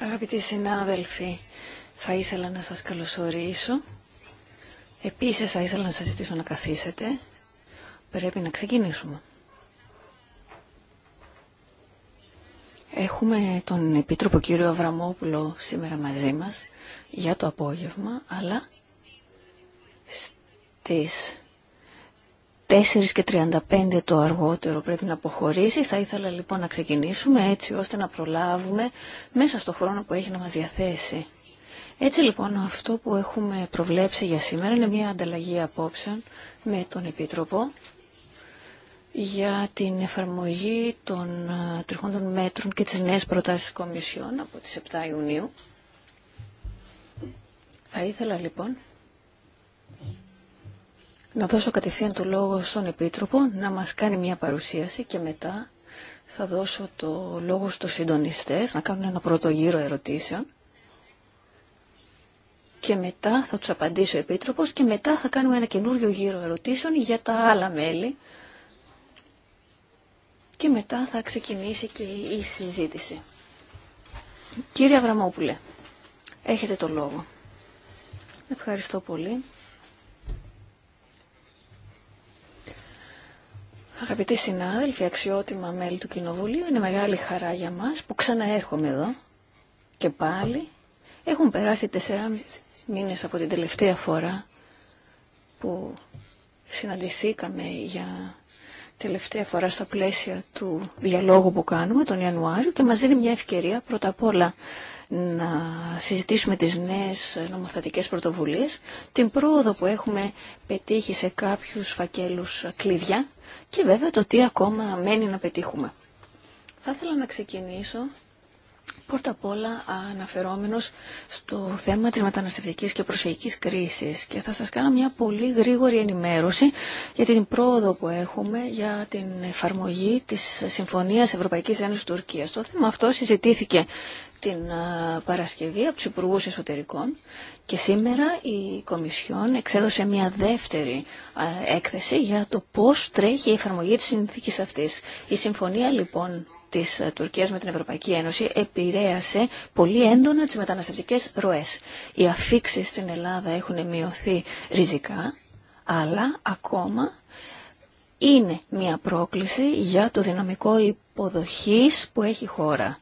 Αγαπητοί συνάδελφοι, θα ήθελα να σας καλωσορίσω. Επίσης θα ήθελα να σας ζητήσω να καθίσετε. Πρέπει να ξεκινήσουμε. Έχουμε τον Επίτροπο κύριο Αβραμόπουλο σήμερα μαζί μας για το απόγευμα, αλλά στις 4 και 35 το αργότερο πρέπει να αποχωρήσει. Θα ήθελα λοιπόν να ξεκινήσουμε έτσι ώστε να προλάβουμε μέσα στο χρόνο που έχει να μας διαθέσει. Έτσι λοιπόν αυτό που έχουμε προβλέψει για σήμερα είναι μια ανταλλαγή απόψεων με τον Επίτροπο για την εφαρμογή των τριχών των μέτρων και τις νέες προτάσεις Κομισιόν από τις 7 Ιουνίου. Θα ήθελα λοιπόν να δώσω κατευθείαν το λόγο στον Επίτροπο να μας κάνει μια παρουσίαση και μετά θα δώσω το λόγο στους συντονιστές να κάνουν ένα πρώτο γύρο ερωτήσεων και μετά θα τους απαντήσει ο Επίτροπος και μετά θα κάνουμε ένα καινούριο γύρο ερωτήσεων για τα άλλα μέλη και μετά θα ξεκινήσει και η συζήτηση. Κύριε Αβραμόπουλε, έχετε το λόγο. Ευχαριστώ πολύ. Αγαπητοί συνάδελφοι, αξιότιμα μέλη του Κοινοβουλίου, είναι μεγάλη χαρά για μας που ξαναέρχομαι εδώ και πάλι. Έχουν περάσει τεσσερά μήνες από την τελευταία φορά που συναντηθήκαμε για τελευταία φορά στα πλαίσια του διαλόγου που κάνουμε τον Ιανουάριο και μας δίνει μια ευκαιρία πρώτα απ' όλα να συζητήσουμε τις νέες νομοθετικές πρωτοβουλίες, την πρόοδο που έχουμε πετύχει σε κάποιους φακέλους κλειδιά και βέβαια το τι ακόμα μένει να πετύχουμε. Θα ήθελα να ξεκινήσω Πρώτα απ' όλα αναφερόμενος στο θέμα της μεταναστευτικής και προσφυγικής κρίσης και θα σας κάνω μια πολύ γρήγορη ενημέρωση για την πρόοδο που έχουμε για την εφαρμογή της Συμφωνίας Ευρωπαϊκής Ένωσης Τουρκίας. Το θέμα αυτό συζητήθηκε την Παρασκευή από τους Υπουργού Εσωτερικών και σήμερα η Κομισιόν εξέδωσε μια δεύτερη έκθεση για το πώς τρέχει η εφαρμογή της συνθήκης αυτής. Η συμφωνία λοιπόν της ε, Τουρκίας με την Ευρωπαϊκή Ένωση επηρέασε πολύ έντονα τις μεταναστευτικές ροές. Οι αφήξεις στην Ελλάδα έχουν μειωθεί ριζικά, αλλά ακόμα είναι μια πρόκληση για το δυναμικό υποδοχής που έχει η χώρα.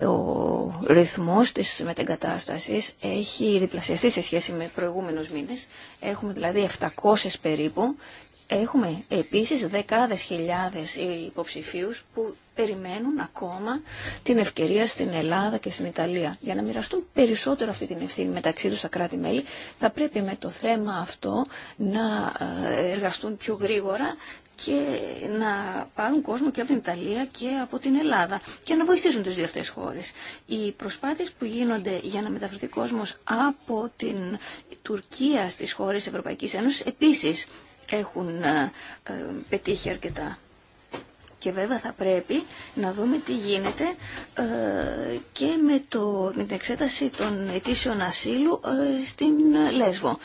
Ο ρυθμός της μετεγκατάστασης έχει διπλασιαστεί σε σχέση με προηγούμενους μήνες. Έχουμε δηλαδή 700 περίπου Έχουμε επίσης δεκάδες χιλιάδες υποψηφίους που περιμένουν ακόμα την ευκαιρία στην Ελλάδα και στην Ιταλία. Για να μοιραστούν περισσότερο αυτή την ευθύνη μεταξύ τους τα κράτη-μέλη, θα πρέπει με το θέμα αυτό να ε, εργαστούν πιο γρήγορα και να πάρουν κόσμο και από την Ιταλία και από την Ελλάδα και να βοηθήσουν τις δύο αυτές χώρες. Οι προσπάθειες που γίνονται για να μεταφερθεί κόσμος από την Τουρκία στις χώρες Ευρωπαϊκής Ένωσης επίσης έχουν ε, ε, πετύχει αρκετά. Και βέβαια θα πρέπει να δούμε τι γίνεται ε, και με, το, με την εξέταση των αιτήσεων ασύλου ε, στην Λέσβο.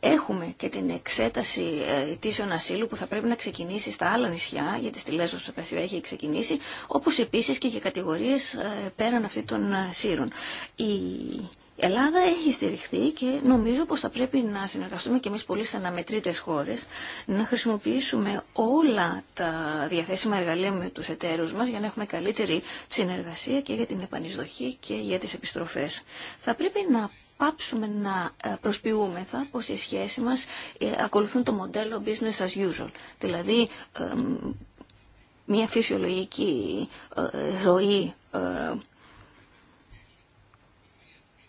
Έχουμε και την εξέταση ε, αιτήσεων ασύλου που θα πρέπει να ξεκινήσει στα άλλα νησιά, γιατί στη Λέσβο στο έχει ξεκινήσει, όπως επίσης και για κατηγορίες πέραν αυτή των σύρων. Η η Ελλάδα έχει στηριχθεί και νομίζω πως θα πρέπει να συνεργαστούμε και εμείς πολύ σαν αναμετρήτες χώρες, να χρησιμοποιήσουμε όλα τα διαθέσιμα εργαλεία με τους εταίρους μας για να έχουμε καλύτερη συνεργασία και για την επανεισδοχή και για τις επιστροφές. Θα πρέπει να πάψουμε να ε, προσποιούμεθα πως οι σχέσεις μας ε, ακολουθούν το μοντέλο business as usual. Δηλαδή, ε, μια φυσιολογική ροή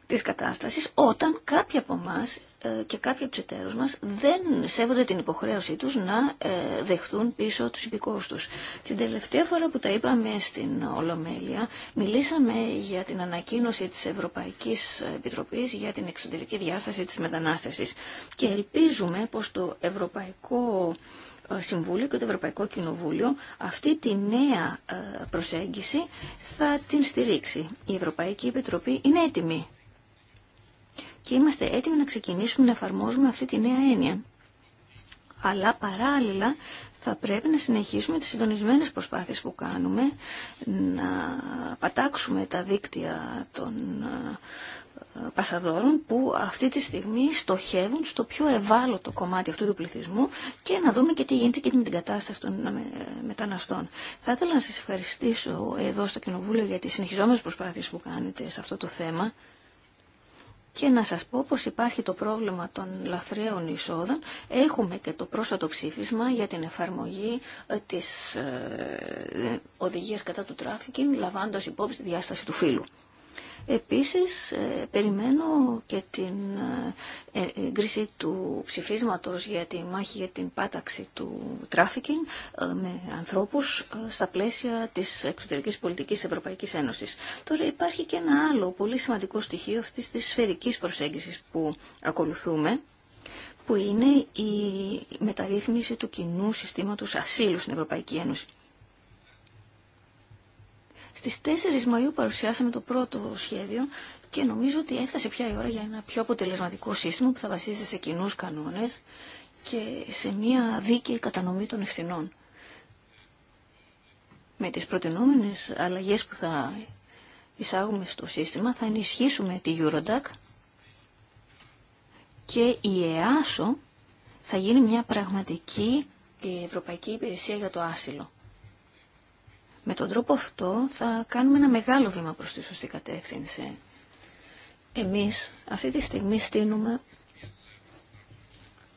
της κατάστασης όταν κάποιοι από εμά ε, και κάποιοι από τους εταίρους μας δεν σέβονται την υποχρέωσή τους να ε, δεχθούν πίσω τους υπηκόους τους. Την τελευταία φορά που τα είπαμε στην Ολομέλεια μιλήσαμε για την ανακοίνωση της Ευρωπαϊκής Επιτροπής για την εξωτερική διάσταση της μετανάστευσης και ελπίζουμε πως το Ευρωπαϊκό ε, Συμβούλιο και το Ευρωπαϊκό Κοινοβούλιο αυτή τη νέα προσέγγιση θα την στηρίξει. Η Ευρωπαϊκή Επιτροπή είναι έτοιμη και είμαστε έτοιμοι να ξεκινήσουμε να εφαρμόζουμε αυτή τη νέα έννοια. Αλλά παράλληλα θα πρέπει να συνεχίσουμε τις συντονισμένες προσπάθειες που κάνουμε, να πατάξουμε τα δίκτυα των ε, πασαδόρων που αυτή τη στιγμή στοχεύουν στο πιο ευάλωτο κομμάτι αυτού του πληθυσμού και να δούμε και τι γίνεται και με την κατάσταση των ε, μεταναστών. Θα ήθελα να σας ευχαριστήσω εδώ στο Κοινοβούλιο για τις συνεχιζόμενες προσπάθειες που κάνετε σε αυτό το θέμα. Και να σας πω πως υπάρχει το πρόβλημα των λαθρέων εισόδων. Έχουμε και το πρόσφατο ψήφισμα για την εφαρμογή ε, της ε, οδηγίας κατά του τράφικιν, λαμβάνοντας υπόψη τη διάσταση του φύλου. Επίσης, ε, περιμένω και την εγκρίση του ψηφίσματος για τη μάχη για την πάταξη του τράφικινγκ ε, με ανθρώπους ε, στα πλαίσια της εξωτερικής πολιτικής Ευρωπαϊκής Ένωσης. Τώρα υπάρχει και ένα άλλο πολύ σημαντικό στοιχείο αυτής της σφαιρικής προσέγγισης που ακολουθούμε που είναι η μεταρρύθμιση του κοινού συστήματος ασύλου στην Ευρωπαϊκή Ένωση. Στις 4 Μαΐου παρουσιάσαμε το πρώτο σχέδιο και νομίζω ότι έφτασε πια η ώρα για ένα πιο αποτελεσματικό σύστημα που θα βασίζεται σε κοινού κανόνες και σε μια δίκαιη κατανομή των ευθυνών. Με τις προτινόμενες αλλαγέ που θα εισάγουμε στο σύστημα θα ενισχύσουμε τη Eurodac και η ΕΑΣΟ θα γίνει μια πραγματική ε, ευρωπαϊκή υπηρεσία για το άσυλο. Με τον τρόπο αυτό θα κάνουμε ένα μεγάλο βήμα προς τη σωστή κατεύθυνση. Εμείς αυτή τη στιγμή στείλουμε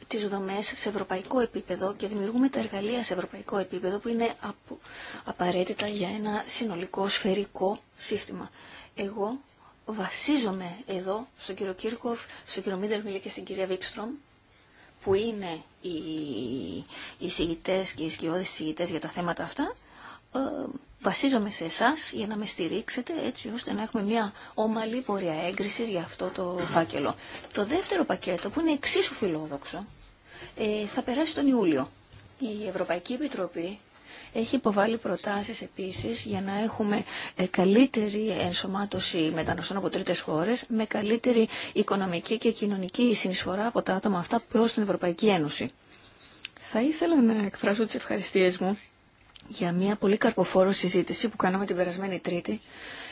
τις δομές σε ευρωπαϊκό επίπεδο και δημιουργούμε τα εργαλεία σε ευρωπαϊκό επίπεδο που είναι απαραίτητα για ένα συνολικό σφαιρικό σύστημα. Εγώ βασίζομαι εδώ στον κύριο Κύρκοφ, στον κύριο Μίντερμιλ και στην κυρία Βίξτρομ που είναι οι, οι συγητές και οι σκιώδεις συγητές για τα θέματα αυτά ε, βασίζομαι σε εσά για να με στηρίξετε έτσι ώστε να έχουμε μια ομαλή πορεία έγκρισης για αυτό το φάκελο. Το δεύτερο πακέτο που είναι εξίσου φιλόδοξο ε, θα περάσει τον Ιούλιο. Η Ευρωπαϊκή Επιτροπή έχει υποβάλει προτάσεις επίσης για να έχουμε ε, καλύτερη ενσωμάτωση μεταναστών από τρίτες χώρες με καλύτερη οικονομική και κοινωνική συνεισφορά από τα άτομα αυτά προς την Ευρωπαϊκή Ένωση. Θα ήθελα να εκφράσω τις ευχαριστίες μου για μια πολύ καρποφόρο συζήτηση που κάναμε την περασμένη Τρίτη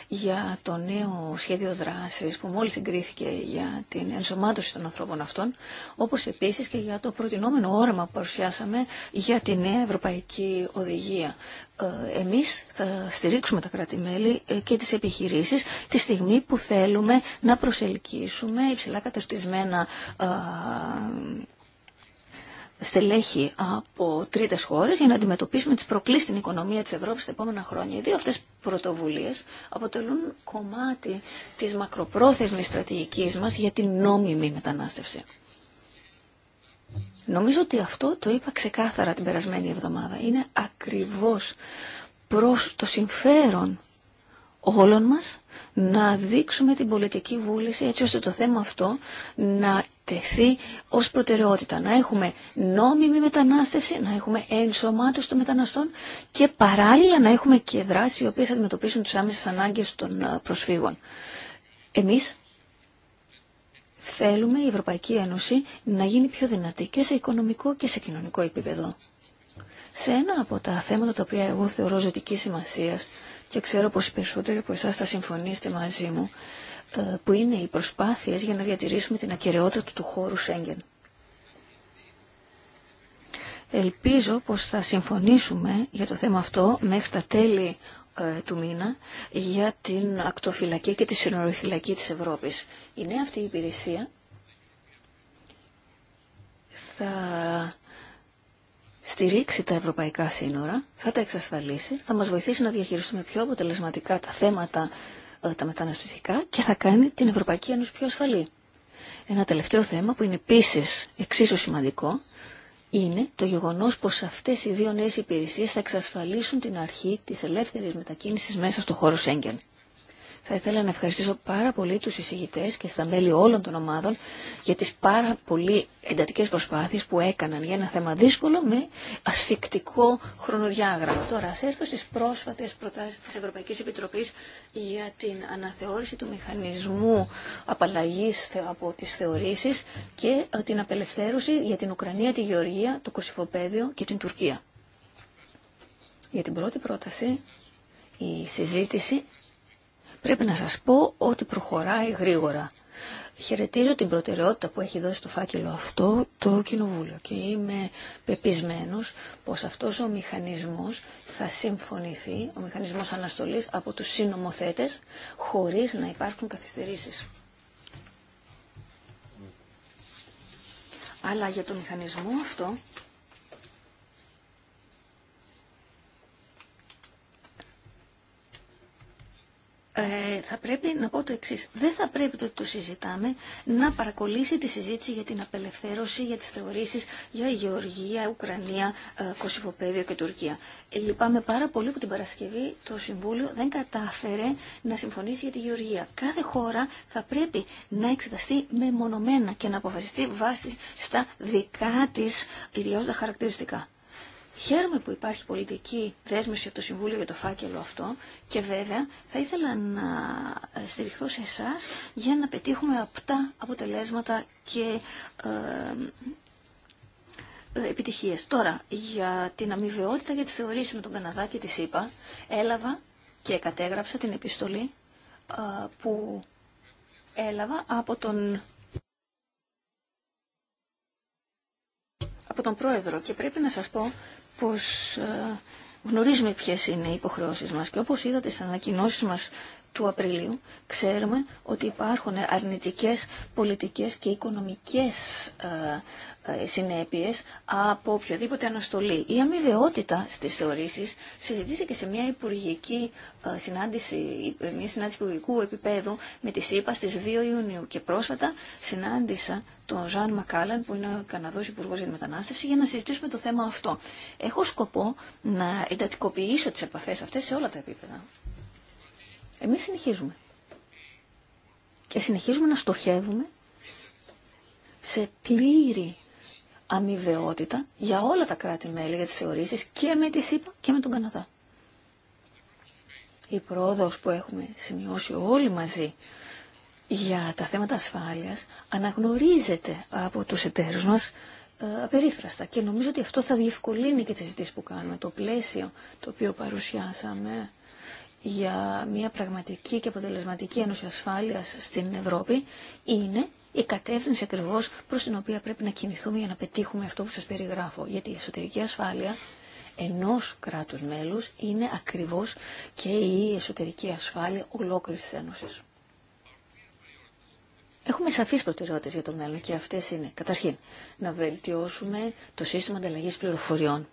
για το νέο σχέδιο δράσης που μόλις εγκρίθηκε για την ενσωμάτωση των ανθρώπων αυτών, όπως επίσης και για το προτινόμενο όραμα που παρουσιάσαμε για τη νέα ευρωπαϊκή οδηγία. Ε, εμείς θα στηρίξουμε τα κράτη-μέλη ε, και τις επιχειρήσεις τη στιγμή που θέλουμε να προσελκύσουμε υψηλά κατευθυσμένα στελέχη από τρίτες χώρες για να αντιμετωπίσουμε τις προκλήσεις στην οικονομία της Ευρώπης τα επόμενα χρόνια. Οι δύο αυτέ πρωτοβουλίες αποτελούν κομμάτι της μακροπρόθεσμης στρατηγικής μας για την νόμιμη μετανάστευση. Νομίζω ότι αυτό το είπα ξεκάθαρα την περασμένη εβδομάδα. Είναι ακριβώς προς το συμφέρον όλων μας να δείξουμε την πολιτική βούληση έτσι ώστε το θέμα αυτό να τεθεί ως προτεραιότητα. Να έχουμε νόμιμη μετανάστευση, να έχουμε ενσωμάτωση των μεταναστών και παράλληλα να έχουμε και δράσεις οι οποίες αντιμετωπίσουν τις άμεσες ανάγκες των ε, προσφύγων. Εμείς θέλουμε η Ευρωπαϊκή Ένωση να γίνει πιο δυνατή και σε οικονομικό και σε κοινωνικό επίπεδο. Σε ένα από τα θέματα τα οποία εγώ θεωρώ ζωτική σημασία και ξέρω πως οι περισσότεροι από εσάς θα συμφωνήσετε μαζί μου ε, που είναι οι προσπάθειες για να διατηρήσουμε την ακαιρεότητα του χώρου Σέγγεν. Ελπίζω πως θα συμφωνήσουμε για το θέμα αυτό μέχρι τα τέλη ε, του μήνα για την ακτοφυλακή και τη συνοροφυλακή της Ευρώπης. Η νέα αυτή η υπηρεσία θα στηρίξει τα ευρωπαϊκά σύνορα, θα τα εξασφαλίσει, θα μας βοηθήσει να διαχειριστούμε πιο αποτελεσματικά τα θέματα ε, τα μεταναστευτικά και θα κάνει την Ευρωπαϊκή Ένωση πιο ασφαλή. Ένα τελευταίο θέμα που είναι επίση εξίσου σημαντικό είναι το γεγονός πως αυτές οι δύο νέες υπηρεσίε θα εξασφαλίσουν την αρχή της ελεύθερης μετακίνησης μέσα στο χώρο Σέγγεν. Θα ήθελα να ευχαριστήσω πάρα πολύ τους εισηγητές και στα μέλη όλων των ομάδων για τις πάρα πολύ εντατικές προσπάθειες που έκαναν για ένα θέμα δύσκολο με ασφικτικό χρονοδιάγραμμα. Τώρα, ας έρθω στις πρόσφατες προτάσεις της Ευρωπαϊκής Επιτροπής για την αναθεώρηση του μηχανισμού απαλλαγής από τις θεωρήσεις και ε, την απελευθέρωση για την Ουκρανία, τη Γεωργία, το Κωσυφοπαίδιο και την Τουρκία. Για την πρώτη πρόταση η συζήτηση Πρέπει να σας πω ότι προχωράει γρήγορα. Χαιρετίζω την προτεραιότητα που έχει δώσει το φάκελο αυτό το Κοινοβούλιο και είμαι πεπισμένος πως αυτός ο μηχανισμός θα συμφωνηθεί, ο μηχανισμός αναστολής από τους συνομοθέτες χωρίς να υπάρχουν καθυστερήσεις. Αλλά για τον μηχανισμό αυτό ε, θα πρέπει να πω το εξή. Δεν θα πρέπει το ότι το συζητάμε να παρακολύσει τη συζήτηση για την απελευθέρωση, για τι θεωρήσει για Γεωργία, Ουκρανία, ε, και Τουρκία. Ε, λυπάμαι πάρα πολύ που την Παρασκευή το Συμβούλιο δεν κατάφερε να συμφωνήσει για τη Γεωργία. Κάθε χώρα θα πρέπει να εξεταστεί μεμονωμένα και να αποφασιστεί βάσει στα δικά τη ιδιαίτερα χαρακτηριστικά. Χαίρομαι που υπάρχει πολιτική δέσμευση από το Συμβούλιο για το φάκελο αυτό και βέβαια θα ήθελα να ε, στηριχθώ σε εσά για να πετύχουμε απτά αποτελέσματα και ε, ε, επιτυχίες. Τώρα, για την αμοιβαιότητα για τις θεωρήσεις με τον Καναδά και τη ΣΥΠΑ, έλαβα και κατέγραψα την επιστολή ε, που έλαβα από τον από τον πρόεδρο και πρέπει να σας πω πως ε, γνωρίζουμε ποιες είναι οι υποχρεώσεις μας και όπως είδατε στις ανακοινώσεις μας του Απριλίου, ξέρουμε ότι υπάρχουν αρνητικές πολιτικές και οικονομικές ε, ε, συνέπειες από οποιαδήποτε αναστολή. Η αμοιβαιότητα στις θεωρήσεις συζητήθηκε σε μια υπουργική ε, συνάντηση, μια συνάντηση υπουργικού επίπεδου με τη ΣΥΠΑ στις 2 Ιουνίου και πρόσφατα συνάντησα τον Ζαν Μακάλαν που είναι ο Καναδός Υπουργό για τη Μετανάστευση για να συζητήσουμε το θέμα αυτό. Έχω σκοπό να εντατικοποιήσω τις επαφές αυτές σε όλα τα επίπεδα. Εμείς συνεχίζουμε. Και συνεχίζουμε να στοχεύουμε σε πλήρη αμοιβαιότητα για όλα τα κράτη-μέλη για τις θεωρήσεις και με τη ΣΥΠΑ και με τον Καναδά. Η πρόοδος που έχουμε σημειώσει όλοι μαζί για τα θέματα ασφάλειας αναγνωρίζεται από τους εταίρους μας ε, απερίφραστα και νομίζω ότι αυτό θα διευκολύνει και τις ζητήσεις που κάνουμε. Το πλαίσιο το οποίο παρουσιάσαμε για μια πραγματική και αποτελεσματική ένωση ασφάλειας στην Ευρώπη είναι η κατεύθυνση ακριβώς προς την οποία πρέπει να κινηθούμε για να πετύχουμε αυτό που σας περιγράφω. Γιατί η εσωτερική ασφάλεια ενός κράτους μέλους είναι ακριβώς και η εσωτερική ασφάλεια ολόκληρης της Ένωσης. Έχουμε σαφείς προτεραιότητες για το μέλλον και αυτές είναι, καταρχήν, να βελτιώσουμε το σύστημα ανταλλαγής πληροφοριών.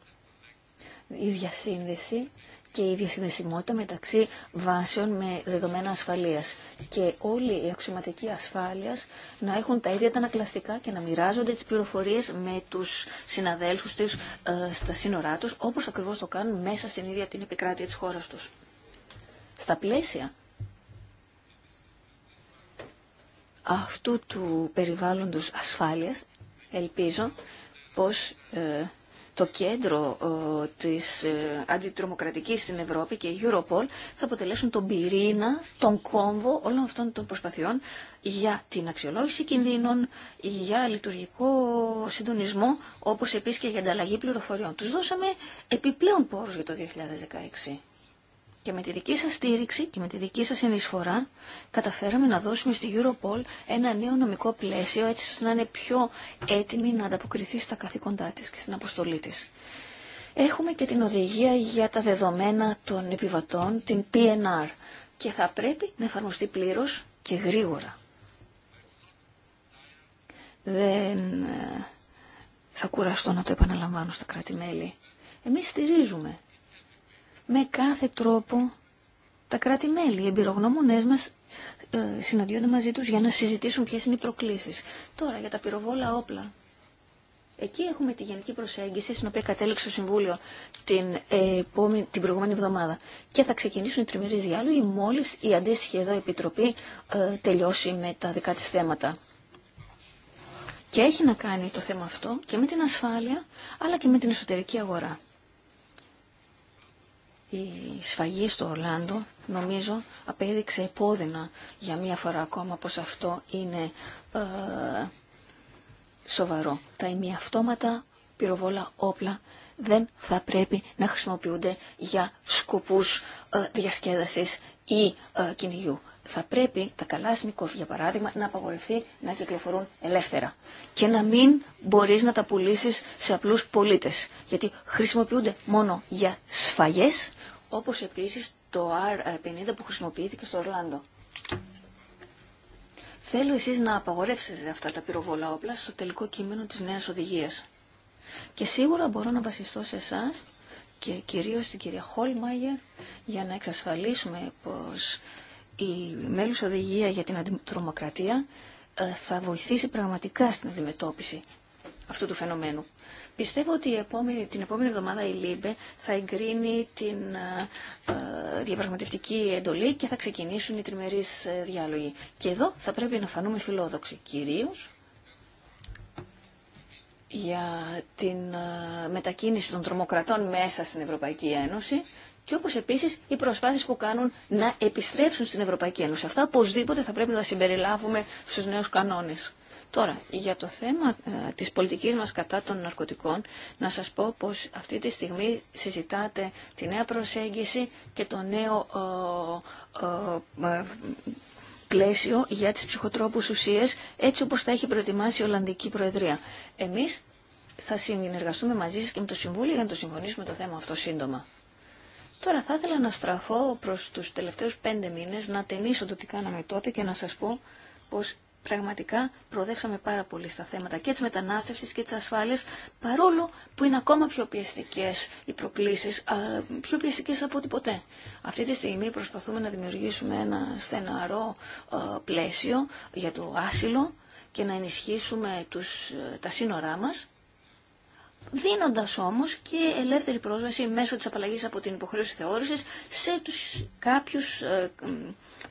Η διασύνδεση και η διασυνδεσιμότητα μεταξύ βάσεων με δεδομένα ασφαλείας. Και όλοι οι αξιωματικοί ασφάλειας να έχουν τα ίδια τα ανακλαστικά και να μοιράζονται τις πληροφορίες με τους συναδέλφους τους ε, στα σύνορά τους, όπως ακριβώς το κάνουν μέσα στην ίδια την επικράτεια της χώρας τους. Στα πλαίσια αυτού του περιβάλλοντος ασφάλειας, ελπίζω πως... Ε, το κέντρο ε, της ε, αντιτρομοκρατικής στην Ευρώπη και η Europol θα αποτελέσουν τον πυρήνα, τον κόμβο όλων αυτών των προσπαθειών για την αξιολόγηση κινδύνων, για λειτουργικό συντονισμό, όπως επίσης και για ανταλλαγή πληροφοριών. Τους δώσαμε επιπλέον πόρους για το 2016. Και με τη δική σας στήριξη και με τη δική σας ενισφορά καταφέραμε να δώσουμε στη Europol ένα νέο νομικό πλαίσιο έτσι ώστε να είναι πιο έτοιμη να ανταποκριθεί στα καθήκοντά της και στην αποστολή της. Έχουμε και την οδηγία για τα δεδομένα των επιβατών, την PNR, και θα πρέπει να εφαρμοστεί πλήρως και γρήγορα. Δεν ε, θα κουραστώ να το επαναλαμβάνω στα κράτη-μέλη. Εμείς στηρίζουμε με κάθε τρόπο τα κράτη-μέλη. Οι εμπειρογνώμονέ μα ε, συναντιόνται μαζί του για να συζητήσουν ποιε είναι οι προκλήσει. Τώρα για τα πυροβόλα όπλα. Εκεί έχουμε τη γενική προσέγγιση στην οποία κατέληξε το Συμβούλιο την, ε, την προηγούμενη εβδομάδα. Και θα ξεκινήσουν οι τριμερείς διάλογοι μόλι η αντίστοιχη εδώ Επιτροπή ε, τελειώσει με τα δικά τη θέματα. Και έχει να κάνει το θέμα αυτό και με την ασφάλεια αλλά και με την εσωτερική αγορά. Η σφαγή στο Ορλάντο νομίζω απέδειξε επώδυνα για μία φορά ακόμα πως αυτό είναι ε, σοβαρό. Τα ημιαυτόματα πυροβόλα όπλα δεν θα πρέπει να χρησιμοποιούνται για σκοπούς ε, διασκέδασης ή ε, κυνηγιού θα πρέπει τα καλά σνικόφ, για παράδειγμα, να απαγορευτεί να κυκλοφορούν ελεύθερα και να μην μπορείς να τα πουλήσεις σε απλούς πολίτες, γιατί χρησιμοποιούνται μόνο για σφαγές, όπως επίσης το R50 που χρησιμοποιήθηκε στο Ορλάντο. Θέλω εσείς να απαγορεύσετε αυτά τα πυροβόλα όπλα στο τελικό κείμενο της νέας οδηγίας. Και σίγουρα μπορώ να βασιστώ σε εσά και κυρίως στην κυρία Χόλμαγερ για να εξασφαλίσουμε πως η μέλους οδηγία για την αντιτρομοκρατία ε, θα βοηθήσει πραγματικά στην αντιμετώπιση αυτού του φαινομένου. Πιστεύω ότι η επόμενη, την επόμενη εβδομάδα η ΛΥΜΠΕ θα εγκρίνει την ε, ε, διαπραγματευτική εντολή και θα ξεκινήσουν οι τριμερείς διάλογοι. Και εδώ θα πρέπει να φανούμε φιλόδοξοι, κυρίως για την μετακίνηση των τρομοκρατών μέσα στην Ευρωπαϊκή Ένωση και όπως επίσης οι προσπάθειες που κάνουν να επιστρέψουν στην Ευρωπαϊκή Ένωση. Αυτά οπωσδήποτε θα πρέπει να τα συμπεριλάβουμε στους νέους κανόνες. Τώρα, για το θέμα ε, της πολιτικής μας κατά των ναρκωτικών, να σας πω πως αυτή τη στιγμή συζητάτε τη νέα προσέγγιση και το νέο ε, ε, ε, πλαίσιο για τις ψυχοτρόπους ουσίες, έτσι όπως τα έχει προετοιμάσει η Ολλανδική Προεδρία. Εμείς θα συνεργαστούμε μαζί σας και με το Συμβούλιο για να το συμφωνήσουμε το θέμα αυτό σύντομα. Τώρα θα ήθελα να στραφώ προς τους τελευταίους πέντε μήνες, να ταινίσω το τι κάναμε τότε και να σας πω πως πραγματικά προδέξαμε πάρα πολύ στα θέματα και της μετανάστευσης και της ασφάλειας, παρόλο που είναι ακόμα πιο πιεστικές οι προκλήσεις, πιο πιεστικές από ό,τι ποτέ. Αυτή τη στιγμή προσπαθούμε να δημιουργήσουμε ένα στεναρό πλαίσιο για το άσυλο και να ενισχύσουμε τους, ε, τα σύνορά μας Δίνοντα όμως και ελεύθερη πρόσβαση μέσω της απαλλαγή από την υποχρέωση θεώρηση σε τους κάποιους ε,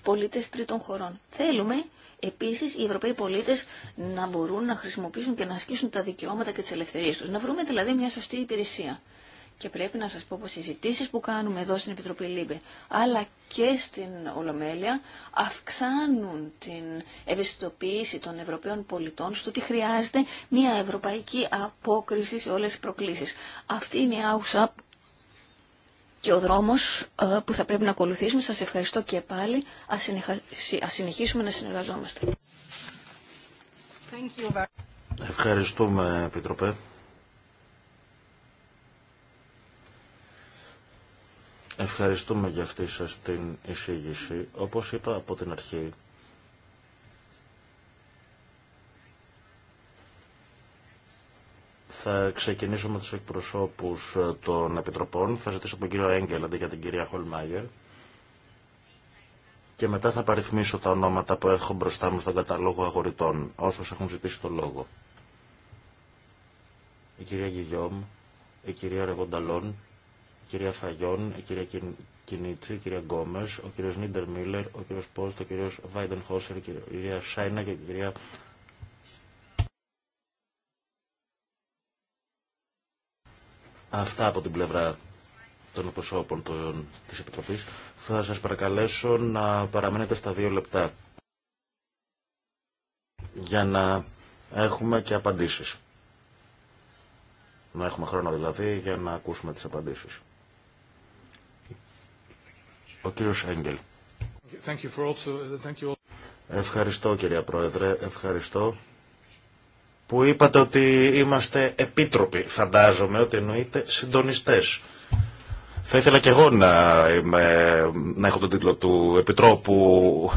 πολίτες τρίτων χωρών. Θέλουμε Επίσης, οι Ευρωπαίοι πολίτες να μπορούν να χρησιμοποιήσουν και να ασκήσουν τα δικαιώματα και τι ελευθερίε τους. Να βρούμε δηλαδή μια σωστή υπηρεσία και πρέπει να σας πω πως οι συζητήσεις που κάνουμε εδώ στην Επιτροπή ΛΥΜΠΕ αλλά και στην Ολομέλεια αυξάνουν την ευαισθητοποίηση των Ευρωπαίων πολιτών στο ότι χρειάζεται μια ευρωπαϊκή απόκριση σε όλες τις προκλήσεις. Αυτή είναι η άουσα και ο δρόμος ε, που θα πρέπει να ακολουθήσουμε. Σας ευχαριστώ και πάλι. Ας συνεχίσουμε να συνεργαζόμαστε. Ευχαριστούμε, Επιτροπέ. Ευχαριστούμε για αυτή σας την εισήγηση. Όπως είπα από την αρχή, θα ξεκινήσω με τους εκπροσώπους των Επιτροπών. Θα ζητήσω από τον κύριο Έγκελ αντί για την κυρία Χολμάγερ. Και μετά θα παριθμίσω τα ονόματα που έχω μπροστά μου στον καταλόγο αγορητών, όσους έχουν ζητήσει το λόγο. Η κυρία Γιγιόμ, η κυρία Ρεβονταλόν, κυρία Φαγιόν, η κυρία Κινίτσι, η κυρία Γκόμε, ο κύριο Νίντερ Μίλλερ, ο κύριο Πόστο, ο κύριο Βάιντεν Χόσερ, η κυρία Σάινα και η κυρία αυτά από την πλευρά των προσώπων τη της Επιτροπής, θα σας παρακαλέσω να παραμένετε στα δύο λεπτά για να έχουμε και απαντήσεις. Να έχουμε χρόνο δηλαδή για να ακούσουμε τις απαντήσεις. Ο Ευχαριστώ κυρία Πρόεδρε, ευχαριστώ που είπατε ότι είμαστε επίτροποι. Φαντάζομαι ότι εννοείται συντονιστές. Θα ήθελα και εγώ να, να έχω τον τίτλο του επιτρόπου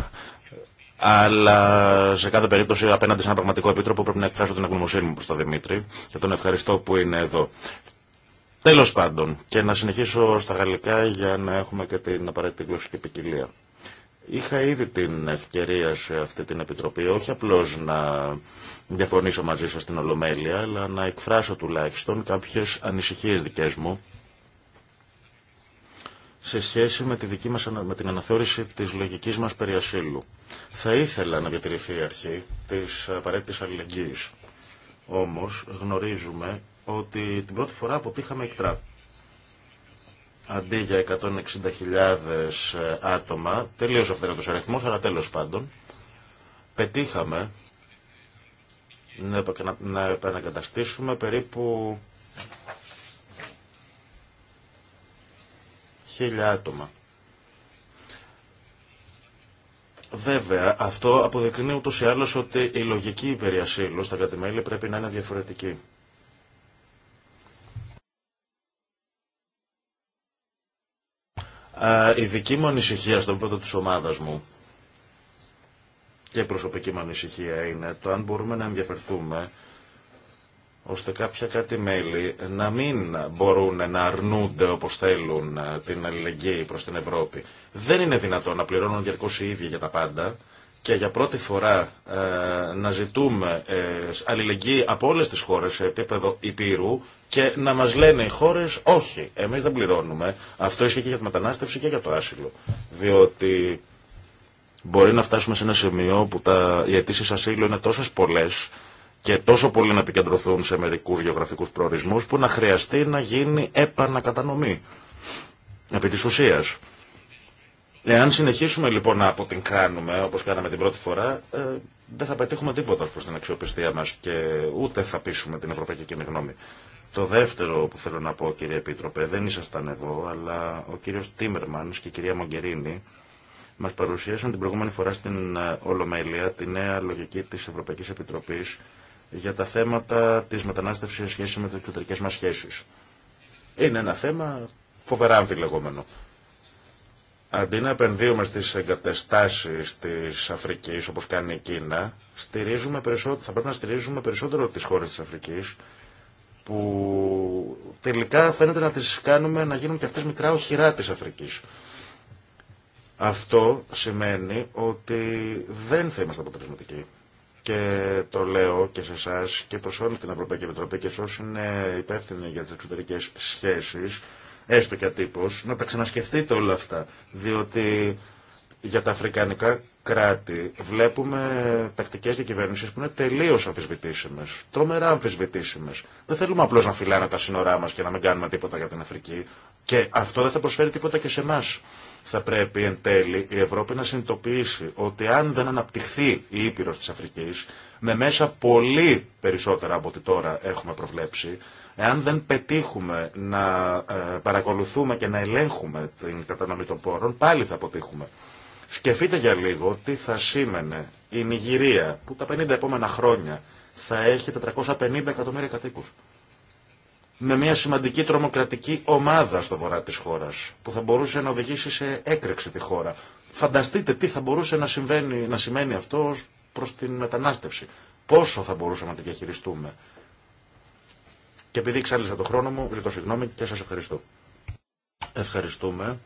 αλλά σε κάθε περίπτωση απέναντι σε ένα πραγματικό επίτροπο πρέπει να εκφράσω την εγγνωμοσύνη μου προς τον Δημήτρη και τον ευχαριστώ που είναι εδώ. Τέλο πάντων, και να συνεχίσω στα γαλλικά για να έχουμε και την απαραίτητη γλωσσική ποικιλία. Είχα ήδη την ευκαιρία σε αυτή την Επιτροπή όχι απλώς να διαφωνήσω μαζί σας στην Ολομέλεια, αλλά να εκφράσω τουλάχιστον κάποιες ανησυχίες δικές μου σε σχέση με, τη δική μας, με την αναθεώρηση της λογικής μας περί Θα ήθελα να διατηρηθεί η αρχή της απαραίτητης αλληλεγγύης. Όμως γνωρίζουμε ότι την πρώτη φορά αποτύχαμε εκτρά. Αντί για 160.000 ε, άτομα, τελείως αυθαίρετος αριθμός, αλλά τέλος πάντων, πετύχαμε να επανακαταστήσουμε περίπου 1000 Βέβαια, αυτό αποδεικνύει ούτως ή άλλως ότι η λογική υπεριασύλου στα κατημέλη πρέπει να είναι διαφορετική. Η δική μου ανησυχία στον επίπεδο της ομάδας μου και η προσωπική μου ανησυχία είναι το αν μπορούμε να ενδιαφερθούμε ώστε κάποια κάτι μέλη να μην μπορούν να αρνούνται όπως θέλουν ε, την αλληλεγγύη προς την Ευρώπη. Δεν είναι δυνατόν να πληρώνουν διαρκώς οι ίδιοι για τα πάντα και για πρώτη φορά ε, να ζητούμε ε, αλληλεγγύη από όλες τις χώρες σε επίπεδο υπήρου και να μας λένε οι χώρες όχι, εμείς δεν πληρώνουμε. Αυτό ισχύει και για τη μετανάστευση και για το άσυλο. Διότι μπορεί να φτάσουμε σε ένα σημείο που τα, οι αιτήσει ασύλου είναι τόσες πολλές και τόσο πολύ να επικεντρωθούν σε μερικούς γεωγραφικούς προορισμούς που να χρειαστεί να γίνει επανακατανομή επί της ουσίας. Εάν συνεχίσουμε λοιπόν να αποτυγχάνουμε όπως κάναμε την πρώτη φορά, ε, δεν θα πετύχουμε τίποτα προς την αξιοπιστία μας και ούτε θα πείσουμε την Ευρωπαϊκή Κοινή Γνώμη. Το δεύτερο που θέλω να πω, κύριε Επίτροπε, δεν ήσασταν εδώ, αλλά ο κύριος Τίμερμανς και η κυρία Μογκερίνη μας παρουσίασαν την προηγούμενη φορά στην ε, Ολομέλεια τη νέα λογική της Ευρωπαϊκής Επιτροπής για τα θέματα της μετανάστευσης σε σχέση με τις εξωτερικέ μας σχέσεις. Είναι ένα θέμα φοβερά αμφιλεγόμενο. Αντί να επενδύουμε στις εγκατεστάσεις της Αφρικής όπως κάνει η Κίνα, θα πρέπει να στηρίζουμε περισσότερο τις χώρες της Αφρικής που τελικά φαίνεται να τις κάνουμε να γίνουν και αυτές μικρά οχυρά της Αφρικής. Αυτό σημαίνει ότι δεν θα είμαστε αποτελεσματικοί. Και το λέω και σε εσά και προ όλη την Ευρωπαϊκή Επιτροπή και σε όσοι είναι υπεύθυνοι για τι εξωτερικέ σχέσει, έστω και ατύπω, να τα ξανασκεφτείτε όλα αυτά. Διότι για τα αφρικανικά κράτη βλέπουμε τακτικέ διακυβέρνηση που είναι τελείω αμφισβητήσιμε, τρομερά αμφισβητήσιμε. Δεν θέλουμε απλώ να φυλάνε τα σύνορά μα και να μην κάνουμε τίποτα για την Αφρική. Και αυτό δεν θα προσφέρει τίποτα και σε εμά. Θα πρέπει εν τέλει η Ευρώπη να συνειδητοποιήσει ότι αν δεν αναπτυχθεί η Ήπειρο τη Αφρική, με μέσα πολύ περισσότερα από ό,τι τώρα έχουμε προβλέψει, εάν δεν πετύχουμε να ε, παρακολουθούμε και να ελέγχουμε την κατανομή των πόρων, πάλι θα αποτύχουμε. Σκεφτείτε για λίγο τι θα σήμαινε η Νιγηρία που τα 50 επόμενα χρόνια θα έχει 450 εκατομμύρια κατοίκους. Με μια σημαντική τρομοκρατική ομάδα στο βορρά της χώρας που θα μπορούσε να οδηγήσει σε έκρηξη τη χώρα. Φανταστείτε τι θα μπορούσε να, συμβαίνει, να σημαίνει αυτό προς την μετανάστευση. Πόσο θα μπορούσαμε να τη διαχειριστούμε. Και επειδή εξάλλησα το χρόνο μου, ζητώ συγγνώμη και σας ευχαριστώ. Ευχαριστούμε.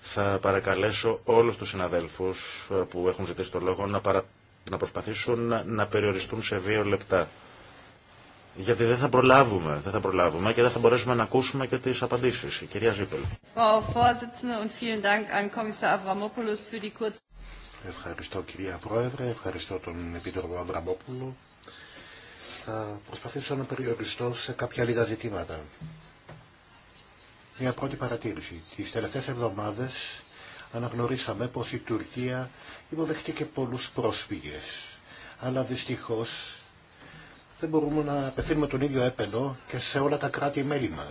Θα παρακαλέσω όλους τους συναδέλφους ε, που έχουν ζητήσει το λόγο να, παρα... να προσπαθήσουν να περιοριστούν σε δύο λεπτά. Γιατί δεν θα προλάβουμε, δεν θα προλάβουμε και δεν θα μπορέσουμε να ακούσουμε και τις απαντήσεις. κυρία Ζήπελ. Ευχαριστώ κυρία Πρόεδρε, ευχαριστώ τον Επίτροπο Αμπραμπόπουλο. Θα προσπαθήσω να περιοριστώ σε κάποια λίγα ζητήματα. Μια πρώτη παρατήρηση. Τις τελευταίε εβδομάδε αναγνωρίσαμε πω η Τουρκία και πολλού πρόσφυγε, Αλλά δυστυχώ δεν μπορούμε να απευθύνουμε τον ίδιο έπαινο και σε όλα τα κράτη-μέλη μα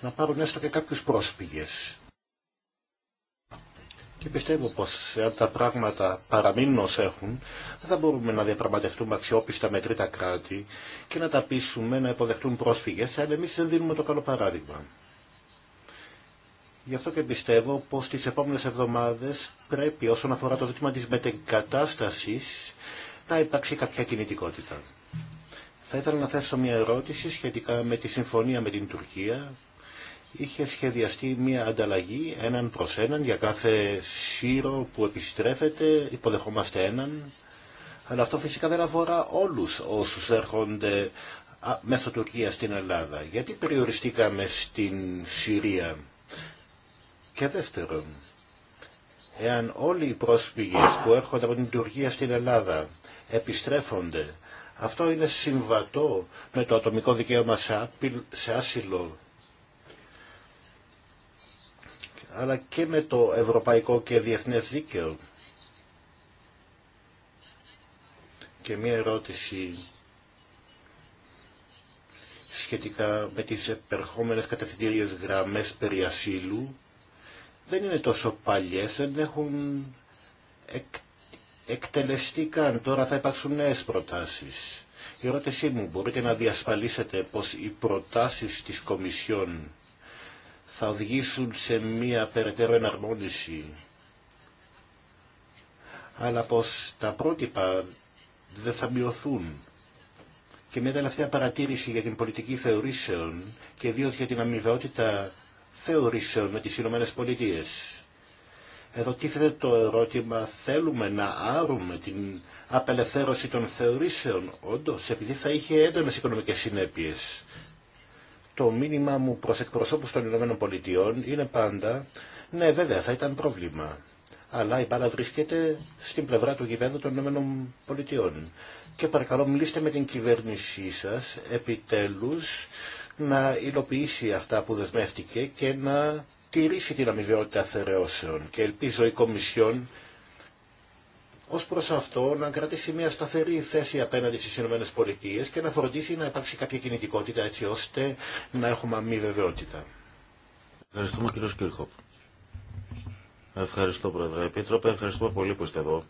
Να πάρουν έστω και κάποιου πρόσφυγε. Και πιστεύω πω αν τα πράγματα παραμείνουν ω έχουν, δεν θα μπορούμε να διαπραγματευτούμε αξιόπιστα με τρίτα κράτη και να τα πείσουμε να υποδεχτούν πρόσφυγε αν εμεί δεν δίνουμε το καλό παράδειγμα. Γι' αυτό και πιστεύω πως τις επόμενες εβδομάδες πρέπει όσον αφορά το ζήτημα της μετεγκατάστασης να υπάρξει κάποια κινητικότητα. Θα ήθελα να θέσω μια ερώτηση σχετικά με τη συμφωνία με την Τουρκία. Είχε σχεδιαστεί μια ανταλλαγή έναν προς έναν για κάθε σύρο που επιστρέφεται, υποδεχόμαστε έναν. Αλλά αυτό φυσικά δεν αφορά όλους όσους έρχονται μέσω Τουρκία στην Ελλάδα. Γιατί περιοριστήκαμε στην Συρία και δεύτερον, εάν όλοι οι πρόσφυγες που έρχονται από την Τουρκία στην Ελλάδα επιστρέφονται, αυτό είναι συμβατό με το ατομικό δικαίωμα σε άσυλο αλλά και με το ευρωπαϊκό και διεθνές δίκαιο. Και μία ερώτηση σχετικά με τις επερχόμενες κατευθυντήριες γραμμές περί ασύλου δεν είναι τόσο παλιές, δεν έχουν εκ, εκτελεστεί καν. Τώρα θα υπάρξουν νέες προτάσεις. Η ερώτησή μου, μπορείτε να διασφαλίσετε πως οι προτάσεις της Κομισιόν θα οδηγήσουν σε μία περαιτέρω εναρμόνιση, αλλά πως τα πρότυπα δεν θα μειωθούν. Και μια τελευταία παρατήρηση για την πολιτική θεωρήσεων και δύο για την αμοιβαιότητα θεωρήσεων με τις Ηνωμένες Πολιτείες. Εδώ τίθεται το ερώτημα, θέλουμε να άρουμε την απελευθέρωση των θεωρήσεων, όντως, επειδή θα είχε έντονες οικονομικές συνέπειες. Το μήνυμα μου προς εκπροσώπους των Ηνωμένων Πολιτειών είναι πάντα, ναι βέβαια θα ήταν πρόβλημα, αλλά η μπάλα βρίσκεται στην πλευρά του γηπέδου των Ηνωμένων Πολιτειών. Και παρακαλώ μιλήστε με την κυβέρνησή σας επιτέλους να υλοποιήσει αυτά που δεσμεύτηκε και να τηρήσει την αμοιβαιότητα θερεώσεων. Και ελπίζω η Κομισιόν ως προς αυτό να κρατήσει μια σταθερή θέση απέναντι στις ΗΠΑ και να φροντίσει να υπάρξει κάποια κινητικότητα έτσι ώστε να έχουμε αμοιβαιότητα. Ευχαριστούμε κύριο Σκύρχοπ. Ευχαριστώ Πρόεδρε. Επίτροπε, ευχαριστούμε πολύ που είστε εδώ.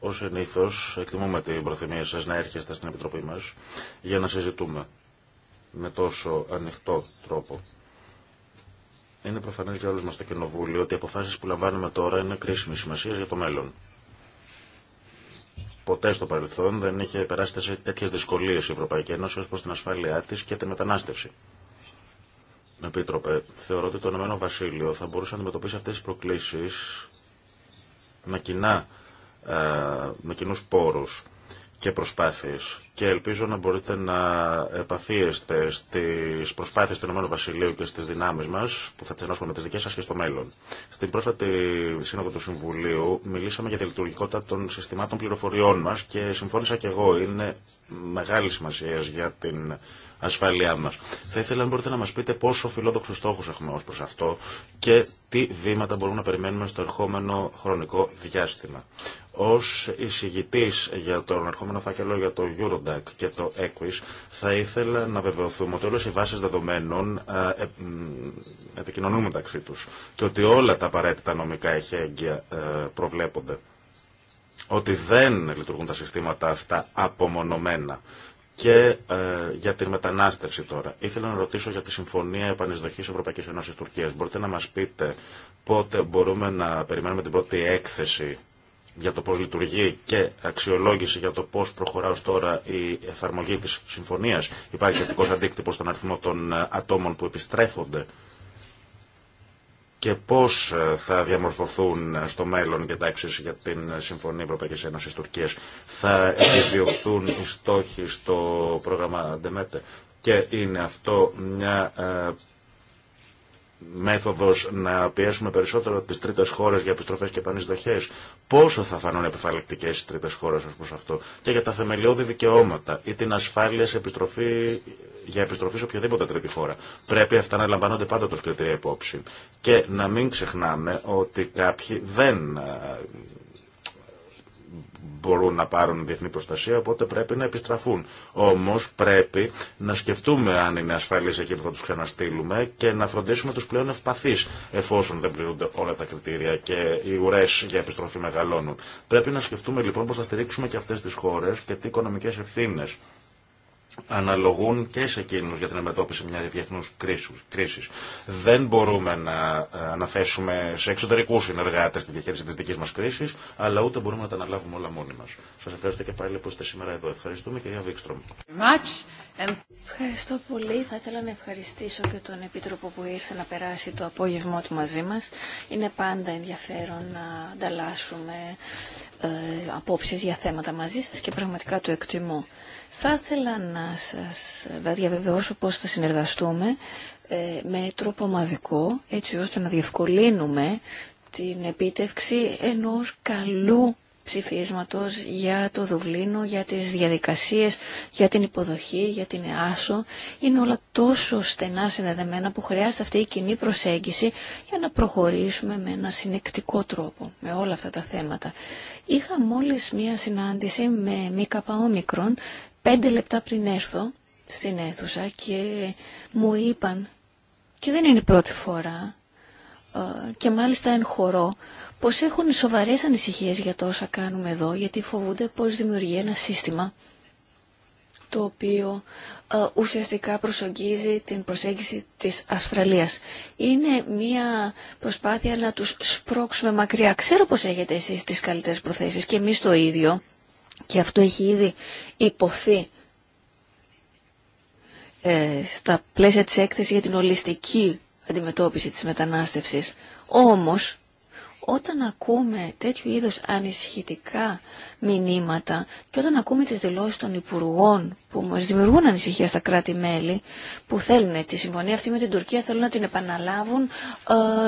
Ως συνήθως εκτιμούμε την προθυμία σας να έρχεστε στην Επιτροπή μα για να συζητούμε με τόσο ανοιχτό τρόπο. Είναι προφανέ για όλου μα το Κοινοβούλιο ότι οι αποφάσει που λαμβάνουμε τώρα είναι κρίσιμη σημασία για το μέλλον. Ποτέ στο παρελθόν δεν είχε περάσει τέτοιε δυσκολίε η Ευρωπαϊκή Ένωση ω προ την ασφάλειά τη και τη μετανάστευση. Επίτροπε, θεωρώ ότι το Ηνωμένο Βασίλειο θα μπορούσε να αντιμετωπίσει αυτέ τι προκλήσει με, ε, με κοινού πόρου και προσπάθειες και ελπίζω να μπορείτε να επαφίεστε στις προσπάθειες του Ηνωμένου Βασιλείου και στις δυνάμεις μας που θα τις ενώσουμε με τις δικές σας και στο μέλλον. Στην πρόσφατη σύνοδο του Συμβουλίου μιλήσαμε για τη λειτουργικότητα των συστημάτων πληροφοριών μας και συμφώνησα και εγώ. Είναι μεγάλη σημασία για την ασφαλειά μα. Θα ήθελα αν μπορείτε να μα πείτε πόσο φιλόδοξου στόχου έχουμε ω προ αυτό και τι βήματα μπορούμε να περιμένουμε στο ερχόμενο χρονικό διάστημα. Ω εισηγητή για τον ερχόμενο φάκελο για το Eurodac και το Equis, θα ήθελα να βεβαιωθούμε ότι όλε οι βάσει δεδομένων ε, επικοινωνούν μεταξύ του και ότι όλα τα απαραίτητα νομικά εχέγγυα ε, προβλέπονται ότι δεν λειτουργούν τα συστήματα αυτά απομονωμένα και ε, για την μετανάστευση τώρα. Ήθελα να ρωτήσω για τη Συμφωνία Επανεισδοχή Ευρωπαϊκή Ένωση Τουρκία. Μπορείτε να μα πείτε πότε μπορούμε να περιμένουμε την πρώτη έκθεση για το πώ λειτουργεί και αξιολόγηση για το πώ προχωρά ως τώρα η εφαρμογή της συμφωνία. Υπάρχει θετικό αντίκτυπο στον αριθμό των ε, ατόμων που επιστρέφονται και πώς ε, θα διαμορφωθούν στο μέλλον και τα για την Συμφωνία Ευρωπαϊκής Ένωσης Τουρκίας. Θα επιδιωχθούν οι στόχοι στο πρόγραμμα Ντεμέτε και είναι αυτό μια ε, μέθοδος να πιέσουμε περισσότερο τις τρίτες χώρες για επιστροφές και επανεισδοχές. Πόσο θα φανούν επιφαλεκτικές οι τρίτες χώρες ως προς αυτό και για τα θεμελιώδη δικαιώματα ή την ασφάλεια σε επιστροφή για επιστροφή σε οποιαδήποτε τρίτη χώρα. Πρέπει αυτά να λαμβάνονται πάντα ως κριτήρια υπόψη. Και να μην ξεχνάμε ότι κάποιοι δεν ε, μπορούν να πάρουν διεθνή προστασία, οπότε πρέπει να επιστραφούν. Όμως πρέπει να σκεφτούμε αν είναι ασφαλεί εκεί που θα τους ξαναστείλουμε και να φροντίσουμε τους πλέον ευπαθείς εφόσον δεν πληρούνται όλα τα κριτήρια και οι ουρές για επιστροφή μεγαλώνουν. Πρέπει να σκεφτούμε λοιπόν πως θα στηρίξουμε και αυτέ τι χώρε και τι οικονομικέ ευθύνε αναλογούν και σε εκείνους για την αντιμετώπιση μια διεθνούς κρίσης. Δεν μπορούμε να ε, αναθέσουμε σε εξωτερικούς συνεργάτες τη διαχείριση της δικής μας κρίσης, αλλά ούτε μπορούμε να τα αναλάβουμε όλα μόνοι μας. Σας ευχαριστώ και πάλι που είστε σήμερα εδώ. Ευχαριστούμε κυρία Βίξτρομ. Ευχαριστώ πολύ. Θα ήθελα να ευχαριστήσω και τον Επίτροπο που ήρθε να περάσει το απόγευμα του μαζί μας. Είναι πάντα ενδιαφέρον να ανταλλάσσουμε ε, για θέματα μαζί σας και πραγματικά το εκτιμώ. Θα ήθελα να σας διαβεβαιώσω πώς θα συνεργαστούμε ε, με τρόπο ομαδικό, έτσι ώστε να διευκολύνουμε την επίτευξη ενός καλού ψηφίσματος για το Δουβλίνο, για τις διαδικασίες, για την υποδοχή, για την ΕΑΣΟ. Είναι όλα τόσο στενά συνδεδεμένα που χρειάζεται αυτή η κοινή προσέγγιση για να προχωρήσουμε με ένα συνεκτικό τρόπο με όλα αυτά τα θέματα. Είχα μόλις μία συνάντηση με ΜΚΟ πέντε λεπτά πριν έρθω στην αίθουσα και μου είπαν, και δεν είναι η πρώτη φορά, ε, και μάλιστα εν χορό, πως έχουν σοβαρές ανησυχίες για το όσα κάνουμε εδώ, γιατί φοβούνται πως δημιουργεί ένα σύστημα το οποίο ε, ουσιαστικά προσογγίζει την προσέγγιση της Αυστραλίας. Είναι μια προσπάθεια να τους σπρώξουμε μακριά. Ξέρω πως έχετε εσείς τις καλύτερες προθέσεις και εμείς το ίδιο και αυτό έχει ήδη υποθεί ε, στα πλαίσια της έκθεσης για την ολιστική αντιμετώπιση της μετανάστευσης. Όμως, όταν ακούμε τέτοιου είδους ανησυχητικά μηνύματα και όταν ακούμε τις δηλώσεις των υπουργών που μας δημιουργούν ανησυχία στα κράτη-μέλη που θέλουν τη συμφωνία αυτή με την Τουρκία, θέλουν να την επαναλάβουν ε,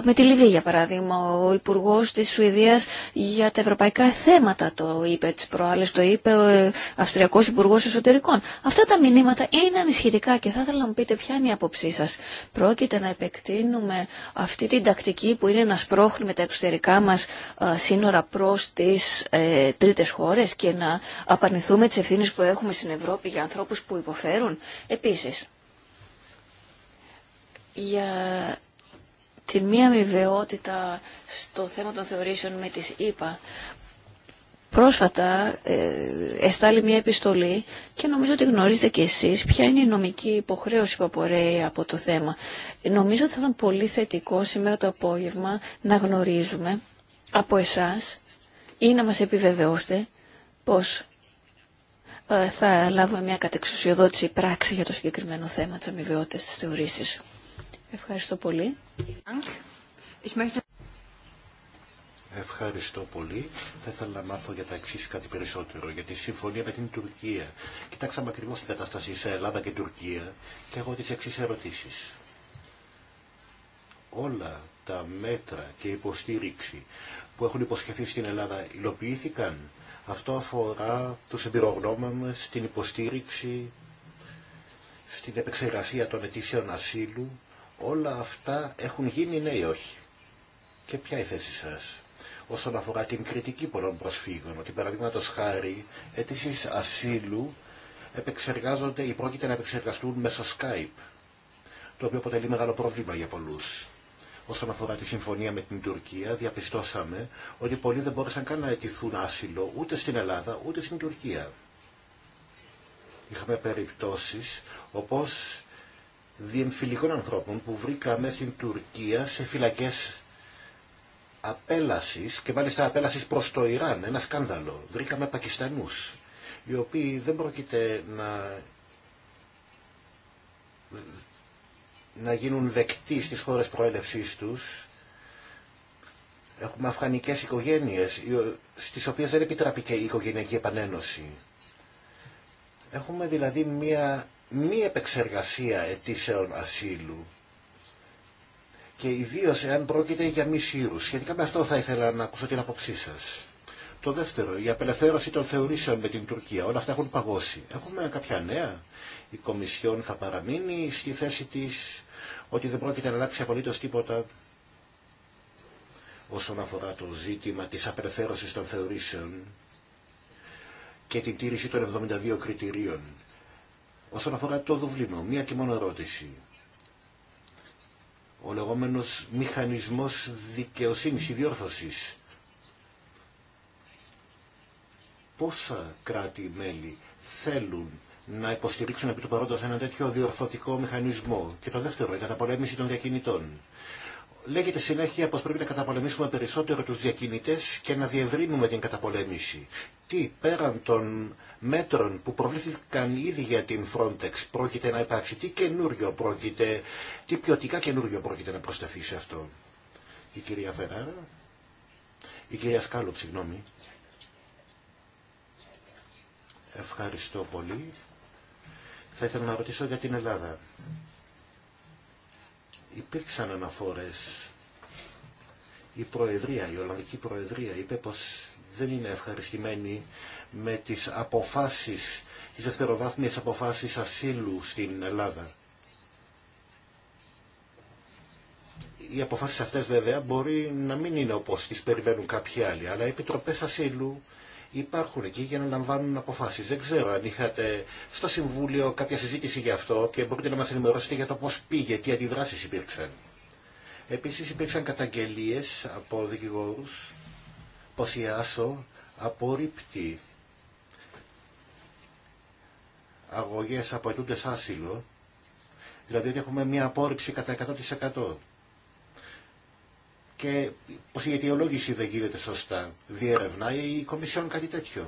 με τη Λιβύη για παράδειγμα. Ο υπουργό της Σουηδίας για τα ευρωπαϊκά θέματα το είπε τις προάλλες, το είπε ο ε, Αυστριακός Υπουργός Εσωτερικών. Αυτά τα μηνύματα είναι ανησυχητικά και θα ήθελα να μου πείτε ποια είναι η άποψή σας. Πρόκειται να επεκτείνουμε αυτή την τακτική που είναι να σπρώχνουμε τα εξωτερικά κάμας μας ε, σύνορα προς τις ε, τρίτες χώρες και να απαρνηθούμε τις ευθύνες που έχουμε στην Ευρώπη για ανθρώπους που υποφέρουν. Επίσης, για την μία αμοιβαιότητα στο θέμα των θεωρήσεων με τις ΕΠΑ Πρόσφατα ε, εστάλει μια επιστολή και νομίζω ότι γνωρίζετε και εσείς ποια είναι η νομική υποχρέωση που απορρέει από το θέμα. Νομίζω ότι θα ήταν πολύ θετικό σήμερα το απόγευμα να γνωρίζουμε από εσάς ή να μας επιβεβαιώσετε πως ε, θα λάβουμε μια κατεξουσιοδότηση πράξη για το συγκεκριμένο θέμα της αμοιβαιότητας της θεωρήσης. Ευχαριστώ πολύ. Ευχαριστώ πολύ. Θα ήθελα να μάθω για τα εξή κάτι περισσότερο. Για τη συμφωνία με την Τουρκία. Κοιτάξαμε ακριβώ την κατάσταση σε Ελλάδα και Τουρκία και έχω τι εξή ερωτήσει. Όλα τα μέτρα και υποστήριξη που έχουν υποσχεθεί στην Ελλάδα υλοποιήθηκαν. Αυτό αφορά τους εμπειρογνώμενες, την υποστήριξη, στην επεξεργασία των αιτήσεων ασύλου. Όλα αυτά έχουν γίνει ναι ή όχι. Και ποια η θέση σας όσον αφορά την κριτική πολλών προσφύγων. Ότι παραδείγματο χάρη αίτηση ασύλου επεξεργάζονται ή πρόκειται να επεξεργαστούν μέσω Skype, το οποίο αποτελεί μεγάλο πρόβλημα για πολλού. Όσον αφορά τη συμφωνία με την Τουρκία, διαπιστώσαμε ότι πολλοί δεν μπόρεσαν καν να αιτηθούν άσυλο ούτε στην Ελλάδα ούτε στην Τουρκία. Είχαμε περιπτώσει όπω διεμφυλικών ανθρώπων που βρήκαμε στην Τουρκία σε φυλακές Απέλαση και μάλιστα απέλασης προς το Ιράν, ένα σκάνδαλο. Βρήκαμε Πακιστανούς, οι οποίοι δεν πρόκειται να, να γίνουν δεκτοί στις χώρες προέλευσής τους. Έχουμε αφγανικές οικογένειες, στις οποίες δεν επιτραπεί και η οικογενειακή επανένωση. Έχουμε δηλαδή μία μη επεξεργασία αιτήσεων ασύλου και ιδίω εάν πρόκειται για μη σύρου. Σχετικά με αυτό θα ήθελα να ακούσω την άποψή σα. Το δεύτερο, η απελευθέρωση των θεωρήσεων με την Τουρκία. Όλα αυτά έχουν παγώσει. Έχουμε κάποια νέα. Η Κομισιόν θα παραμείνει στη θέση τη ότι δεν πρόκειται να αλλάξει απολύτω τίποτα όσον αφορά το ζήτημα της απελευθέρωσης των θεωρήσεων και την τήρηση των 72 κριτηρίων. Όσον αφορά το Δουβλίνο, μία και μόνο ερώτηση ο λεγόμενος μηχανισμός δικαιοσύνης, η διόρθωσης. Πόσα κράτη-μέλη θέλουν να υποστηρίξουν επί του παρόντος ένα τέτοιο διορθωτικό μηχανισμό. Και το δεύτερο, η καταπολέμηση των διακινητών. Λέγεται συνέχεια πως πρέπει να καταπολεμήσουμε περισσότερο τους διακινητές και να διευρύνουμε την καταπολέμηση. Τι πέραν των μέτρων που προβλήθηκαν ήδη για την Frontex πρόκειται να υπάρξει, τι καινούριο πρόκειται, τι ποιοτικά καινούριο πρόκειται να προσταθεί σε αυτό. Η κυρία Φεράρα, η κυρία Σκάλου συγγνώμη. Ευχαριστώ πολύ. Θα ήθελα να ρωτήσω για την Ελλάδα υπήρξαν αναφορές. Η Προεδρία, η Ολλανδική Προεδρία είπε πως δεν είναι ευχαριστημένη με τις αποφάσεις, τις δευτεροβάθμιες αποφάσεις ασύλου στην Ελλάδα. Οι αποφάσεις αυτές βέβαια μπορεί να μην είναι όπως τις περιμένουν κάποιοι άλλοι, αλλά οι επιτροπές ασύλου υπάρχουν εκεί για να λαμβάνουν αποφάσεις. Δεν ξέρω αν είχατε στο Συμβούλιο κάποια συζήτηση γι' αυτό και μπορείτε να μας ενημερώσετε για το πώς πήγε, τι αντιδράσει υπήρξαν. Επίσης υπήρξαν καταγγελίες από δικηγόρους πως η Άσο απορρίπτει αγωγές από άσυλο, δηλαδή ότι έχουμε μια απόρριψη κατά 100% και πως η αιτιολόγηση δεν γίνεται σωστά. Διερευνάει η Κομισιόν κάτι τέτοιο.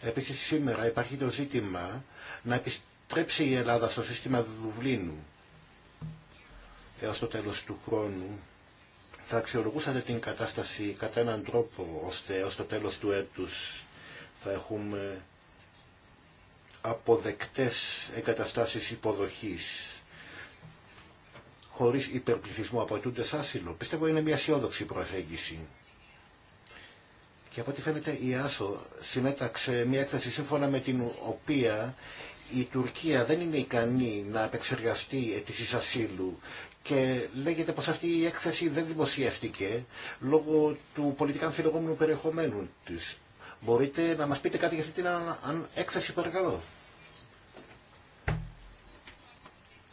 Επίσης σήμερα υπάρχει το ζήτημα να επιστρέψει η Ελλάδα στο σύστημα Δουβλίνου έως το τέλος του χρόνου. Θα αξιολογούσατε την κατάσταση κατά έναν τρόπο ώστε έως το τέλος του έτους θα έχουμε αποδεκτές εγκαταστάσεις υποδοχής χωρίς υπερπληθυσμό από ετούντες άσυλο. Πιστεύω είναι μια αισιόδοξη προσέγγιση. Και από ό,τι φαίνεται η Άσο συνέταξε μια έκθεση σύμφωνα με την οποία η Τουρκία δεν είναι ικανή να επεξεργαστεί αιτήσεις ασύλου και λέγεται πως αυτή η έκθεση δεν δημοσιεύτηκε λόγω του πολιτικά αμφιλογόμενου περιεχομένου της. Μπορείτε να μας πείτε κάτι για αυτή την έκθεση παρακαλώ.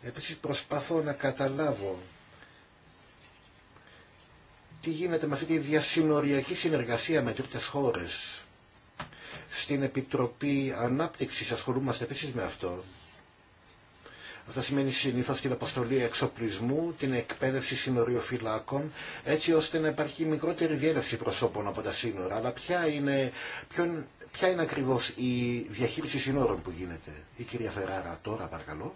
Επίσης προσπαθώ να καταλάβω τι γίνεται με αυτή τη διασυνοριακή συνεργασία με τρίτες χώρες. Στην Επιτροπή Ανάπτυξης ασχολούμαστε επίσης με αυτό. Αυτό σημαίνει συνήθως την αποστολή εξοπλισμού, την εκπαίδευση συνοριοφυλάκων, έτσι ώστε να υπάρχει μικρότερη διέλευση προσώπων από τα σύνορα. Αλλά ποια είναι, ποιον, ποια είναι ακριβώς η διαχείριση σύνορων που γίνεται. Η κυρία Φεράρα τώρα παρακαλώ.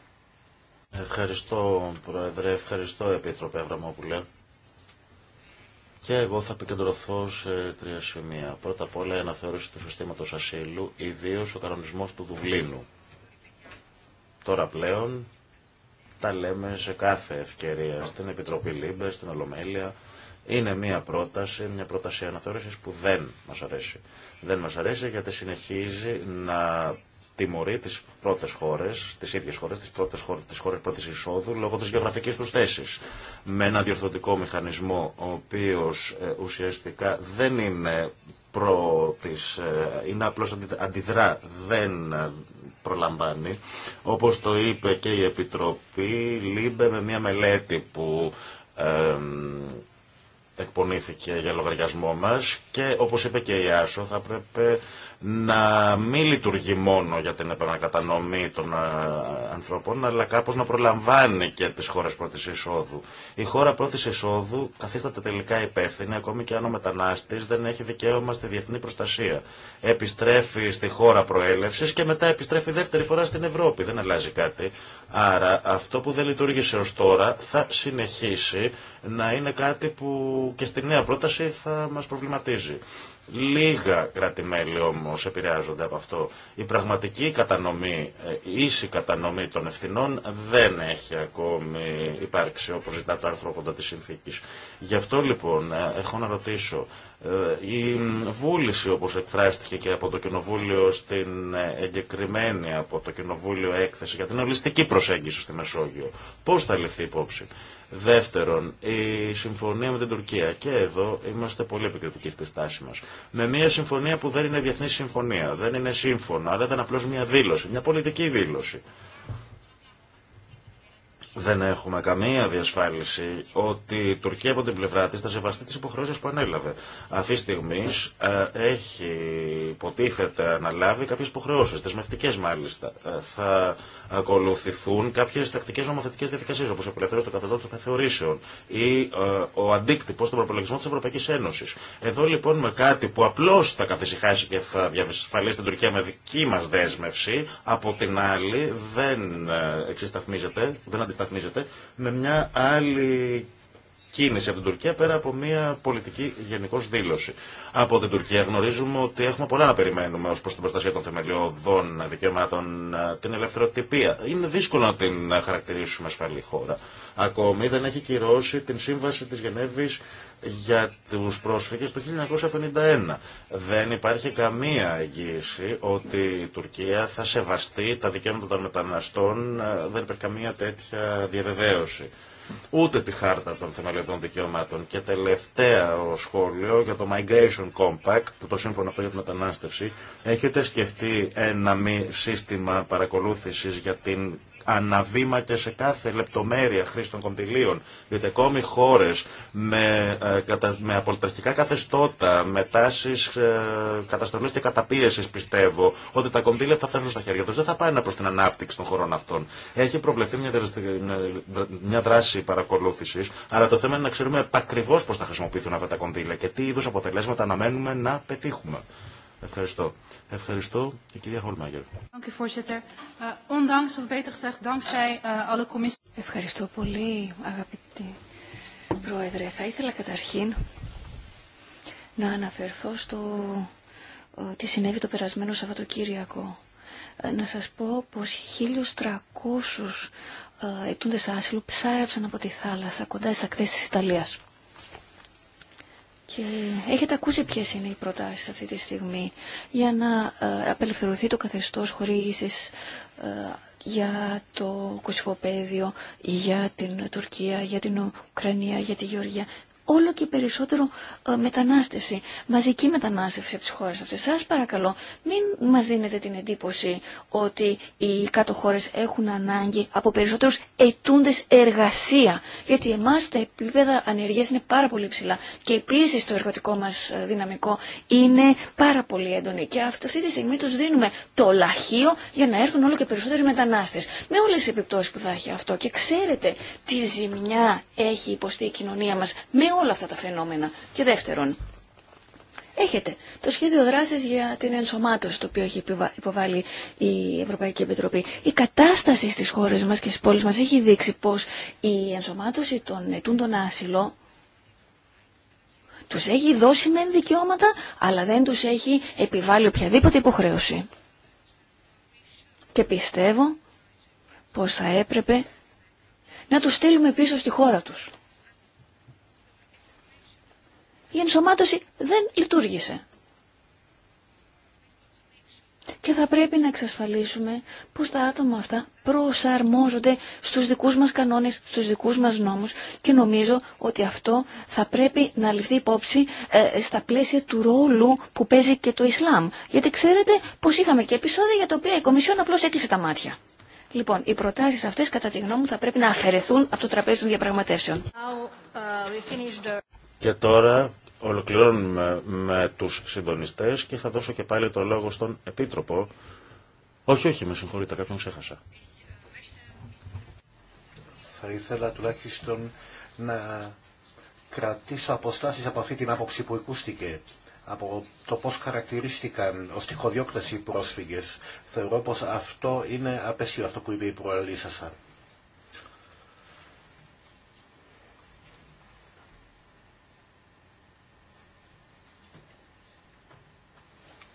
Ευχαριστώ, Πρόεδρε. Ευχαριστώ, Επίτροπε Αβραμόπουλε. Και εγώ θα επικεντρωθώ σε τρία σημεία. Πρώτα απ' όλα η αναθεώρηση του συστήματος ασύλου, ιδίως ο κανονισμός του Δουβλίνου. Τώρα πλέον τα λέμε σε κάθε ευκαιρία, στην Επιτροπή Λίμπε, στην Ολομέλεια. Είναι μια πρόταση, μια πρόταση αναθεώρησης που δεν μας αρέσει. Δεν μας αρέσει γιατί συνεχίζει να τιμωρεί τι πρώτε χώρε, τι ίδιε χώρε, τι πρώτε χώρε, τι πρώτη εισόδου λόγω τη γεωγραφική του θέση. Με ένα διορθωτικό μηχανισμό, ο οποίο ε, ουσιαστικά δεν είναι προ ε, είναι απλώ αντιδρά, δεν ε, προλαμβάνει. Όπω το είπε και η Επιτροπή Λίμπε με μια μελέτη που εκπονήθηκε για λογαριασμό μας και όπως είπε και η Άσο θα πρέπει να μην λειτουργεί μόνο για την επανακατανομή των ανθρώπων αλλά κάπως να προλαμβάνει και τις χώρες πρώτης εισόδου. Η χώρα πρώτης εισόδου καθίσταται τελικά υπεύθυνη ακόμη και αν ο μετανάστης δεν έχει δικαίωμα στη διεθνή προστασία. Επιστρέφει στη χώρα προέλευσης και μετά επιστρέφει δεύτερη φορά στην Ευρώπη. Δεν αλλάζει κάτι. Άρα αυτό που δεν λειτουργήσε ως τώρα θα συνεχίσει να είναι κάτι που και στη νέα πρόταση θα μας προβληματίζει. Λίγα κράτη-μέλη όμως επηρεάζονται από αυτό. Η πραγματική κατανομή, ε, η ίση κατανομή των ευθυνών δεν έχει ακόμη υπάρξει όπως ζητά το άρθρο 80 της συνθήκης. Γι' αυτό λοιπόν ε, έχω να ρωτήσω ε, η βούληση όπως εκφράστηκε και από το Κοινοβούλιο στην ε, εγκεκριμένη από το Κοινοβούλιο έκθεση για την ολιστική προσέγγιση στη Μεσόγειο. Πώς θα ληφθεί υπόψη. Δεύτερον, η συμφωνία με την Τουρκία. Και εδώ είμαστε πολύ επικριτικοί στη στάση μας Με μια συμφωνία που δεν είναι διεθνή συμφωνία, δεν είναι σύμφωνο, αλλά ήταν απλώ μια δήλωση, μια πολιτική δήλωση. Δεν έχουμε καμία διασφάλιση ότι η Τουρκία από την πλευρά τη θα σεβαστεί τι υποχρεώσει που ανέλαβε. Αυτή τη στιγμή ε, έχει υποτίθεται να λάβει κάποιε υποχρεώσει, δεσμευτικέ μάλιστα. Ε, θα ακολουθηθούν κάποιε τακτικέ νομοθετικέ διαδικασίε, όπω η απελευθέρωση των καθεστώτων καθεωρήσεων ή ε, ο αντίκτυπο των προπολογισμό τη Ευρωπαϊκή Ένωση. Εδώ λοιπόν με κάτι που απλώ θα καθησυχάσει και θα διασφαλίσει την Τουρκία με δική μα δέσμευση, από την άλλη δεν εξισταθμίζεται, δεν αντισταθμίζεται αντισταθμίζεται με μια άλλη κίνηση από την Τουρκία πέρα από μια πολιτική γενικώ δήλωση. Από την Τουρκία γνωρίζουμε ότι έχουμε πολλά να περιμένουμε ω προ την προστασία των θεμελιωδών δικαιωμάτων, την ελευθεροτυπία. Είναι δύσκολο να την χαρακτηρίσουμε ασφαλή χώρα. Ακόμη δεν έχει κυρώσει την σύμβαση τη Γενέβη για του πρόσφυγες του 1951. Δεν υπάρχει καμία εγγύηση ότι η Τουρκία θα σεβαστεί τα δικαιώματα των μεταναστών, δεν υπάρχει καμία τέτοια διαβεβαίωση ούτε τη χάρτα των θεμελιωδών δικαιωμάτων. Και τελευταίο σχόλιο για το Migration Compact, το σύμφωνο αυτό για την μετανάστευση. Έχετε σκεφτεί ένα μη σύστημα παρακολούθησης για την αναβήμα και σε κάθε λεπτομέρεια χρήση των κοντιλίων, διότι ακόμη χώρε με, ε, με απολυταρχικά καθεστώτα, με τάσει ε, καταστολή και καταπίεση πιστεύω ότι τα κοντήλια θα φέρουν στα χέρια του. Δεν θα πάνε προ την ανάπτυξη των χωρών αυτών. Έχει προβλεφθεί μια, μια δράση παρακολούθηση, αλλά το θέμα είναι να ξέρουμε ακριβώ πώ θα χρησιμοποιηθούν αυτά τα κονδύλια και τι είδου αποτελέσματα αναμένουμε να πετύχουμε. Ευχαριστώ. Ευχαριστώ η κυρία Χολμάγκερ. Eh, eh, Ευχαριστώ πολύ αγαπητή Πρόεδρε. Θα ήθελα καταρχήν να αναφερθώ στο ε, τι συνέβη το περασμένο Σαββατοκύριακο. Ε, να σας πω πως 1.300 ε, ετούντες άσυλου ψάρεψαν από τη θάλασσα κοντά στις ακτές της Ιταλίας. Και έχετε ακούσει ποιε είναι οι προτάσει αυτή τη στιγμή για να ε, απελευθερωθεί το καθεστώς χορήγησης ε, για το Κωσυφοπαίδιο, για την Τουρκία, για την Ουκρανία, για τη Γεωργία όλο και περισσότερο ε, μετανάστευση, μαζική μετανάστευση από τις χώρες αυτές. Σας παρακαλώ, μην μας δίνετε την εντύπωση ότι οι κάτω χώρες έχουν ανάγκη από περισσότερους ετούντε εργασία, γιατί εμάς τα επίπεδα ανεργίας είναι πάρα πολύ ψηλά και επίσης το εργατικό μας ε, δυναμικό είναι πάρα πολύ έντονο και αυτή τη στιγμή τους δίνουμε το λαχείο για να έρθουν όλο και περισσότεροι μετανάστες, με όλες τις επιπτώσεις που θα έχει αυτό και ξέρετε τι ζημιά έχει υποστεί η κοινωνία μας όλα αυτά τα φαινόμενα. Και δεύτερον, έχετε το σχέδιο δράσης για την ενσωμάτωση το οποίο έχει υποβάλει η Ευρωπαϊκή Επιτροπή. Η κατάσταση στις χώρες μας και στις πόλεις μας έχει δείξει πως η ενσωμάτωση των ετούντων άσυλο τους έχει δώσει μεν δικαιώματα, αλλά δεν τους έχει επιβάλει οποιαδήποτε υποχρέωση. Και πιστεύω πως θα έπρεπε να τους στείλουμε πίσω στη χώρα τους η ενσωμάτωση δεν λειτουργήσε. Και θα πρέπει να εξασφαλίσουμε πως τα άτομα αυτά προσαρμόζονται στους δικούς μας κανόνες, στους δικούς μας νόμους και νομίζω ότι αυτό θα πρέπει να ληφθεί υπόψη ε, στα πλαίσια του ρόλου που παίζει και το Ισλάμ. Γιατί ξέρετε πως είχαμε και επεισόδια για τα οποία η Κομισιόν απλώς έκλεισε τα μάτια. Λοιπόν, οι προτάσεις αυτές κατά τη γνώμη μου θα πρέπει να αφαιρεθούν από το τραπέζι των διαπραγματεύσεων. Uh, και τώρα Ολοκληρώνουμε με τους συντονιστές και θα δώσω και πάλι το λόγο στον Επίτροπο. Όχι, όχι, με συγχωρείτε, κάποιον ξέχασα. Θα ήθελα τουλάχιστον να κρατήσω αποστάσεις από αυτή την άποψη που ακούστηκε από το πώς χαρακτηρίστηκαν ως τυχοδιώκτες οι πρόσφυγες. Θεωρώ πως χαρακτηριστηκαν ως τυχοδιοκταση είναι απέσιο αυτό που είπε η προαλήσασα.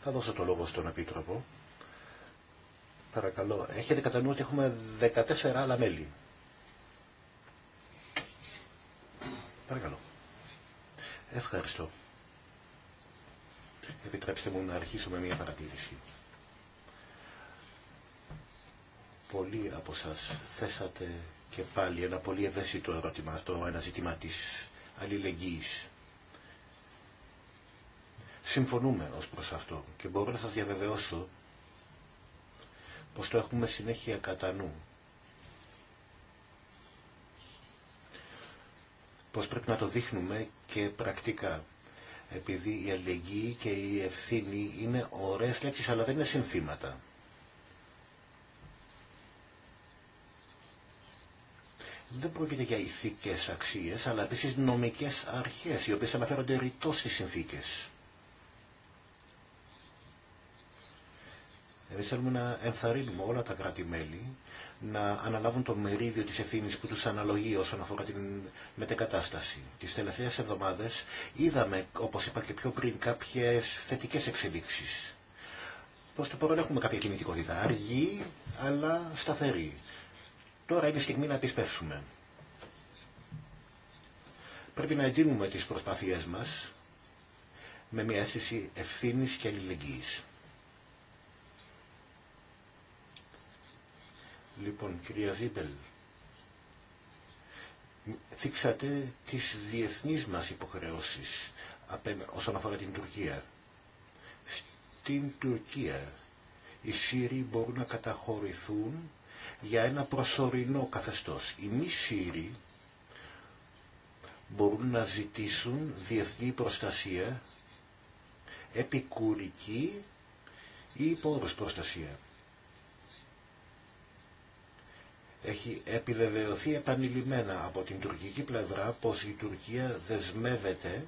Θα δώσω το λόγο στον Επίτροπο. Παρακαλώ, έχετε κατά ότι έχουμε 14 άλλα μέλη. Παρακαλώ. Ευχαριστώ. Επιτρέψτε μου να αρχίσω με μια παρατήρηση. Πολλοί από σας θέσατε και πάλι ένα πολύ ευαίσθητο ερώτημα στο ένα ζήτημα της αλληλεγγύης συμφωνούμε ως προς αυτό και μπορώ να σας διαβεβαιώσω πως το έχουμε συνέχεια κατά νου. Πως πρέπει να το δείχνουμε και πρακτικά. Επειδή η αλληλεγγύη και η ευθύνη είναι ωραίες λέξεις αλλά δεν είναι συνθήματα. δεν πρόκειται για ηθικές αξίες, αλλά επίσης νομικές αρχές, οι οποίες αναφέρονται ρητό στις συνθήκες. Εμεί θέλουμε να ενθαρρύνουμε όλα τα κράτη-μέλη να αναλάβουν το μερίδιο τη ευθύνη που του αναλογεί όσον αφορά την μετεκατάσταση. Τι τελευταίες εβδομάδε είδαμε, όπω είπα και πιο πριν, κάποιε θετικέ εξελίξει. Προ το παρόν έχουμε κάποια κινητικότητα. Αργή, αλλά σταθερή. Τώρα είναι η στιγμή να επισπεύσουμε. Πρέπει να εντείνουμε τις προσπάθειές μας με μια αίσθηση ευθύνης και αλληλεγγύης. Λοιπόν, κυρία Ζήπελ, δείξατε τις διεθνείς μας υποχρεώσεις όσον αφορά την Τουρκία. Στην Τουρκία οι Σύριοι μπορούν να καταχωρηθούν για ένα προσωρινό καθεστώς. Οι μη Σύριοι μπορούν να ζητήσουν διεθνή προστασία, επικουρική ή υπόρρος προστασία. έχει επιβεβαιωθεί επανειλημμένα από την τουρκική πλευρά πως η Τουρκία δεσμεύεται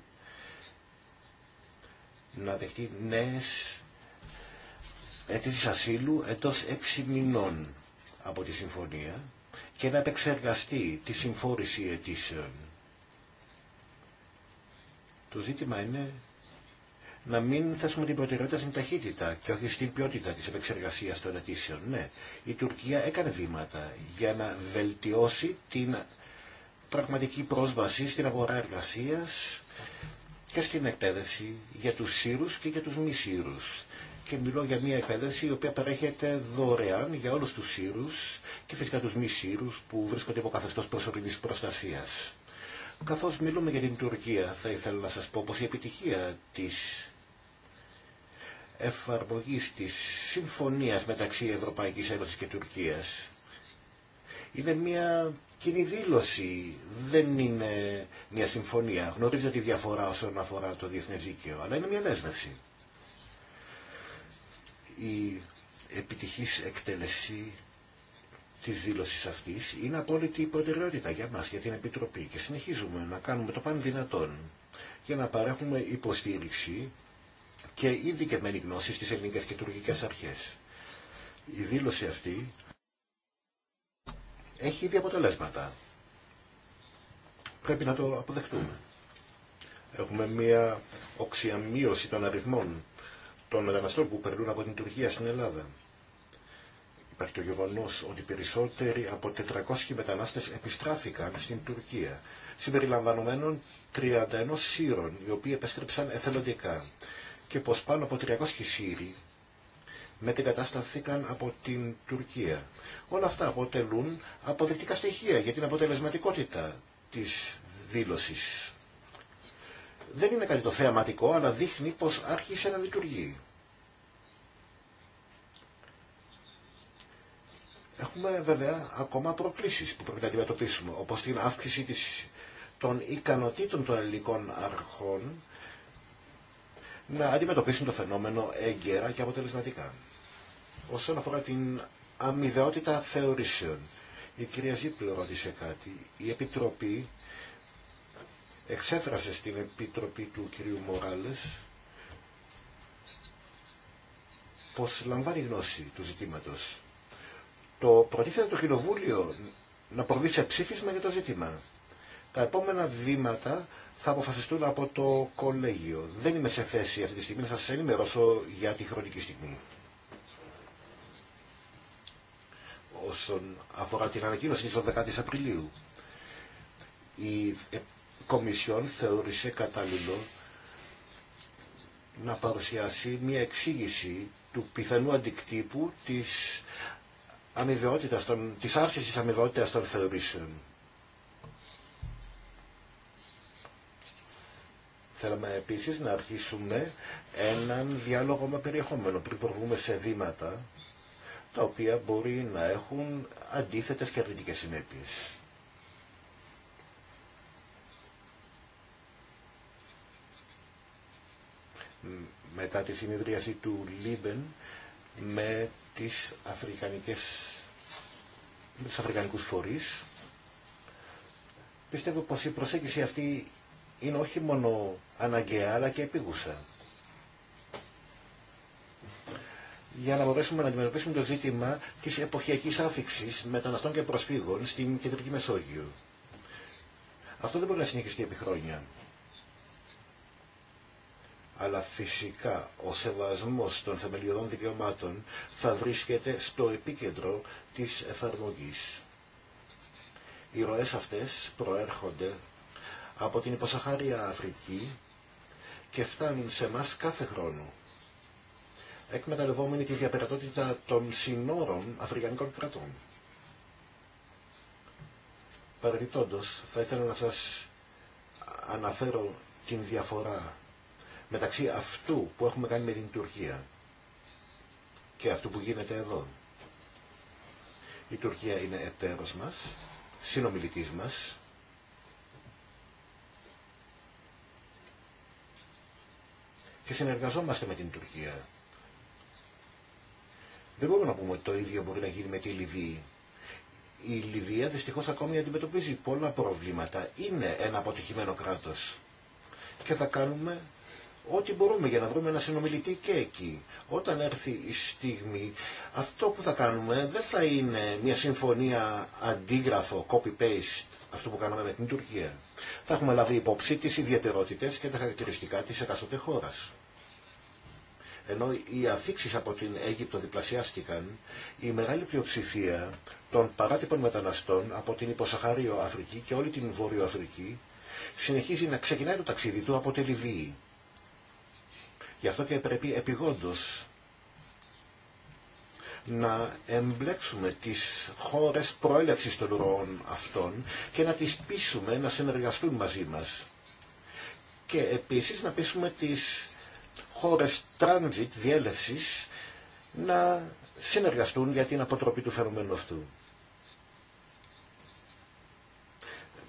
να δεχτεί νέες αιτήσεις ασύλου εντός έξι μηνών από τη συμφωνία και να επεξεργαστεί τη συμφόρηση αιτήσεων. Το ζήτημα είναι να μην θέσουμε την προτεραιότητα στην ταχύτητα και όχι στην ποιότητα της επεξεργασίας των αιτήσεων. Ναι, η Τουρκία έκανε βήματα για να βελτιώσει την πραγματική πρόσβαση στην αγορά εργασίας και στην εκπαίδευση για τους Σύρους και για τους μη Σύρους. Και μιλώ για μια εκπαίδευση η οποία παρέχεται δωρεάν για όλους τους Σύρους και φυσικά τους μη Σύρους που βρίσκονται υπό καθεστώς προσωρινής προστασίας. Καθώς μιλούμε για την Τουρκία, θα ήθελα να σας πω πως η επιτυχία της εφαρμογής της συμφωνίας μεταξύ Ευρωπαϊκής Ένωσης και Τουρκίας είναι μια κοινή δήλωση, δεν είναι μια συμφωνία. Γνωρίζετε τη διαφορά όσον αφορά το διεθνές δίκαιο, αλλά είναι μια δέσμευση. Η επιτυχής εκτέλεση της δήλωσης αυτής είναι απόλυτη προτεραιότητα για μας, για την Επιτροπή και συνεχίζουμε να κάνουμε το παν δυνατόν για να παρέχουμε υποστήριξη και ειδικευμένη γνώση στις ελληνικές και τουρκικές αρχές. Η δήλωση αυτή έχει ήδη αποτελέσματα. Πρέπει να το αποδεχτούμε. Έχουμε μία οξιαμείωση των αριθμών των μεταναστών που περνούν από την Τουρκία στην Ελλάδα. Υπάρχει το γεγονό ότι περισσότεροι από 400 μετανάστε επιστράφηκαν στην Τουρκία, συμπεριλαμβανομένων 31 Σύρων, οι οποίοι επέστρεψαν εθελοντικά και πως πάνω από 300 Σύριοι μετεγκατασταθήκαν από την Τουρκία. Όλα αυτά αποτελούν αποδεκτικά στοιχεία για την αποτελεσματικότητα της δήλωσης. Δεν είναι κάτι το θεαματικό, αλλά δείχνει πως άρχισε να λειτουργεί. Έχουμε βέβαια ακόμα προκλήσεις που πρέπει να αντιμετωπίσουμε, όπως την αύξηση των ικανοτήτων των ελληνικών αρχών να αντιμετωπίσουν το φαινόμενο έγκαιρα και αποτελεσματικά. Όσον αφορά την αμοιβαιότητα θεωρήσεων, η κυρία Ζήπλο ρώτησε κάτι. Η Επιτροπή εξέφρασε στην Επιτροπή του κυρίου Μοράλες πως λαμβάνει γνώση του ζητήματος. Το προτίθεται το Κοινοβούλιο να προβεί σε ψήφισμα για το ζήτημα. Τα επόμενα βήματα θα αποφασιστούν από το κολέγιο. Δεν είμαι σε θέση αυτή τη στιγμή να σας ενημερώσω για τη χρονική στιγμή. Όσον αφορά την ανακοίνωση της 10 η Απριλίου, η ε, Κομισιόν θεώρησε κατάλληλο να παρουσιάσει μια εξήγηση του πιθανού αντικτύπου της αμοιβαιότητας των, της άρσης της αμοιβαιότητας των θεωρήσεων. Θέλουμε επίσης να αρχίσουμε έναν διάλογο με περιεχόμενο πριν προβούμε σε βήματα τα οποία μπορεί να έχουν αντίθετες και αρνητικές συνέπειες. Μετά τη συνεδρίαση του Λίμπεν με τις αφρικανικές με τους αφρικανικούς φορείς πιστεύω πως η προσέγγιση αυτή είναι όχι μόνο αναγκαία αλλά και επίγουσα. για να μπορέσουμε να αντιμετωπίσουμε το ζήτημα της εποχιακής άφηξης μεταναστών και προσφύγων στην Κεντρική Μεσόγειο. Αυτό δεν μπορεί να συνεχιστεί επί χρόνια. Αλλά φυσικά ο σεβασμός των θεμελιωδών δικαιωμάτων θα βρίσκεται στο επίκεντρο της εφαρμογής. Οι ροές αυτές προέρχονται από την υποσαχάρια Αφρική και φτάνουν σε εμά κάθε χρόνο. Εκμεταλλευόμενοι τη διαπερατότητα των συνόρων αφρικανικών κρατών. Παρελπτόντως, θα ήθελα να σας αναφέρω την διαφορά μεταξύ αυτού που έχουμε κάνει με την Τουρκία και αυτού που γίνεται εδώ. Η Τουρκία είναι εταίρος μας, συνομιλητής μας, και συνεργαζόμαστε με την Τουρκία. Δεν μπορούμε να πούμε ότι το ίδιο μπορεί να γίνει με τη Λιβύη. Η Λιβύη δυστυχώ ακόμη αντιμετωπίζει πολλά προβλήματα. Είναι ένα αποτυχημένο κράτο. Και θα κάνουμε ό,τι μπορούμε για να βρούμε ένα συνομιλητή και εκεί. Όταν έρθει η στιγμή, αυτό που θα κάνουμε δεν θα είναι μια συμφωνία αντίγραφο, copy-paste, αυτό που κάναμε με την Τουρκία. Θα έχουμε λάβει υπόψη τις ιδιαιτερότητες και τα χαρακτηριστικά της εκάστοτε χώρας. Ενώ οι αφήξει από την Αίγυπτο διπλασιάστηκαν, η μεγάλη πλειοψηφία των παράτυπων μεταναστών από την υποσαχάριο Αφρική και όλη την Βόρειο Αφρική συνεχίζει να ξεκινάει το ταξίδι του από τη Λιβύη Γι' αυτό και πρέπει επιγόντως να εμπλέξουμε τις χώρες προέλευσης των ροών αυτών και να τις πείσουμε να συνεργαστούν μαζί μας. Και επίσης να πείσουμε τις χώρες τρανζιτ, διέλευσης να συνεργαστούν για την αποτροπή του φαινομένου αυτού.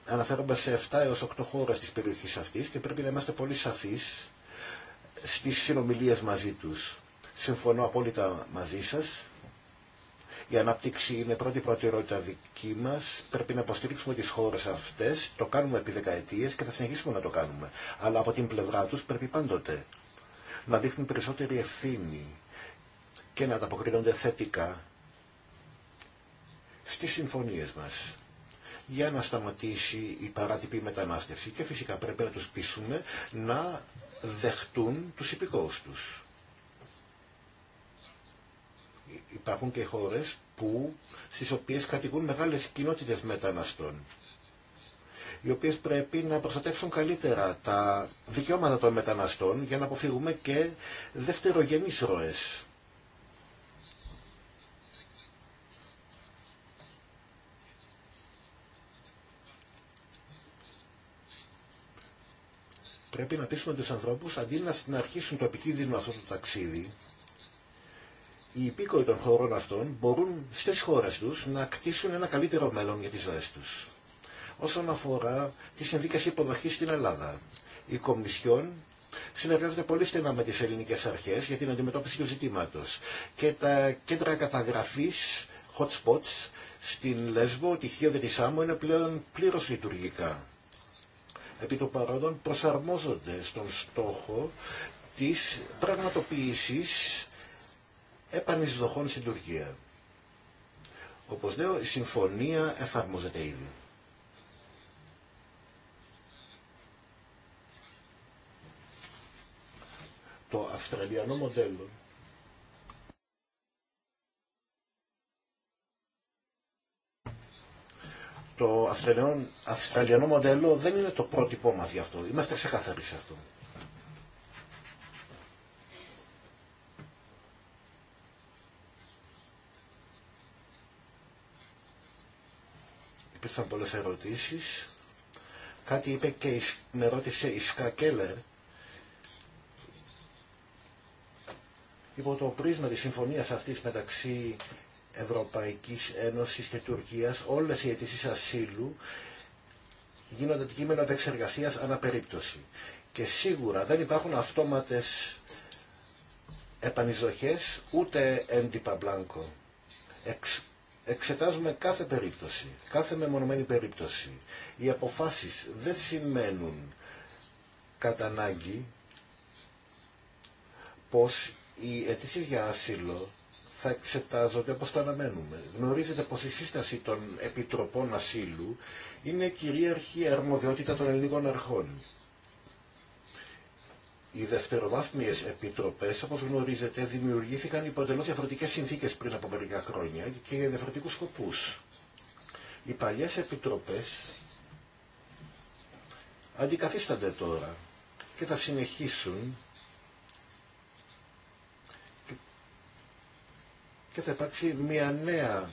Αναφέρομαι σε 7 έως 8 χώρες της περιοχής αυτής και πρέπει να είμαστε πολύ σαφείς στις συνομιλίες μαζί τους. Συμφωνώ απόλυτα μαζί σας. Η ανάπτυξη είναι πρώτη προτεραιότητα δική μας. Πρέπει να υποστηρίξουμε τις χώρες αυτές. Το κάνουμε επί δεκαετίες και θα συνεχίσουμε να το κάνουμε. Αλλά από την πλευρά τους πρέπει πάντοτε να δείχνουν περισσότερη ευθύνη και να ανταποκρίνονται θετικά στις συμφωνίες μας για να σταματήσει η παράτυπη μετανάστευση. Και φυσικά πρέπει να τους πείσουμε να δεχτούν τους υπηκόους τους. Υπάρχουν και χώρες που, στις οποίες κατοικούν μεγάλες κοινότητες μεταναστών, οι οποίες πρέπει να προστατεύσουν καλύτερα τα δικαιώματα των μεταναστών για να αποφύγουμε και δευτερογενείς ροές. Πρέπει να πείσουμε τους ανθρώπους αντί να αρχίσουν το επικίνδυνο αυτό το ταξίδι. Οι υπήκοοι των χωρών αυτών μπορούν στις χώρες τους να κτίσουν ένα καλύτερο μέλλον για τις ζωές τους. Όσον αφορά τις συνδίκες υποδοχής στην Ελλάδα, η Κομισιόν συνεργάζονται πολύ στενά με τις ελληνικές αρχές για την αντιμετώπιση του ζητήματος και τα κέντρα καταγραφής hot spots στην Λέσβο, τη Χίο και τη Σάμμο είναι πλέον πλήρως λειτουργικά επί των παρόντων προσαρμόζονται στον στόχο της πραγματοποίησης επανεισδοχών στην Τουρκία. Όπως λέω, η συμφωνία εφαρμόζεται ήδη. Το αυστραλιανό μοντέλο το αυστραλιανό, μοντέλο δεν είναι το πρότυπό μας γι' αυτό. Είμαστε ξεκάθαροι σε αυτό. Υπήρξαν πολλές ερωτήσεις. Κάτι είπε και με ρώτησε η Σκα Κέλλερ. Υπό το πρίσμα της συμφωνίας αυτής μεταξύ Ευρωπαϊκής Ένωσης και Τουρκίας όλες οι αιτήσεις ασύλου γίνονται κείμενο δεξεργασίας αναπερίπτωση. Και σίγουρα δεν υπάρχουν αυτόματες επανειδοχές ούτε έντυπα μπλάνκο. εξετάζουμε κάθε περίπτωση, κάθε μεμονωμένη περίπτωση. Οι αποφάσεις δεν σημαίνουν κατά ανάγκη πως οι αιτήσει για άσυλο θα εξετάζονται όπως το αναμένουμε. Γνωρίζετε πως η σύσταση των Επιτροπών Ασύλου είναι κυρίαρχη αρμοδιότητα των ελληνικών αρχών. Οι δευτεροβάθμιες επιτροπές, όπως γνωρίζετε, δημιουργήθηκαν υπό εντελώς διαφορετικές συνθήκες πριν από μερικά χρόνια και για διαφορετικούς σκοπούς. Οι παλιές επιτροπές αντικαθίστανται τώρα και θα συνεχίσουν και θα υπάρξει μια νέα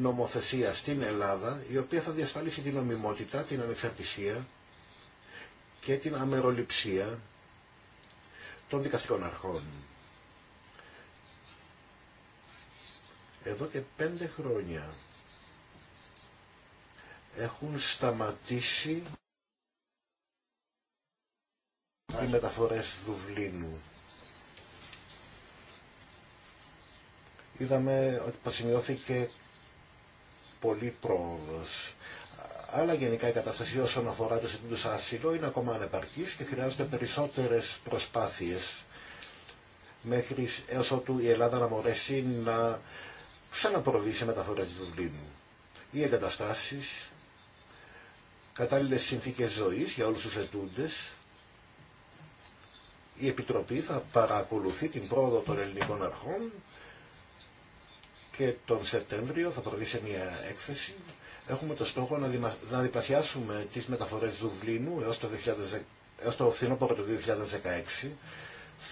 νομοθεσία στην Ελλάδα η οποία θα διασφαλίσει την νομιμότητα, την ανεξαρτησία και την αμεροληψία των δικαστικών αρχών. Εδώ και πέντε χρόνια έχουν σταματήσει οι μεταφορές Δουβλίνου. είδαμε ότι παξιμιώθηκε πολύ πρόοδος. Αλλά γενικά η κατάσταση όσον αφορά το συντούς άσυλο είναι ακόμα ανεπαρκής και χρειάζονται περισσότερες προσπάθειες μέχρι έως ότου η Ελλάδα να μπορέσει να ξαναπροβεί σε μεταφορές του Δουβλίνου. Οι εγκαταστάσεις, κατάλληλες συνθήκες ζωής για όλους τους ετούντες, η Επιτροπή θα παρακολουθεί την πρόοδο των ελληνικών αρχών και τον Σεπτέμβριο θα προβεί μια έκθεση. Έχουμε το στόχο να, δημα... να διπλασιάσουμε τις μεταφορές Δουβλίνου έως το, 2010... έως το φθινόπωρο του 2016.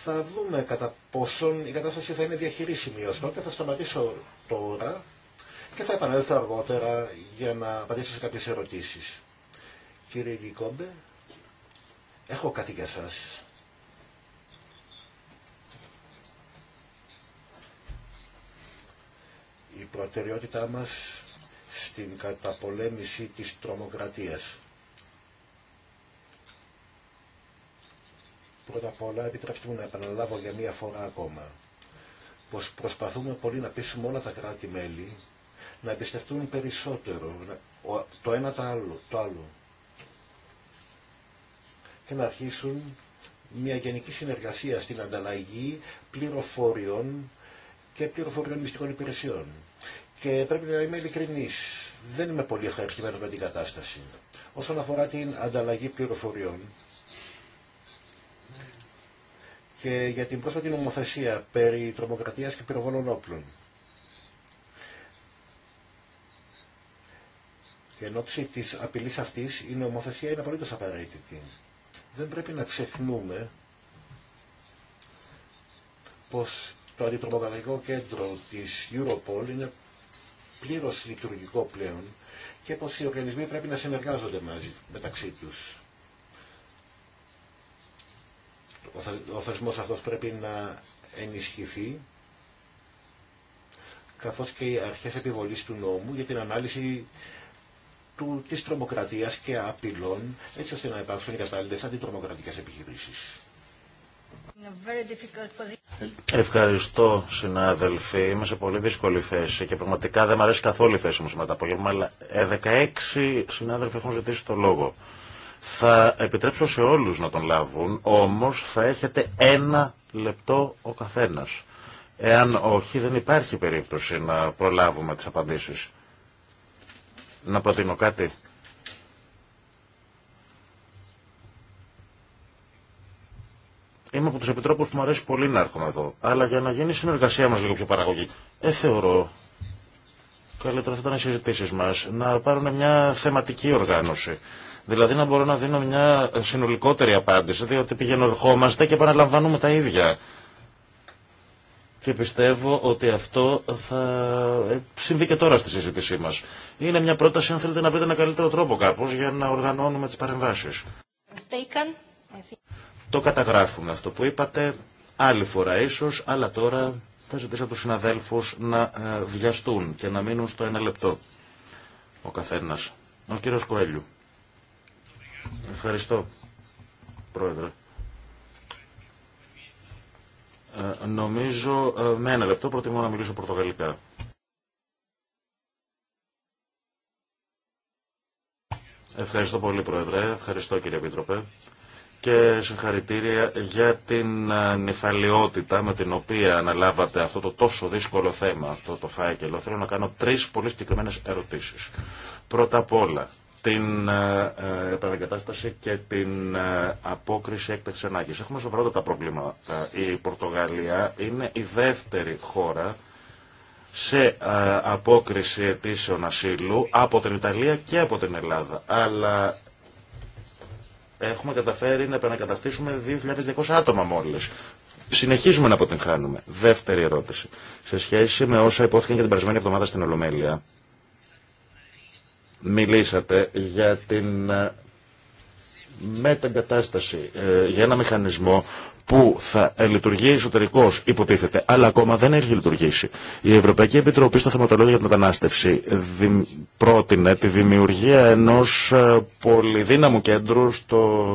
Θα δούμε κατά πόσον η κατάσταση θα είναι διαχειρίσιμη έως τότε. Θα σταματήσω τώρα και θα επανέλθω αργότερα για να απαντήσω σε κάποιες ερωτήσεις. Κύριε Γκικόμπε, έχω κάτι για σας. η προτεραιότητά μας στην καταπολέμηση της τρομοκρατίας. Πρώτα απ' όλα επιτρέψτε μου να επαναλάβω για μία φορά ακόμα πως προσπαθούμε πολύ να πείσουμε όλα τα κράτη-μέλη να εμπιστευτούν περισσότερο το ένα το άλλο, το άλλο και να αρχίσουν μια γενική συνεργασία στην ανταλλαγή πληροφοριών και πληροφοριών μυστικών υπηρεσιών. Και πρέπει να είμαι ειλικρινή. Δεν είμαι πολύ ευχαριστημένο με την κατάσταση. Όσον αφορά την ανταλλαγή πληροφοριών και για την πρόσφατη νομοθεσία περί τρομοκρατίας και πυροβόλων όπλων. Και εν ώψη της απειλής αυτής η νομοθεσία είναι απολύτως απαραίτητη. Δεν πρέπει να ξεχνούμε πως το αντιτρομοκρατικό κέντρο της Europol είναι πλήρω λειτουργικό πλέον και πως οι οργανισμοί πρέπει να συνεργάζονται μαζί, μεταξύ του. Ο θεσμός αυτός πρέπει να ενισχυθεί καθώς και οι αρχές επιβολής του νόμου για την ανάλυση του, της τρομοκρατίας και απειλών έτσι ώστε να υπάρξουν οι κατάλληλες αντιτρομοκρατικές επιχειρήσεις. Ευχαριστώ συνάδελφοι. Είμαι σε πολύ δύσκολη θέση και πραγματικά δεν μου αρέσει καθόλου η θέση μου σήμερα το απόγευμα, αλλά 16 ε, συνάδελφοι έχουν ζητήσει το λόγο. Θα επιτρέψω σε όλους να τον λάβουν, όμως θα έχετε ένα λεπτό ο καθένας. Εάν όχι, δεν υπάρχει περίπτωση να προλάβουμε τις απαντήσεις. Να προτείνω κάτι. Είμαι από του επιτρόπου που μου αρέσει πολύ να έρχομαι εδώ. Αλλά για να γίνει η συνεργασία μα λίγο πιο παραγωγική, ε, θεωρώ καλύτερα θα ήταν οι συζητήσει μα να πάρουν μια θεματική οργάνωση. Δηλαδή να μπορώ να δίνω μια συνολικότερη απάντηση, διότι πηγαίνω ερχόμαστε και επαναλαμβάνουμε τα ίδια. Και πιστεύω ότι αυτό θα ε, συμβεί και τώρα στη συζήτησή μα. Είναι μια πρόταση, αν θέλετε να βρείτε ένα καλύτερο τρόπο κάπω για να οργανώνουμε τι παρεμβάσει. Το καταγράφουμε αυτό που είπατε, άλλη φορά ίσως, αλλά τώρα θα ζητήσω τους συναδέλφους να ε, βιαστούν και να μείνουν στο ένα λεπτό ο καθένας. Ο κύριος Κοέλιου. Ευχαριστώ, Πρόεδρε. Ε, νομίζω ε, με ένα λεπτό προτιμώ να μιλήσω πορτογαλικά. Ευχαριστώ πολύ, Πρόεδρε. Ευχαριστώ, κύριε Επίτροπε και συγχαρητήρια για την ε, νυφαλιότητα με την οποία αναλάβατε αυτό το τόσο δύσκολο θέμα, αυτό το φάκελο. Θέλω να κάνω τρεις πολύ συγκεκριμένε ερωτήσεις. Πρώτα απ' όλα, την ε, ε, επαναγκατάσταση και την απόκριση έκταξης ανάγκης. Έχουμε σοβαρότατα προβλήματα. Η Πορτογαλία είναι η δεύτερη χώρα σε απόκριση αιτήσεων ασύλου από την Ιταλία και από την Ελλάδα. Αλλά Έχουμε καταφέρει να επανακαταστήσουμε 2.200 άτομα μόλις. Συνεχίζουμε να αποτυγχάνουμε. Δεύτερη ερώτηση. Σε σχέση με όσα υπόθηκαν για την περασμένη εβδομάδα στην Ολομέλεια, μιλήσατε για την ε, μεταγκατάσταση, ε, για ένα μηχανισμό που θα ε, λειτουργεί εσωτερικώ, υποτίθεται, αλλά ακόμα δεν έχει λειτουργήσει. Η Ευρωπαϊκή Επιτροπή στο Θεματολόγιο για την Μετανάστευση πρότεινε τη δημιουργία ενό ε, πολυδύναμου κέντρου στο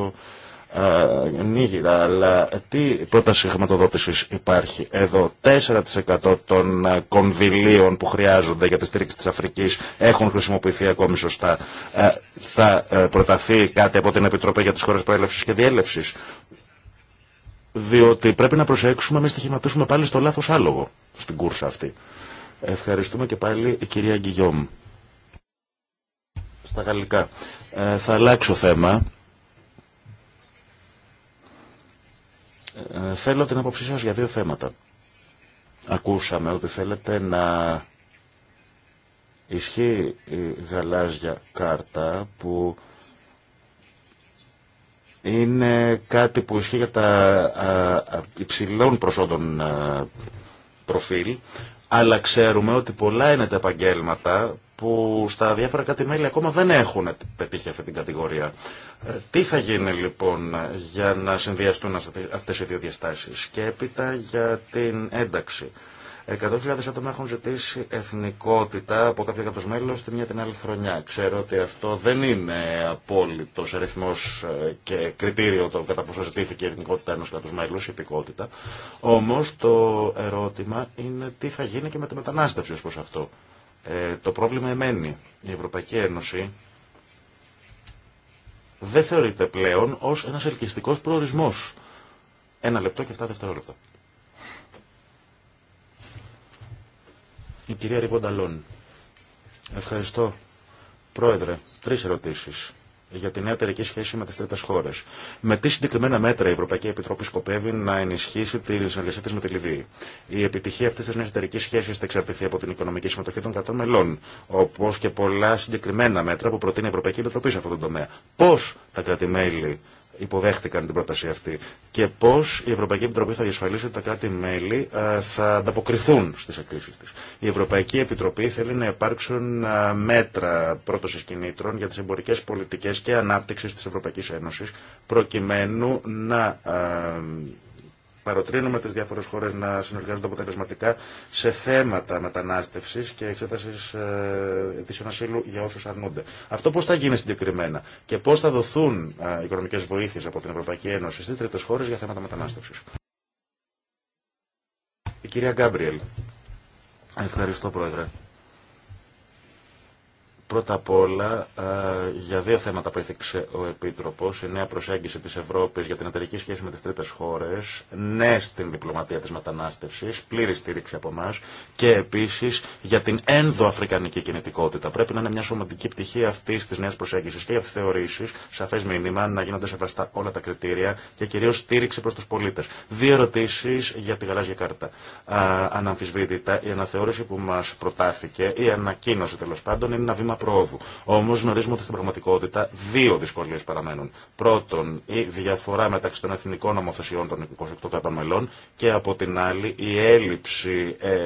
ε, Νίγηρα, αλλά τι πρόταση χρηματοδότηση υπάρχει εδώ. 4% των κονδυλίων που χρειάζονται για τη στήριξη τη Αφρική, έχουν χρησιμοποιηθεί ακόμη σωστά. Θα προταθεί κάτι από την Επιτροπή για τι χώρε προέλευση και διέλευση. Διότι πρέπει να προσέξουμε μην στοιχηματίσουμε πάλι στο λάθος άλογο στην κούρσα αυτή. Ευχαριστούμε και πάλι η κυρία Γκυγιόμ. Στα γαλλικά. Ε, θα αλλάξω θέμα. Ε, θέλω την άποψή σας για δύο θέματα. Ακούσαμε ότι θέλετε να ισχύει η γαλάζια κάρτα που είναι κάτι που ισχύει για τα υψηλών προσόντων προφίλ, αλλά ξέρουμε ότι πολλά είναι τα επαγγέλματα που στα διάφορα κάτι ακόμα δεν έχουν πετύχει αυτή την κατηγορία. Ε, τι θα γίνει λοιπόν για να συνδυαστούν αυτές οι δύο διαστάσεις και έπειτα για την ένταξη. 100.000 άτομα έχουν ζητήσει εθνικότητα από κάποιο κράτο μέλο τη μια την άλλη χρονιά. Ξέρω ότι αυτό δεν είναι απόλυτο αριθμό ε, και κριτήριο το κατά πόσο ζητήθηκε η εθνικότητα ενό κράτου μέλου, η υπηκότητα. Όμω το ερώτημα είναι τι θα γίνει και με τη μετανάστευση ω προ αυτό. Ε, το πρόβλημα εμένει. Η Ευρωπαϊκή Ένωση δεν θεωρείται πλέον ως ένας ελκυστικός προορισμός. Ένα λεπτό και 7 δευτερόλεπτα. Η κυρία Ριβονταλόν. Ευχαριστώ. Πρόεδρε, Τρει ερωτήσει για την νέα εταιρική σχέση με τι τρίτε χώρε. Με τι συγκεκριμένα μέτρα η Ευρωπαϊκή Επιτροπή σκοπεύει να ενισχύσει τη συνεργασία τη με τη Λιβύη. Η επιτυχία αυτή τη νέα εταιρική σχέση θα εξαρτηθεί από την οικονομική συμμετοχή των κρατών μελών, όπω και πολλά συγκεκριμένα μέτρα που προτείνει η Ευρωπαϊκή Επιτροπή σε αυτό το τομέα. Πώ τα κρατη υποδέχτηκαν την πρόταση αυτή και πώς η Ευρωπαϊκή Επιτροπή θα διασφαλίσει ότι τα κράτη-μέλη ε, θα ανταποκριθούν στις εκκλήσεις της. Η Ευρωπαϊκή Επιτροπή θέλει να υπάρξουν ε, μέτρα πρότωσης κινήτρων για τις εμπορικές πολιτικές και ανάπτυξη της Ευρωπαϊκής Ένωσης προκειμένου να ε, παροτρύνουμε τις διάφορες χώρες να συνεργάζονται αποτελεσματικά σε θέματα μετανάστευσης και εξέτασης ε, αιτήσεων ασύλου για όσους αρνούνται. Αυτό πώς θα γίνει συγκεκριμένα και πώς θα δοθούν ε, οικονομικές βοήθειες από την Ευρωπαϊκή Ένωση στις τρίτες χώρες για θέματα μετανάστευσης. Η κυρία Γκάμπριελ. Ευχαριστώ, Πρόεδρε. Πρώτα απ' όλα, για δύο θέματα που έθιξε ο Επίτροπο, η νέα προσέγγιση τη Ευρώπη για την εταιρική σχέση με τι τρίτε χώρε, ναι στην διπλωματία τη μετανάστευση, πλήρη στήριξη από εμά και επίση για την ένδοαφρικανική κινητικότητα. Πρέπει να είναι μια σωματική πτυχή αυτή τη νέα προσέγγιση και για τι θεωρήσει, σαφέ μήνυμα, να γίνονται σεβαστά όλα τα κριτήρια και κυρίω στήριξη προ του πολίτε. Δύο ερωτήσει για τη γαλάζια κάρτα. Αναμφισβήτητα, η αναθεώρηση που μα προτάθηκε, η ανακοίνωση τέλο πάντων, είναι ένα βήμα πρόοδου. Όμω γνωρίζουμε ότι στην πραγματικότητα δύο δυσκολίε παραμένουν. Πρώτον, η διαφορά μεταξύ των εθνικών νομοθεσιών των 28 κρατών μελών και από την άλλη η έλλειψη ε,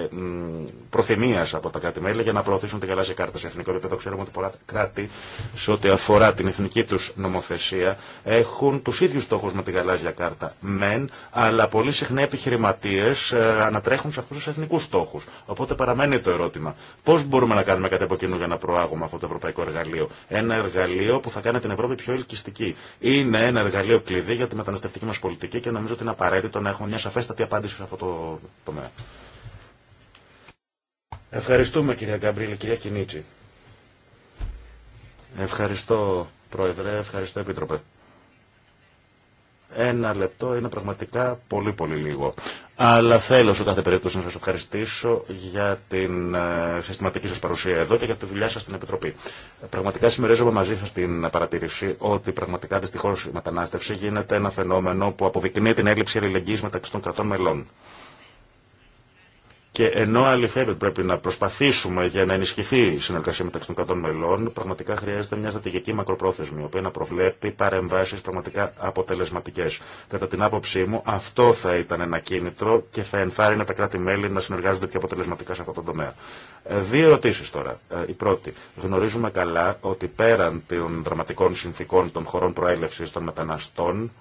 προθυμία από τα κράτη-μέλη για να προωθήσουν τη γαλάζια κάρτα. Σε εθνικό επίπεδο ξέρουμε ότι πολλά κράτη σε ό,τι αφορά την εθνική του νομοθεσία έχουν του ίδιου στόχου με τη γαλάζια κάρτα. Μεν, αλλά πολύ συχνά επιχειρηματίε ε, ανατρέχουν σε αυτού του εθνικού στόχου. Οπότε παραμένει το ερώτημα πώ μπορούμε να κάνουμε κάτι από κοινού για να προάγουμε αυτό το ευρωπαϊκό εργαλείο. Ένα εργαλείο που θα κάνει την Ευρώπη πιο ελκυστική. Είναι ένα εργαλείο κλειδί για τη μεταναστευτική μα πολιτική και νομίζω ότι είναι απαραίτητο να έχουμε μια σαφέστατη απάντηση σε αυτό το τομέα. Ευχαριστούμε κυρία Γκαμπρίλη, κυρία Κινίτσι. Ευχαριστώ Πρόεδρε, ευχαριστώ Επίτροπε. Ένα λεπτό είναι πραγματικά πολύ πολύ λίγο. Αλλά θέλω σε κάθε περίπτωση να σας ευχαριστήσω για την ε, συστηματική σας παρουσία εδώ και για τη δουλειά σας στην Επιτροπή. Πραγματικά συμμερίζομαι μαζί σας την παρατήρηση ότι πραγματικά δυστυχώς η μετανάστευση γίνεται ένα φαινόμενο που αποδεικνύει την έλλειψη αλληλεγγύης μεταξύ των κρατών μελών. Και ενώ αληθεύει πρέπει να προσπαθήσουμε για να ενισχυθεί η συνεργασία μεταξύ των κρατών μελών, πραγματικά χρειάζεται μια στρατηγική μακροπρόθεσμη, η οποία να προβλέπει παρεμβάσει πραγματικά αποτελεσματικέ. Κατά την άποψή μου, αυτό θα ήταν ένα κίνητρο και θα ενθάρρυνε τα κράτη-μέλη να συνεργάζονται πιο αποτελεσματικά σε αυτό το τομέα. Ε, δύο ερωτήσει τώρα. Ε, η πρώτη. Γνωρίζουμε καλά ότι πέραν των δραματικών συνθήκων των χωρών προέλευση των μεταναστών,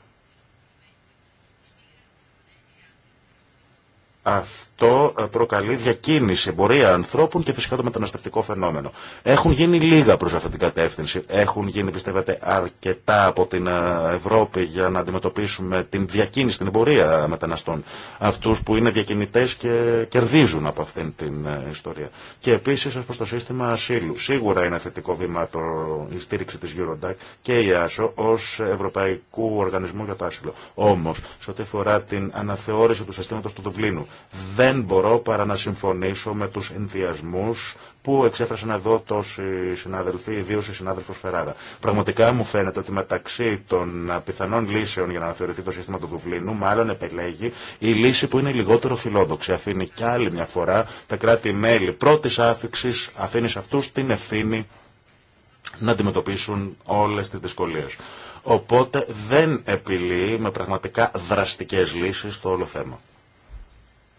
Αυτό ε, προκαλεί διακίνηση, εμπορία ανθρώπων και φυσικά το μεταναστευτικό φαινόμενο. Έχουν γίνει λίγα προς αυτή την κατεύθυνση. Έχουν γίνει, πιστεύετε, αρκετά από την ε, Ευρώπη για να αντιμετωπίσουμε την διακίνηση, την εμπορία μεταναστών. Αυτού που είναι διακινητέ και κερδίζουν από αυτήν την ε, ιστορία. Και επίση ω προ το σύστημα ασύλου. Σίγουρα είναι θετικό βήμα το, η στήριξη τη Eurodac και η ASO ω Ευρωπαϊκού Οργανισμού για το Άσυλο. Όμω, σε ό,τι αφορά την αναθεώρηση του συστήματο του Δουβλίνου δεν μπορώ παρά να συμφωνήσω με τους ενδιασμούς που εξέφρασαν εδώ τόσοι συνάδελφοι, ιδίω ο συνάδελφο Φεράρα. Πραγματικά μου φαίνεται ότι μεταξύ των πιθανών λύσεων για να αναθεωρηθεί το σύστημα του Δουβλίνου, μάλλον επελέγει η λύση που είναι λιγότερο φιλόδοξη. Αφήνει κι άλλη μια φορά τα κράτη-μέλη πρώτη άφηξη, αφήνει σε αυτού την ευθύνη να αντιμετωπίσουν όλε τι δυσκολίε. Οπότε δεν επιλύει με πραγματικά δραστικέ λύσει το όλο θέμα.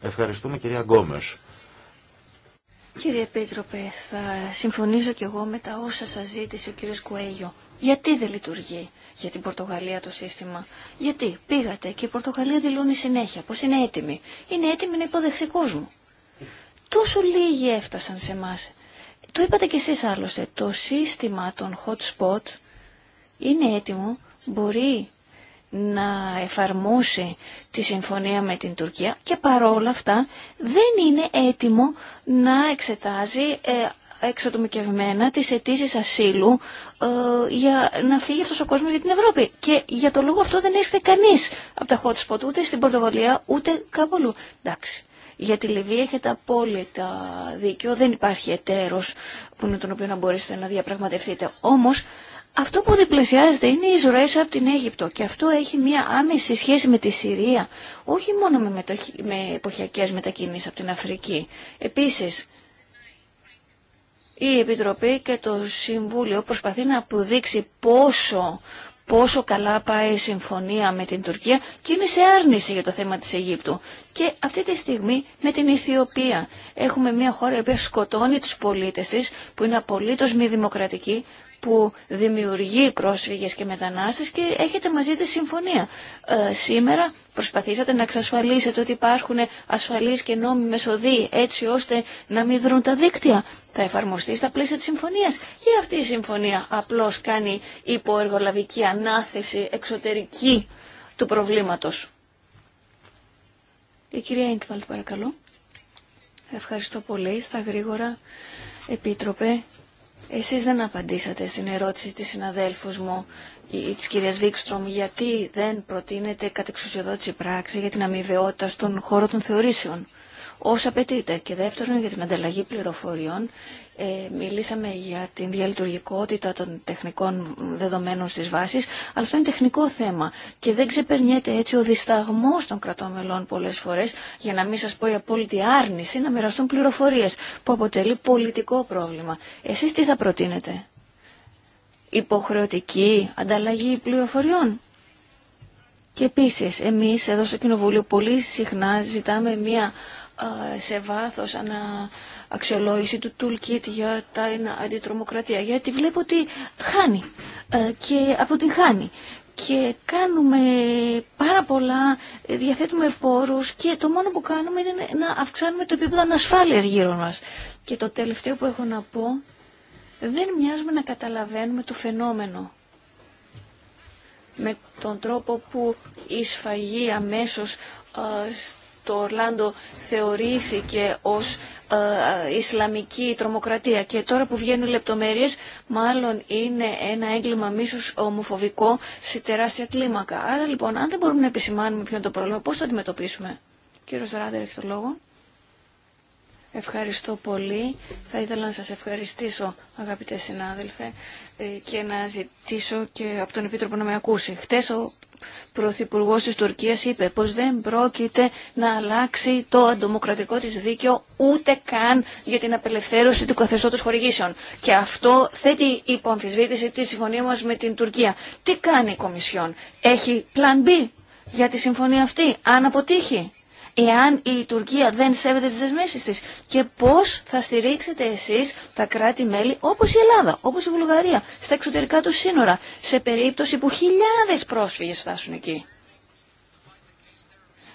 Ευχαριστούμε κυρία Γκόμες. Κύριε Επίτροπε, θα συμφωνήσω και εγώ με τα όσα σας ζήτησε ο κύριος Κουέγιο. Γιατί δεν λειτουργεί για την Πορτογαλία το σύστημα. Γιατί πήγατε και η Πορτογαλία δηλώνει συνέχεια πως είναι έτοιμη. Είναι έτοιμη να υποδεχθεί κόσμο. Τόσο λίγοι έφτασαν σε εμά. Το είπατε κι εσείς άλλωστε. Το σύστημα των hot spot είναι έτοιμο. Μπορεί να εφαρμόσει τη συμφωνία με την Τουρκία και παρόλα αυτά δεν είναι έτοιμο να εξετάζει ε, εξατομικευμένα τις αιτήσει ασύλου ε, για να φύγει αυτός ο κόσμος για την Ευρώπη. Και για το λόγο αυτό δεν έρθε κανείς από τα hot spot ούτε στην Πορτογαλία ούτε κάπου αλλού. Εντάξει. Για τη Λιβύη έχετε απόλυτα δίκιο, δεν υπάρχει εταίρος που είναι τον οποίο να μπορέσετε να διαπραγματευτείτε. Όμως αυτό που διπλασιάζεται είναι οι ζωέ από την Αίγυπτο και αυτό έχει μια άμεση σχέση με τη Συρία, όχι μόνο με, μετοχ... με εποχιακές μετακινήσεις από την Αφρική. Επίση, η Επιτροπή και το Συμβούλιο προσπαθεί να αποδείξει πόσο πόσο καλά πάει η συμφωνία με την Τουρκία και είναι σε άρνηση για το θέμα της Αιγύπτου. Και αυτή τη στιγμή με την Αιθιοπία έχουμε μια χώρα η οποία σκοτώνει τους πολίτες της, που είναι απολύτως μη δημοκρατική, που δημιουργεί πρόσφυγες και μετανάστες και έχετε μαζί τη συμφωνία. Ε, σήμερα προσπαθήσατε να εξασφαλίσετε ότι υπάρχουν ασφαλείς και νόμιμες οδοί έτσι ώστε να μην δρουν τα δίκτυα. Θα εφαρμοστεί στα πλαίσια της συμφωνίας ή αυτή η συμφωνία απλώς κάνει υποεργολαβική ανάθεση εξωτερική του προβλήματος. Η κυρία Ιντβαλτ παρακαλώ. Ευχαριστώ πολύ. Στα γρήγορα, Επίτροπε, εσείς δεν απαντήσατε στην ερώτηση της συναδέλφου μου ή της κυρίας Βίκστρομ γιατί δεν προτείνεται κατεξουσιοδότηση πράξη για την αμοιβαιότητα στον χώρο των θεωρήσεων. Όσα απαιτείται και δεύτερον για την ανταλλαγή πληροφοριών ε, μιλήσαμε για την διαλειτουργικότητα των τεχνικών δεδομένων στις βάσεις, αλλά αυτό είναι τεχνικό θέμα και δεν ξεπερνιέται έτσι ο δισταγμός των κρατών πολλές φορές, για να μην σας πω η απόλυτη άρνηση να μοιραστούν πληροφορίες, που αποτελεί πολιτικό πρόβλημα. Εσείς τι θα προτείνετε, υποχρεωτική ανταλλαγή πληροφοριών. Και επίσης, εμείς εδώ στο Κοινοβούλιο πολύ συχνά ζητάμε μία σε βάθος ανα, αξιολόγηση του toolkit για τα αντιτρομοκρατία. Γιατί βλέπω ότι χάνει ε, και χάνει Και κάνουμε πάρα πολλά, διαθέτουμε πόρους και το μόνο που κάνουμε είναι να αυξάνουμε το επίπεδο ανασφάλειας γύρω μας. Και το τελευταίο που έχω να πω, δεν μοιάζουμε να καταλαβαίνουμε το φαινόμενο με τον τρόπο που η σφαγή αμέσως ε, το Ορλάντο θεωρήθηκε ως ε, ε, Ισλαμική τρομοκρατία και τώρα που βγαίνουν λεπτομέρειες μάλλον είναι ένα έγκλημα μίσους ομοφοβικό σε τεράστια κλίμακα. Άρα λοιπόν αν δεν μπορούμε να επισημάνουμε ποιο είναι το πρόβλημα πώς θα αντιμετωπίσουμε. Κύριος Ράδερ έχει το λόγο. Ευχαριστώ πολύ. Θα ήθελα να σας ευχαριστήσω αγαπητέ συνάδελφε ε, και να ζητήσω και από τον Επίτροπο να με ακούσει. Χτες ο Πρωθυπουργό της Τουρκίας είπε πως δεν πρόκειται να αλλάξει το αντομοκρατικό της δίκαιο ούτε καν για την απελευθέρωση του καθεστώτος χορηγήσεων. Και αυτό θέτει υπό αμφισβήτηση τη συμφωνία μας με την Τουρκία. Τι κάνει η Κομισιόν. Έχει πλαν B για τη συμφωνία αυτή. Αν αποτύχει εάν η Τουρκία δεν σέβεται τις δεσμεύσεις της και πώς θα στηρίξετε εσείς τα κράτη-μέλη όπως η Ελλάδα, όπως η Βουλγαρία, στα εξωτερικά του σύνορα, σε περίπτωση που χιλιάδες πρόσφυγες φτάσουν εκεί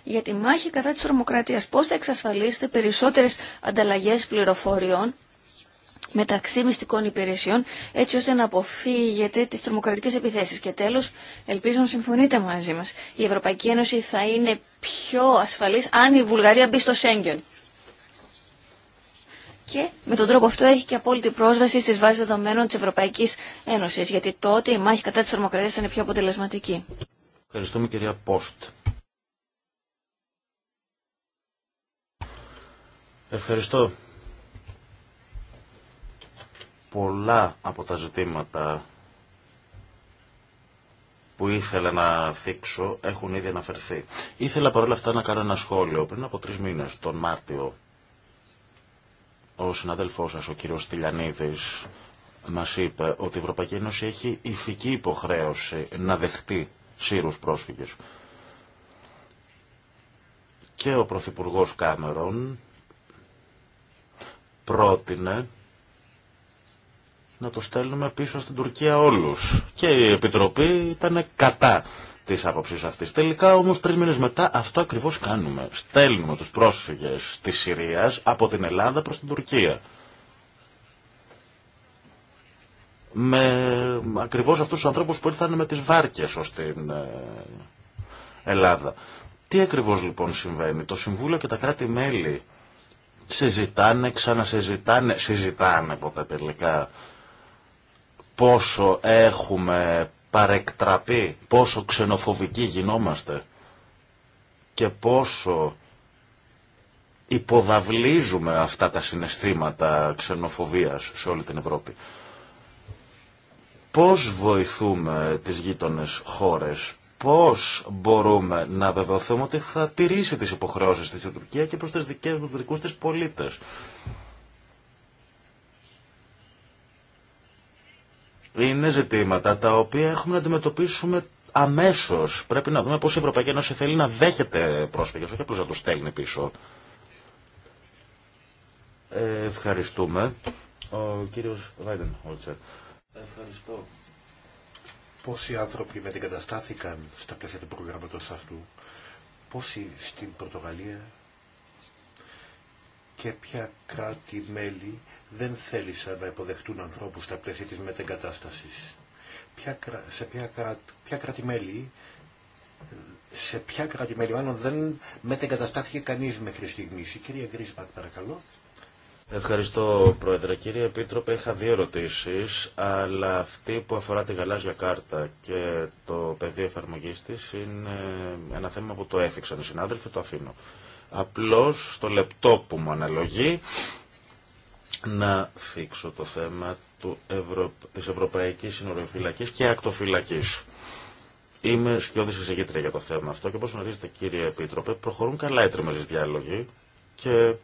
για τη μάχη κατά της τρομοκρατίας. Πώς θα εξασφαλίσετε περισσότερες ανταλλαγές πληροφοριών μεταξύ μυστικών υπηρεσιών έτσι ώστε να αποφύγετε τις τρομοκρατικές επιθέσεις. Και τέλος, ελπίζω να συμφωνείτε μαζί μας. Η Ευρωπαϊκή Ένωση θα είναι πιο ασφαλής αν η Βουλγαρία μπει στο Σέγγεν. Και με τον τρόπο αυτό έχει και απόλυτη πρόσβαση στις βάσεις δεδομένων της Ευρωπαϊκής Ένωσης, γιατί τότε η μάχη κατά τη τρομοκρατίας θα είναι πιο αποτελεσματική. Ευχαριστούμε κυρία Πόστ. Ευχαριστώ πολλά από τα ζητήματα που ήθελα να θίξω έχουν ήδη αναφερθεί. Ήθελα παρόλα αυτά να κάνω ένα σχόλιο. Πριν από τρεις μήνες, τον Μάρτιο, ο συναδέλφός σας, ο κύριος Τηλιανίδης, μας είπε ότι η Ευρωπαϊκή Ένωση έχει ηθική υποχρέωση να δεχτεί σύρους πρόσφυγες. Και ο Πρωθυπουργός Κάμερον πρότεινε να το στέλνουμε πίσω στην Τουρκία όλους. Και η Επιτροπή ήταν κατά τη άποψη αυτή. Τελικά όμω τρει μήνε μετά αυτό ακριβώ κάνουμε. Στέλνουμε του πρόσφυγες τη Συρίας από την Ελλάδα προ την Τουρκία. Με ακριβώ αυτού του ανθρώπου που ήρθαν με τι βάρκε ω την ε, Ελλάδα. Τι ακριβώ λοιπόν συμβαίνει. Το Συμβούλιο και τα κράτη-μέλη συζητάνε, ξανασυζητάνε, συζητάνε ποτέ τελικά πόσο έχουμε παρεκτραπεί, πόσο ξενοφοβικοί γινόμαστε και πόσο υποδαβλίζουμε αυτά τα συναισθήματα ξενοφοβίας σε όλη την Ευρώπη. Πώς βοηθούμε τις γείτονες χώρες, πώς μπορούμε να βεβαιωθούμε ότι θα τηρήσει τις υποχρεώσεις της Τουρκία και προς τις δικές μου δικούς της πολίτες. Είναι ζητήματα τα οποία έχουμε να αντιμετωπίσουμε αμέσω. Πρέπει να δούμε πώ η Ευρωπαϊκή Ένωση θέλει να δέχεται πρόσφυγε, όχι απλώ να του στέλνει πίσω. Ε, ευχαριστούμε. Ο κύριος Βάιντεν Χόλτσερ. Ευχαριστώ. Πόσοι άνθρωποι μετεγκαταστάθηκαν στα πλαίσια του προγράμματος αυτού, πόσοι στην Πορτογαλία, και ποια κράτη-μέλη δεν θέλησαν να υποδεχτούν ανθρώπους στα πλαίσια της μετεγκατάστασης. Ποια, σε ποια, ποια κράτη-μέλη σε ποια μελη μάλλον δεν μετεγκαταστάθηκε κανείς μέχρι στιγμής. Η κυρία Γκρίσμπακ παρακαλώ. Ευχαριστώ Πρόεδρε. Κύριε Επίτροπε, είχα δύο ερωτήσει, αλλά αυτή που αφορά τη γαλάζια κάρτα και το πεδίο εφαρμογή τη είναι ένα θέμα που το έφυξαν οι συνάδελφοι, το αφήνω απλώς στο λεπτό που μου αναλογεί να θίξω το θέμα του Ευρω... της Ευρωπαϊκής Συνοριοφυλακής και Ακτοφυλακής. Είμαι σκιώδης εισηγήτρια για το θέμα αυτό και όπως γνωρίζετε κύριε Επίτροπε προχωρούν καλά οι τριμερείς διάλογοι και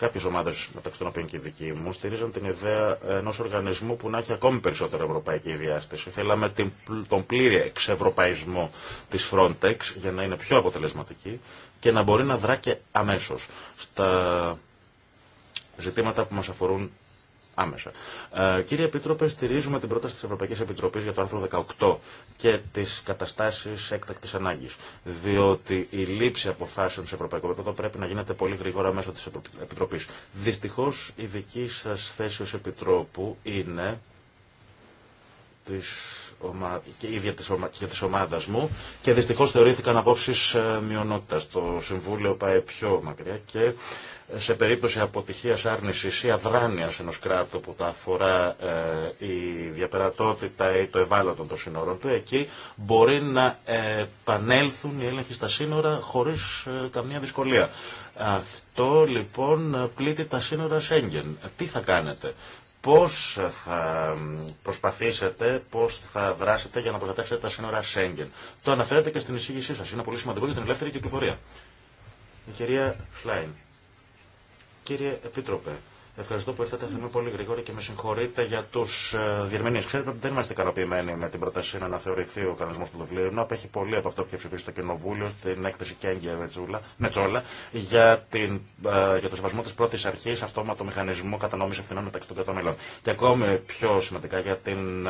Κάποιε ομάδε, μεταξύ των οποίων και οι δικοί μου, στηρίζαν την ιδέα ενό οργανισμού που να έχει ακόμη περισσότερο ευρωπαϊκή διάσταση. Θέλαμε τον πλήρη εξευρωπαϊσμό τη Frontex για να είναι πιο αποτελεσματική και να μπορεί να δράκε και αμέσω στα ζητήματα που μα αφορούν άμεσα. Ε, κύριε Επίτροπε, στηρίζουμε την πρόταση τη Ευρωπαϊκή Επιτροπή για το άρθρο 18 και τι καταστάσει έκτακτη ανάγκη. Διότι η λήψη αποφάσεων σε ευρωπαϊκό επίπεδο πρέπει να γίνεται πολύ γρήγορα μέσω τη Επιτροπή. Δυστυχώ η δική σα θέση ω Επιτρόπου είναι της ομα... και ίδια της, ομα... της ομάδας μου και δυστυχώς θεωρήθηκαν απόψεις ε, μειονότητας. Το Συμβούλιο πάει πιο μακριά και σε περίπτωση αποτυχίας άρνησης ή αδράνειας ενός κράτου που τα αφορά ε, η διαπερατότητα ή το ευάλωτο των σύνορων του, εκεί μπορεί να επανέλθουν οι έλεγχοι στα σύνορα χωρίς ε, καμία δυσκολία. Αυτό λοιπόν πλήττει τα σύνορα Σέγγεν. Τι θα κάνετε, πώς θα προσπαθήσετε, πώς θα δράσετε για να προστατεύσετε τα σύνορα Σέγγεν. Το αναφέρετε και στην εισήγησή σας, είναι πολύ σημαντικό για την ελεύθερη κυκλοφορία. Η κυρία Φλάιν. Κύριε Επίτροπε, Ευχαριστώ που ήρθατε. Θα πολύ γρήγορη και με συγχωρείτε για του ε, διερμηνεί. Ξέρετε ότι δεν είμαστε ικανοποιημένοι με την πρόταση να αναθεωρηθεί ο κανονισμό του Δουβλίνου. Να απέχει πολύ από αυτό που έχει ψηφίσει το Κοινοβούλιο στην έκθεση Κέγγια Μετσόλα για, την, ε, για το σεβασμό τη πρώτη αρχή αυτόματο μηχανισμού κατανόμη ευθυνών μεταξύ των κρατών Και ακόμη πιο σημαντικά ε, για την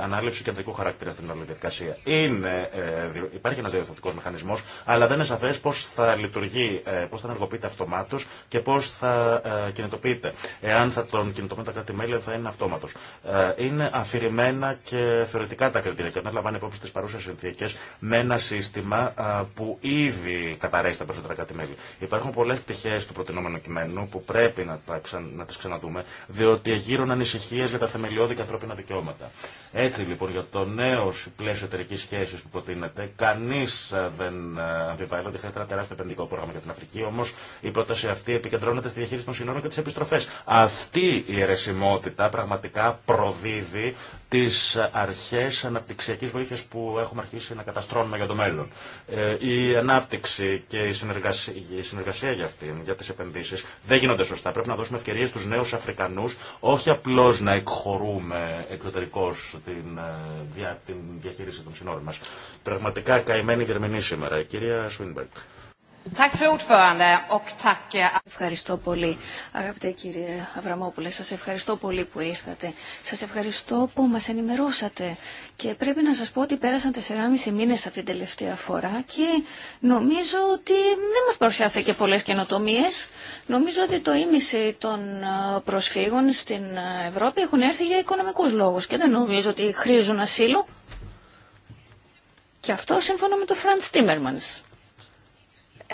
ανάληψη κεντρικού χαρακτήρα στην όλη διαδικασία. Ε, υπάρχει ένα διορθωτικό μηχανισμό, αλλά δεν είναι σαφέ πώ θα λειτουργεί, πώ θα ενεργοποιείται αυτομάτω και πώ θα κινητοποιείται Εάν θα τον κινητοποιούν τα κράτη-μέλη, θα είναι αυτόματο. Ε, είναι αφηρημένα και θεωρητικά τα κριτήρια και δεν λαμβάνει υπόψη τι παρούσε συνθήκε με ένα σύστημα ε, που ήδη καταρρέσει τα περισσότερα κράτη-μέλη. Υπάρχουν πολλέ πτυχέ του προτινόμενου κειμένου που πρέπει να, να τι ξαναδούμε, διότι εγείρουν ανησυχίε για τα θεμελιώδη και ανθρώπινα δικαιώματα. Έτσι λοιπόν για το νέο πλαίσιο εταιρική σχέση που προτείνεται, κανεί ε, δεν αμφιβάλλει ότι χρειάζεται ένα τεράστιο επενδυτικό πρόγραμμα για την Αφρική, όμω η πρόταση αυτή επικεντρώνεται στη διαχείριση των συνόρων και τη επιστροφή. Αυτή η αιρεσιμότητα πραγματικά προδίδει τις αρχές αναπτυξιακής βοήθειας που έχουμε αρχίσει να καταστρώνουμε για το μέλλον. Ε, η ανάπτυξη και η συνεργασία, η συνεργασία για αυτήν, για τις επενδύσεις, δεν γίνονται σωστά. Πρέπει να δώσουμε ευκαιρίες στους νέους Αφρικανούς, όχι απλώς να εκχωρούμε εξωτερικώς την, ε, την διαχείριση των συνόρων μας. Πραγματικά καημένη γερμηνή σήμερα, η κυρία Σουίνμπεργκ. Eh, ευχαριστώ πολύ, αγαπητέ κύριε Αβραμόπουλε. Σας ευχαριστώ πολύ που ήρθατε. Σας ευχαριστώ που μας ενημερώσατε. Και πρέπει να σας πω ότι πέρασαν 4,5 μήνες από την τελευταία φορά και νομίζω ότι δεν μας παρουσιάστηκε και πολλές καινοτομίες. Νομίζω ότι το ίμιση των ε, προσφύγων στην ε, Ευρώπη έχουν έρθει για οικονομικούς λόγους και δεν νομίζω ότι χρήζουν ασύλο. Και αυτό σύμφωνα με τον Φραντ Τίμερμανς.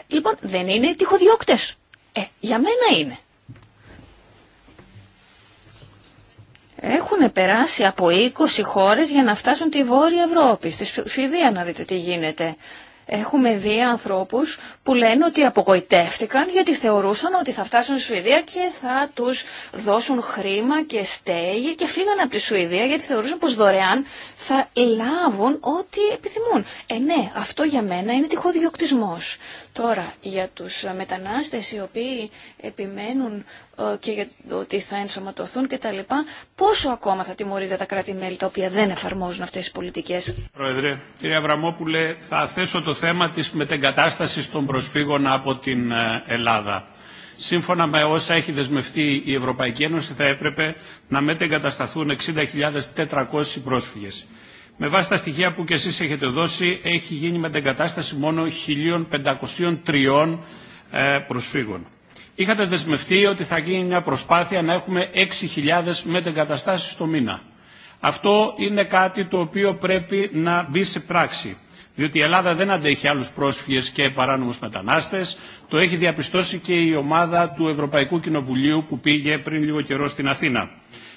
Λοιπόν, δεν είναι τυχοδιώκτες. Ε, για μένα είναι. Έχουν περάσει από 20 χώρες για να φτάσουν τη Βόρεια Ευρώπη. Στη Σουηδία να δείτε τι γίνεται. Έχουμε δει ανθρώπους που λένε ότι απογοητεύτηκαν γιατί θεωρούσαν ότι θα φτάσουν στη Σουηδία και θα τους δώσουν χρήμα και στέγη και φύγαν από τη Σουηδία γιατί θεωρούσαν πως δωρεάν θα λάβουν ό,τι επιθυμούν. Ε, ναι, αυτό για μένα είναι τυχόδιοκτισμό. Τώρα, για του μετανάστε οι οποίοι επιμένουν ε, και ότι θα ενσωματωθούν και τα λοιπά. Πόσο ακόμα θα τιμωρείτε τα κράτη-μέλη τα οποία δεν εφαρμόζουν αυτές τις πολιτικές. Πρόεδρε, κύριε Αβραμόπουλε, θα θέσω το θέμα της μετεγκατάστασης των προσφύγων από την ε, Ελλάδα. Σύμφωνα με όσα έχει δεσμευτεί η Ευρωπαϊκή Ένωση θα έπρεπε να μετεγκατασταθούν 60.400 πρόσφυγε. Με βάση τα στοιχεία που και εσείς έχετε δώσει έχει γίνει μετεγκατάσταση μόνο 1.503 ε, προσφύγων είχατε δεσμευτεί ότι θα γίνει μια προσπάθεια να έχουμε 6.000 μετεγκαταστάσεις το μήνα. Αυτό είναι κάτι το οποίο πρέπει να μπει σε πράξη. Διότι η Ελλάδα δεν αντέχει άλλους πρόσφυγες και παράνομους μετανάστες. Το έχει διαπιστώσει και η ομάδα του Ευρωπαϊκού Κοινοβουλίου που πήγε πριν λίγο καιρό στην Αθήνα.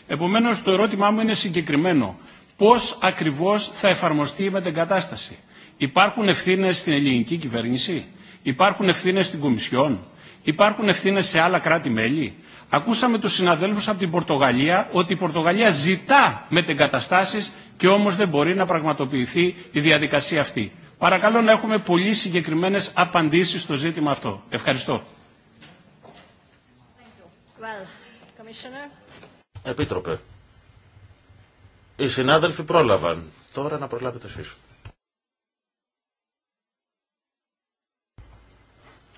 Επομένως το ερώτημά μου είναι συγκεκριμένο. Πώς ακριβώς θα εφαρμοστεί η μετεγκατάσταση. Υπάρχουν ευθύνε στην ελληνική κυβέρνηση. Υπάρχουν ευθύνε στην Κομισιόν. Υπάρχουν ευθύνε σε άλλα κράτη-μέλη. Ακούσαμε του συναδέλφου από την Πορτογαλία ότι η Πορτογαλία ζητά μετεγκαταστάσει και όμως δεν μπορεί να πραγματοποιηθεί η διαδικασία αυτή. Παρακαλώ να έχουμε πολύ συγκεκριμένες απαντήσεις στο ζήτημα αυτό. Ευχαριστώ. Επίτροπε, οι συνάδελφοι πρόλαβαν. Τώρα να προλάβετε εσείς.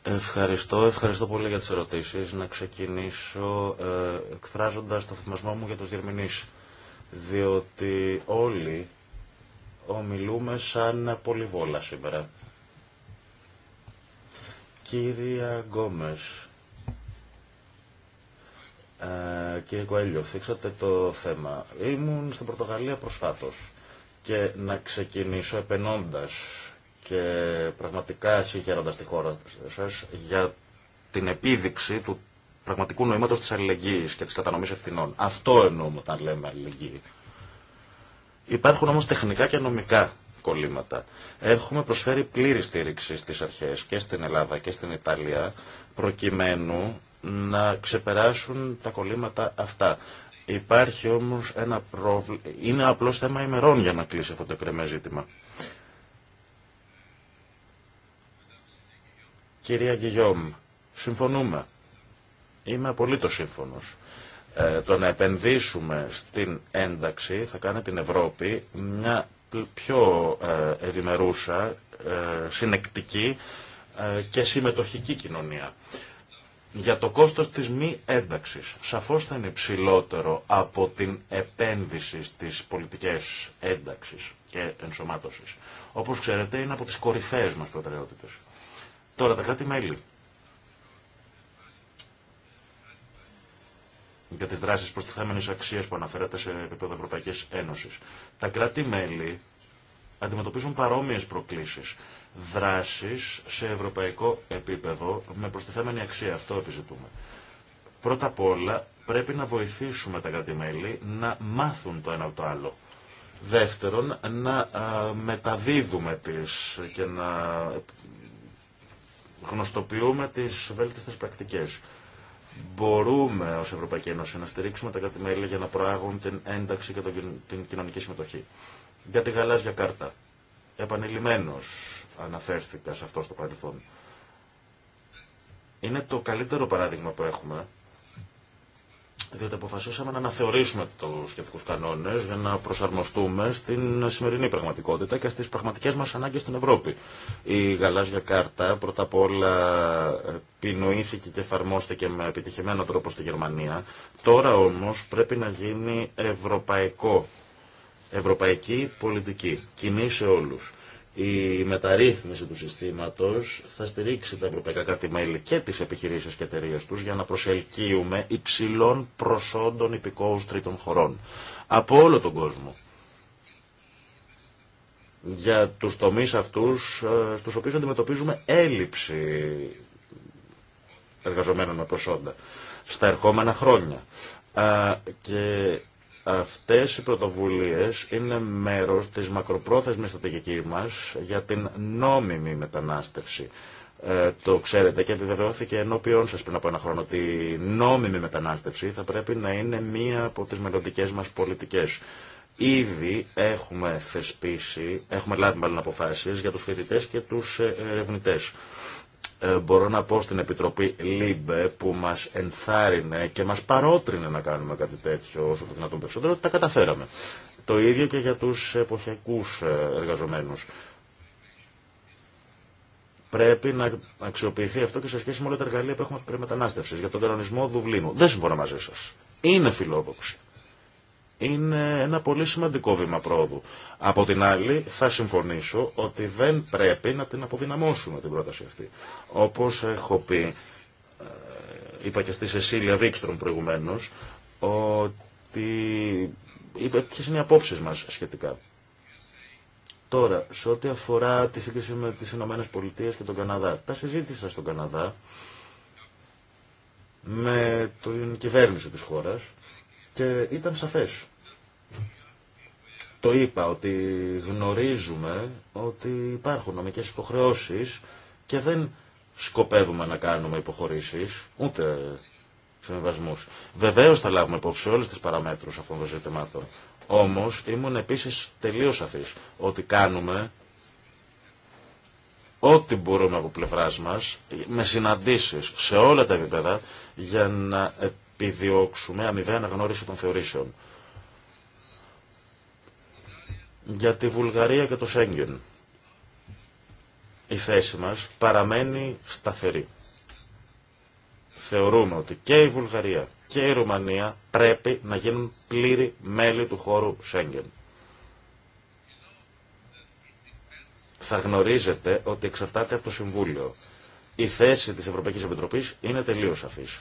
Ευχαριστώ. Ευχαριστώ πολύ για τις ερωτήσεις. Να ξεκινήσω ε, εκφράζοντας το θυμασμό μου για τους διερμηνείς. Διότι όλοι ομιλούμε σαν πολυβόλα σήμερα. Κύρια Γκόμες, ε, κύριε Κοέλιο, θίξατε το θέμα. Ήμουν στην Πορτογαλία προσφάτως και να ξεκινήσω επενώντας και πραγματικά συγχαίροντας τη χώρα σας για την επίδειξη του πραγματικού νοήματος της αλληλεγγύης και της κατανομής ευθυνών. Αυτό εννοούμε όταν λέμε αλληλεγγύη. Υπάρχουν όμως τεχνικά και νομικά κολλήματα. Έχουμε προσφέρει πλήρη στήριξη στις αρχές και στην Ελλάδα και στην Ιταλία προκειμένου να ξεπεράσουν τα κολλήματα αυτά. Υπάρχει όμως ένα πρόβλημα, είναι απλώς θέμα ημερών για να κλείσει αυτό το εκκρεμέ ζήτημα. Κυρία Γκυγιόμ, συμφωνούμε. Είμαι απολύτω σύμφωνο. Ε, το να επενδύσουμε στην ένταξη θα κάνει την Ευρώπη μια πιο ε, ευημερούσα, ε, συνεκτική ε, και συμμετοχική κοινωνία. Για το κόστος της μη ένταξης, σαφώς θα είναι ψηλότερο από την επένδυση στις πολιτικές ένταξης και ενσωμάτωσης. Όπως ξέρετε είναι από τις κορυφαίες μας προτεραιότητες. Τώρα τα κράτη-μέλη. για τι δράσει προστιθέμενη αξία που αναφέρατε σε επίπεδο Ευρωπαϊκή Ένωση. Τα κράτη-μέλη αντιμετωπίζουν παρόμοιε προκλήσει. Δράσει σε ευρωπαϊκό επίπεδο με προστιθέμενη αξία. Αυτό επιζητούμε. Πρώτα απ' όλα πρέπει να βοηθήσουμε τα κράτη-μέλη να μάθουν το ένα από το άλλο. Δεύτερον, να μεταδίδουμε τις και να γνωστοποιούμε τις βέλτιστες πρακτικές. Μπορούμε ως Ευρωπαϊκή Ένωση να στηρίξουμε τα κρατημέλη για να προάγουν την ένταξη και την κοινωνική συμμετοχή. Για τη γαλάζια κάρτα. επανελιμένος αναφέρθηκα σε αυτό στο παρελθόν. Είναι το καλύτερο παράδειγμα που έχουμε διότι αποφασίσαμε να αναθεωρήσουμε του σχετικού κανόνε για να προσαρμοστούμε στην σημερινή πραγματικότητα και στι πραγματικέ μα ανάγκε στην Ευρώπη. Η γαλάζια κάρτα πρώτα απ' όλα επινοήθηκε και εφαρμόστηκε με επιτυχημένο τρόπο στη Γερμανία. Τώρα όμω πρέπει να γίνει ευρωπαϊκό. Ευρωπαϊκή πολιτική. Κοινή σε όλου. Η μεταρρύθμιση του συστήματος θα στηρίξει τα ευρωπαϊκά κράτη-μέλη και τις επιχειρήσεις και εταιρείε τους για να προσελκύουμε υψηλών προσόντων υπηκόους τρίτων χωρών από όλο τον κόσμο για τους τομείς αυτούς ε, στους οποίους αντιμετωπίζουμε έλλειψη εργαζομένων με προσόντα στα ερχόμενα χρόνια. Και Αυτές οι πρωτοβουλίες είναι μέρος της μακροπρόθεσμης στρατηγικής μας για την νόμιμη μετανάστευση. Ε, το ξέρετε και επιβεβαιώθηκε ενώπιον σας πριν από ένα χρόνο ότι η νόμιμη μετανάστευση θα πρέπει να είναι μία από τις μελλοντικέ μας πολιτικές. Ήδη έχουμε θεσπίσει, έχουμε λάβει μάλλον αποφάσεις για τους φοιτητές και τους ε, ερευνητές. Ε, μπορώ να πω στην Επιτροπή ΛΥΜΠΕ που μας ενθάρρυνε και μας παρότρινε να κάνουμε κάτι τέτοιο όσο το δυνατόν περισσότερο, ότι τα καταφέραμε. Το ίδιο και για τους εποχιακούς ε, εργαζομένους. Πρέπει να αξιοποιηθεί αυτό και σε σχέση με όλα τα εργαλεία που έχουμε πριν μετανάστευση για τον κανονισμό Δουβλίνου. Δεν συμφωνώ μαζί σα. Είναι φιλόδοξη είναι ένα πολύ σημαντικό βήμα πρόοδου. Από την άλλη, θα συμφωνήσω ότι δεν πρέπει να την αποδυναμώσουμε την πρόταση αυτή. Όπως έχω πει, ε, είπα και στη Σεσίλια Δίκστρομ προηγουμένως, ότι ποιες είναι οι απόψεις μας σχετικά. Τώρα, σε ό,τι αφορά τη σύγκριση με τις Ηνωμένες Πολιτείες και τον Καναδά, τα συζήτησα στον Καναδά με την κυβέρνηση της χώρας και ήταν σαφές το είπα ότι γνωρίζουμε ότι υπάρχουν νομικές υποχρεώσεις και δεν σκοπεύουμε να κάνουμε υποχωρήσεις, ούτε συμβιβασμού. Βεβαίως θα λάβουμε υπόψη όλες τις παραμέτρους αυτών των ζητημάτων. Όμως ήμουν επίσης τελείως σαφή ότι κάνουμε ό,τι μπορούμε από πλευράς μας με συναντήσεις σε όλα τα επίπεδα για να επιδιώξουμε αμοιβαία αναγνώριση των θεωρήσεων. Για τη Βουλγαρία και το Σέγγεν. Η θέση μας παραμένει σταθερή. Θεωρούμε ότι και η Βουλγαρία και η Ρουμανία πρέπει να γίνουν πλήρη μέλη του χώρου Σέγγεν. Θα γνωρίζετε ότι εξαρτάται από το Συμβούλιο. Η θέση της Ευρωπαϊκής Επιτροπής είναι τελείως σαφής.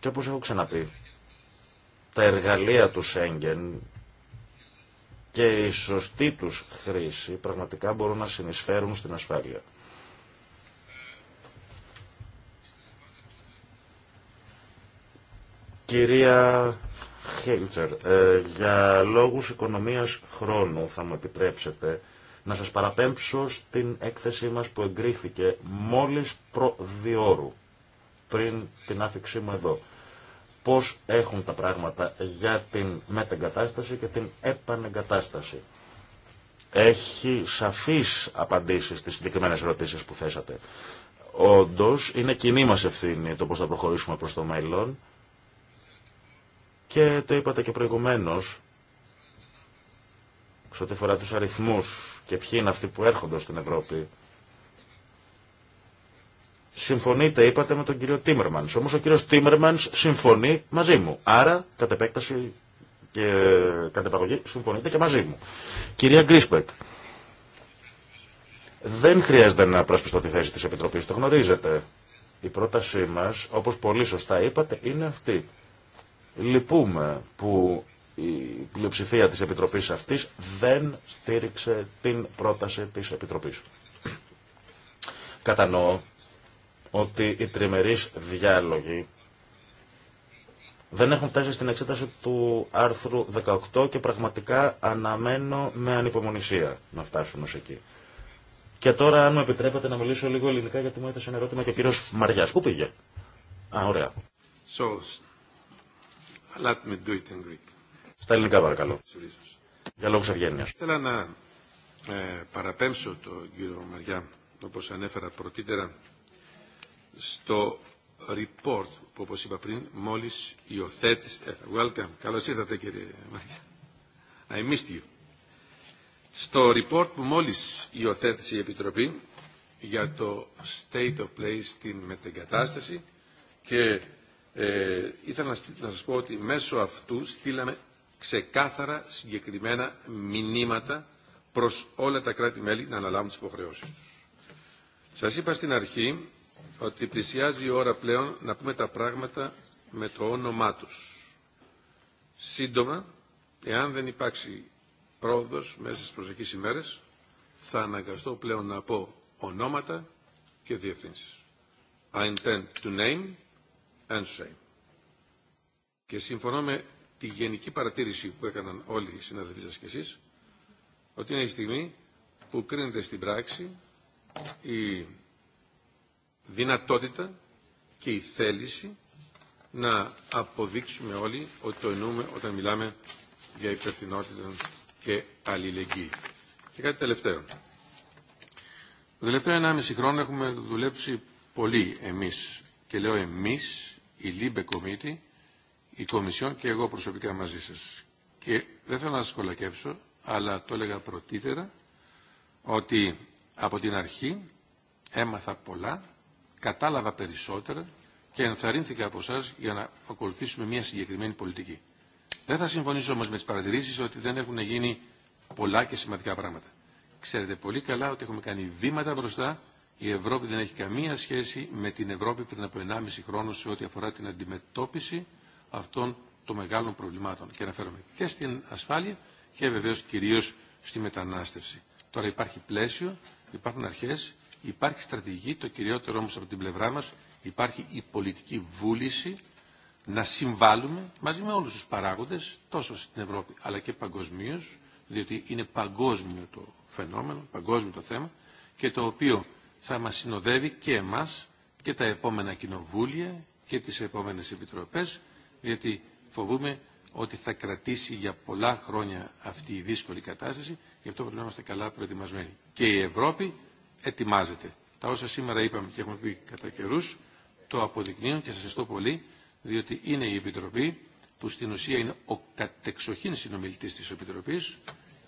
Και όπως έχω ξαναπεί, τα εργαλεία του Σέγγεν και η σωστή τους χρήση πραγματικά μπορούν να συνεισφέρουν στην ασφάλεια. Κυρία Χέλτσερ, ε, για λόγους οικονομίας χρόνου θα μου επιτρέψετε να σας παραπέμψω στην έκθεσή μας που εγκρίθηκε μόλις προδιόρου, πριν την άφηξή μου εδώ πώς έχουν τα πράγματα για την μετεγκατάσταση και την επανεγκατάσταση. Έχει σαφείς απαντήσεις στις συγκεκριμένες ερωτήσεις που θέσατε. Όντως, είναι κοινή μας ευθύνη το πώς θα προχωρήσουμε προς το μέλλον και το είπατε και προηγουμένως σε ό,τι αφορά τους αριθμούς και ποιοι είναι αυτοί που έρχονται στην Ευρώπη. Συμφωνείτε, είπατε, με τον κύριο Τίμερμαν. Όμω ο κύριο Τίμερμαν συμφωνεί μαζί μου. Άρα, κατ' επέκταση και κατ' επαγωγή, συμφωνείτε και μαζί μου. Κυρία Γκρίσπεκ, δεν χρειάζεται να πρασπιστώ τη θέση τη Επιτροπή. Το γνωρίζετε. Η πρότασή μα, όπω πολύ σωστά είπατε, είναι αυτή. Λυπούμε που η πλειοψηφία της Επιτροπής αυτής δεν στήριξε την πρόταση της Επιτροπής. Κατανοώ ότι οι τριμερείς διάλογοι δεν έχουν φτάσει στην εξέταση του άρθρου 18 και πραγματικά αναμένω με ανυπομονησία να φτάσουν ως εκεί. Και τώρα, αν μου επιτρέπετε να μιλήσω λίγο ελληνικά, γιατί μου έθεσε ένα ερώτημα και ο κύριο Μαριά. Πού πήγε. Α, ωραία. So, let me do it in Greek. Στα ελληνικά, παρακαλώ. Για λόγους ευγένεια. Θέλω να ε, παραπέμψω τον κύριο Μαριά, όπως ανέφερα πρωτήτερα, στο report που όπως είπα πριν μόλις υιοθέτησε. Welcome. Καλώς ήρθατε κύριε I Στο report που μόλις υιοθέτησε η Επιτροπή για το State of Play στην μετεγκατάσταση και ε, ήθελα να σας πω ότι μέσω αυτού στείλαμε ξεκάθαρα συγκεκριμένα μηνύματα προς όλα τα κράτη-μέλη να αναλάβουν τις υποχρεώσεις τους. Σας είπα στην αρχή ότι πλησιάζει η ώρα πλέον να πούμε τα πράγματα με το όνομά τους. Σύντομα, εάν δεν υπάρξει πρόοδος μέσα στις προσεχείς ημέρες, θα αναγκαστώ πλέον να πω ονόματα και διευθύνσεις. I intend to name and shame. Και συμφωνώ με τη γενική παρατήρηση που έκαναν όλοι οι συναδελφοί σας και εσείς, ότι είναι η στιγμή που κρίνεται στην πράξη η δυνατότητα και η θέληση να αποδείξουμε όλοι ότι το εννοούμε όταν μιλάμε για υπευθυνότητα και αλληλεγγύη. Και κάτι τελευταίο. Το τελευταίο 1,5 χρόνο έχουμε δουλέψει πολύ εμείς και λέω εμείς, η Λίμπε Κομίτη, η Κομισιόν και εγώ προσωπικά μαζί σας. Και δεν θέλω να σας κολακέψω, αλλά το έλεγα πρωτήτερα ότι από την αρχή έμαθα πολλά κατάλαβα περισσότερα και ενθαρρύνθηκα από εσά για να ακολουθήσουμε μια συγκεκριμένη πολιτική. Δεν θα συμφωνήσω όμω με τι παρατηρήσει ότι δεν έχουν γίνει πολλά και σημαντικά πράγματα. Ξέρετε πολύ καλά ότι έχουμε κάνει βήματα μπροστά. Η Ευρώπη δεν έχει καμία σχέση με την Ευρώπη πριν από 1,5 χρόνο σε ό,τι αφορά την αντιμετώπιση αυτών των μεγάλων προβλημάτων. Και αναφέρομαι και στην ασφάλεια και βεβαίω κυρίω στη μετανάστευση. Τώρα υπάρχει πλαίσιο, υπάρχουν αρχέ Υπάρχει στρατηγική, το κυριότερο όμως από την πλευρά μας, υπάρχει η πολιτική βούληση να συμβάλλουμε μαζί με όλους τους παράγοντες, τόσο στην Ευρώπη αλλά και παγκοσμίω, διότι είναι παγκόσμιο το φαινόμενο, παγκόσμιο το θέμα και το οποίο θα μας συνοδεύει και εμάς και τα επόμενα κοινοβούλια και τις επόμενες επιτροπές, γιατί φοβούμε ότι θα κρατήσει για πολλά χρόνια αυτή η δύσκολη κατάσταση, γι' αυτό πρέπει να είμαστε καλά προετοιμασμένοι. Και η Ευρώπη ετοιμάζεται. Τα όσα σήμερα είπαμε και έχουμε πει κατά καιρού, το αποδεικνύω και σας ευχαριστώ πολύ, διότι είναι η Επιτροπή που στην ουσία είναι ο κατεξοχήν συνομιλητής τη Επιτροπή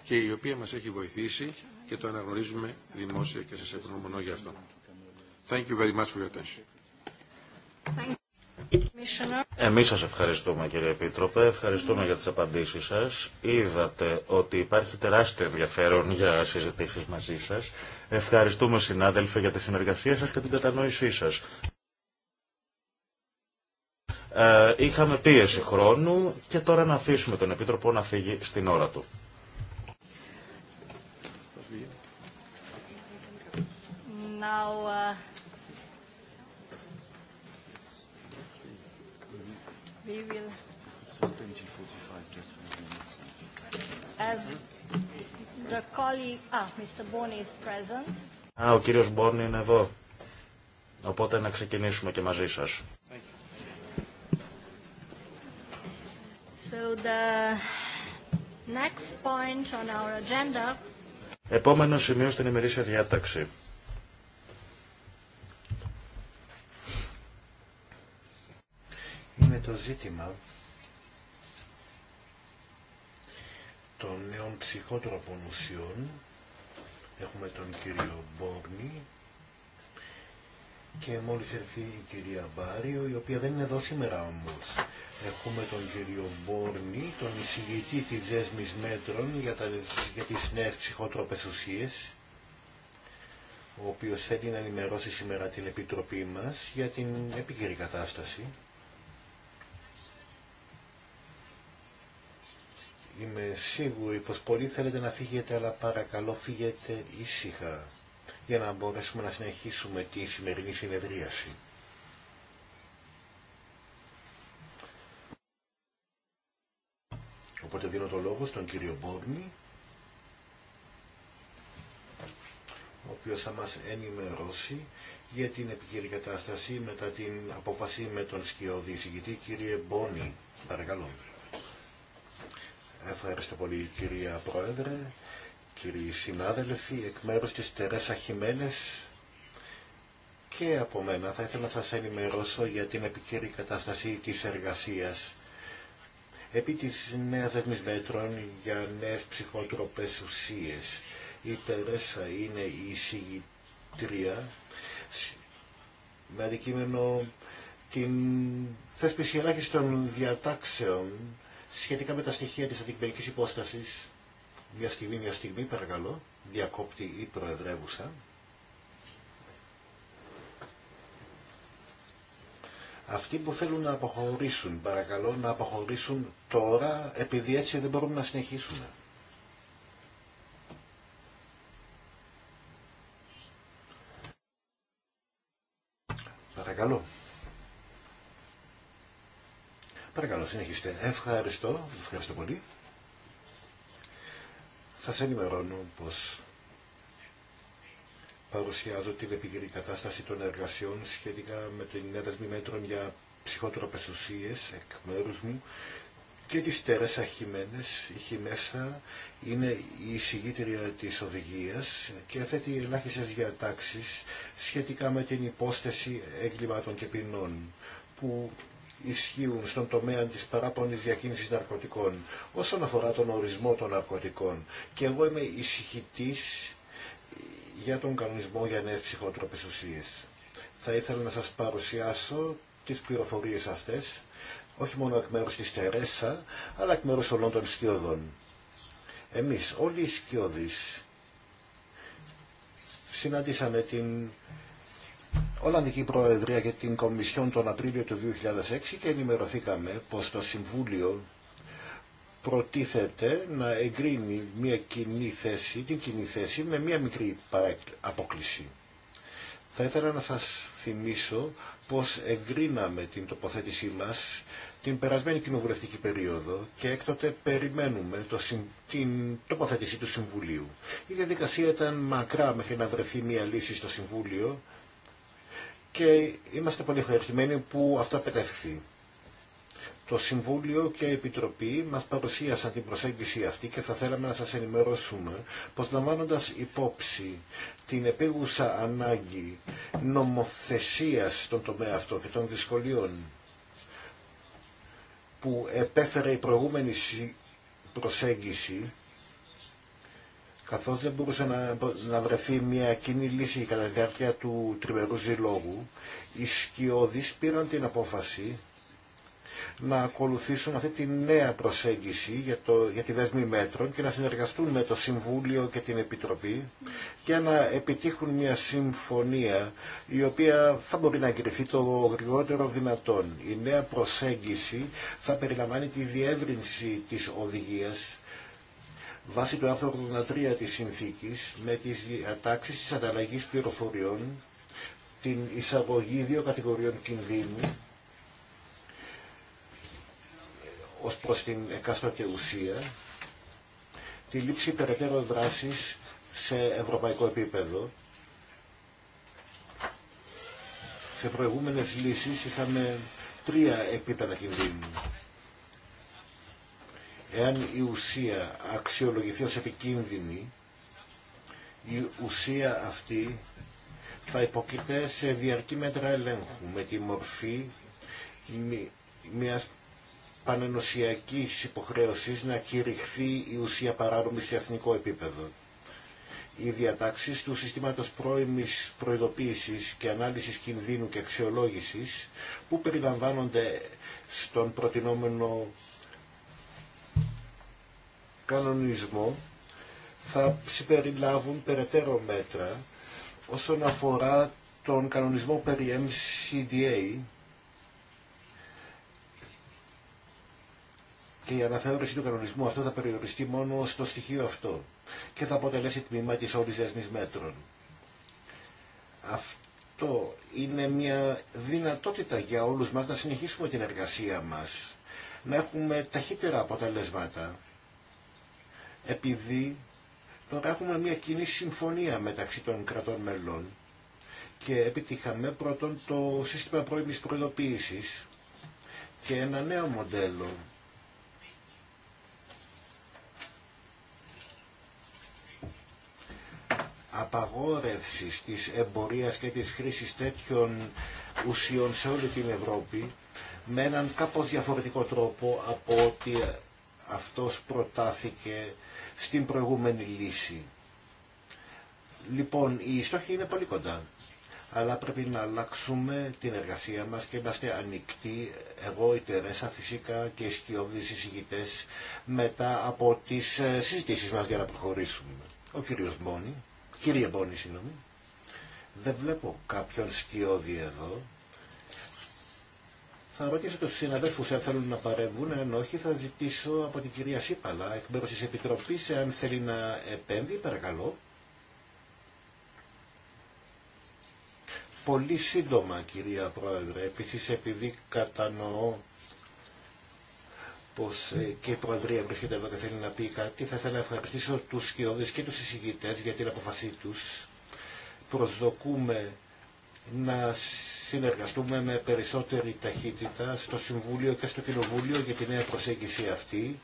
και η οποία μας έχει βοηθήσει και το αναγνωρίζουμε δημόσια και σας μόνο για αυτό. Thank you very much for your attention. Εμείς σας ευχαριστούμε κύριε Επίτροπε, ευχαριστούμε για τις απαντήσεις σας. Είδατε ότι υπάρχει τεράστιο ενδιαφέρον για συζητήσεις μαζί σας. Ευχαριστούμε συνάδελφε για τη συνεργασία σας και την κατανόησή σας. Ε, είχαμε πίεση χρόνου και τώρα να αφήσουμε τον Επίτροπο να φύγει στην ώρα του. Now, uh, we will as the colleague ah, Mr. is present. Α, ο κύριος Μπόρνη είναι εδώ. Οπότε να ξεκινήσουμε και μαζί σας. So the next point on our agenda... Επόμενο σημείο στην ημερήσια διάταξη. είναι το ζήτημα των νέων ψυχότροπων ουσιών. Έχουμε τον κύριο Μπόρνη και μόλις έρθει η κυρία Βάριο, η οποία δεν είναι εδώ σήμερα όμως. Έχουμε τον κύριο Μπόρνη, τον εισηγητή της δέσμης μέτρων για, τα, για τις νέες ψυχότροπες ουσίες, ο οποίος θέλει να ενημερώσει σήμερα την Επιτροπή μας για την επίκαιρη κατάσταση. Είμαι σίγουρη πως πολύ θέλετε να φύγετε, αλλά παρακαλώ φύγετε ήσυχα για να μπορέσουμε να συνεχίσουμε τη σημερινή συνεδρίαση. Οπότε δίνω το λόγο στον κύριο Μπόρνη, ο οποίος θα μας ενημερώσει για την επικύρη κατάσταση μετά την απόφαση με τον σκιώδη συγκητή κύριε Μπόνη. Παρακαλώ. Ευχαριστώ πολύ κυρία Πρόεδρε, κύριοι συνάδελφοι, εκ μέρους της Τερέσα Χιμένες και από μένα θα ήθελα να σας ενημερώσω για την επικύρη κατάσταση της εργασίας επί της νέας δεσμής μέτρων για νέες ψυχότροπες ουσίες. Η Τερέσα είναι η εισηγητρία με αντικείμενο την θέσπιση ελάχιστων διατάξεων Σχετικά με τα στοιχεία της αντικειμενικής υπόστασης, μια στιγμή, μια στιγμή, παρακαλώ, διακόπτη ή προεδρεύουσα. Αυτοί που θέλουν να αποχωρήσουν, παρακαλώ, να αποχωρήσουν τώρα, επειδή έτσι δεν μπορούμε να συνεχίσουμε. Παρακαλώ. Παρακαλώ, συνεχίστε. Ευχαριστώ, ευχαριστώ πολύ. Σας ενημερώνω πως παρουσιάζω την επικυρή κατάσταση των εργασιών σχετικά με την έδεσμη μέτρων για ψυχότροπες ουσίες εκ μέρου μου και τις τέρες αχημένες. Η Χιμέσα είναι η εισηγήτρια της οδηγίας και θέτει ελάχιστε διατάξεις σχετικά με την υπόσταση έγκληματων και ποινών που ισχύουν στον τομέα της παράπονης διακίνησης ναρκωτικών. Όσον αφορά τον ορισμό των ναρκωτικών, και εγώ είμαι ησυχητής για τον κανονισμό για νέες ψυχοτροπές ουσίες. Θα ήθελα να σας παρουσιάσω τις πληροφορίες αυτές, όχι μόνο εκ μέρους της Τερέσα, αλλά εκ μέρους όλων των σκιωδών. Εμείς όλοι οι σκιώδεις συναντήσαμε την Ολλανδική Προεδρία και την Κομισιόν τον Απρίλιο του 2006 και ενημερωθήκαμε πως το Συμβούλιο προτίθεται να εγκρίνει μια κοινή θέση, την κοινή θέση με μια μικρή απόκληση. Θα ήθελα να σας θυμίσω πως εγκρίναμε την τοποθέτησή μας την περασμένη κοινοβουλευτική περίοδο και έκτοτε περιμένουμε το, την τοποθέτηση του Συμβουλίου. Η διαδικασία ήταν μακρά μέχρι να βρεθεί μια λύση στο Συμβούλιο και είμαστε πολύ ευχαριστημένοι που αυτό απετεύχθη. Το Συμβούλιο και η Επιτροπή μας παρουσίασαν την προσέγγιση αυτή και θα θέλαμε να σας ενημερώσουμε πως λαμβάνοντας υπόψη την επίγουσα ανάγκη νομοθεσίας στον τομέα αυτό και των δυσκολίων που επέφερε η προηγούμενη προσέγγιση καθώς δεν μπορούσε να, να βρεθεί μια κοινή λύση κατά τη διάρκεια του τριμερού λόγου, οι σκιώδεις πήραν την απόφαση να ακολουθήσουν αυτή τη νέα προσέγγιση για, το, για τη δέσμη μέτρων και να συνεργαστούν με το Συμβούλιο και την Επιτροπή για να επιτύχουν μια συμφωνία η οποία θα μπορεί να εγκριθεί το γρηγότερο δυνατόν. Η νέα προσέγγιση θα περιλαμβάνει τη διεύρυνση της οδηγίας βάσει του άρθρου 83 της συνθήκης με τις διατάξεις της ανταλλαγής πληροφοριών, την εισαγωγή δύο κατηγοριών κινδύνου ως προς την εκάστοτε ουσία, τη λήψη περαιτέρω δράσης σε ευρωπαϊκό επίπεδο. Σε προηγούμενες λύσεις είχαμε τρία επίπεδα κινδύνου εάν η ουσία αξιολογηθεί ως επικίνδυνη, η ουσία αυτή θα υποκείται σε διαρκή μέτρα ελέγχου με τη μορφή μιας πανενοσιακής υποχρέωσης να κηρυχθεί η ουσία παράνομη σε εθνικό επίπεδο. Οι διατάξεις του συστήματος πρώιμης προειδοποίησης και ανάλυσης κινδύνου και αξιολόγησης που περιλαμβάνονται στον προτινόμενο κανονισμό θα συμπεριλάβουν περαιτέρω μέτρα όσον αφορά τον κανονισμό περί MCDA και η αναθεώρηση του κανονισμού αυτό θα περιοριστεί μόνο στο στοιχείο αυτό και θα αποτελέσει τμήμα της όλης δεσμής μέτρων. Αυτό είναι μια δυνατότητα για όλους μας να συνεχίσουμε την εργασία μας, να έχουμε ταχύτερα αποτελέσματα επειδή τώρα έχουμε μια κοινή συμφωνία μεταξύ των κρατών μελών και επιτύχαμε πρώτον το σύστημα πρώιμης προειδοποίησης και ένα νέο μοντέλο απαγόρευσης της εμπορίας και της χρήσης τέτοιων ουσιών σε όλη την Ευρώπη με έναν κάπως διαφορετικό τρόπο από ότι αυτός προτάθηκε στην προηγούμενη λύση. Λοιπόν, οι στόχοι είναι πολύ κοντά, αλλά πρέπει να αλλάξουμε την εργασία μας και είμαστε ανοιχτοί, εγώ, η Τερέσα φυσικά και οι σκιώδεις εισηγητές, μετά από τις ε, συζητήσεις μας για να προχωρήσουμε. Ο κύριος Μπόνη, κύριε Μπόνη, συγγνώμη. Δεν βλέπω κάποιον σκιώδη εδώ. Θα ρωτήσω του συναδέλφου αν θέλουν να παρεύουν. Αν όχι, θα ζητήσω από την κυρία Σίπαλα, εκ μέρου τη Επιτροπή, αν θέλει να επέμβει, παρακαλώ. Πολύ σύντομα, κυρία Πρόεδρε. Επίση, επειδή κατανοώ πω ε, και η Προεδρία βρίσκεται εδώ και θέλει να πει κάτι, θα ήθελα να ευχαριστήσω του σκιώδε και του εισηγητέ για την αποφασή του. Προσδοκούμε να συνεργαστούμε με περισσότερη ταχύτητα στο Συμβούλιο και στο Κοινοβούλιο για τη νέα προσέγγιση αυτή,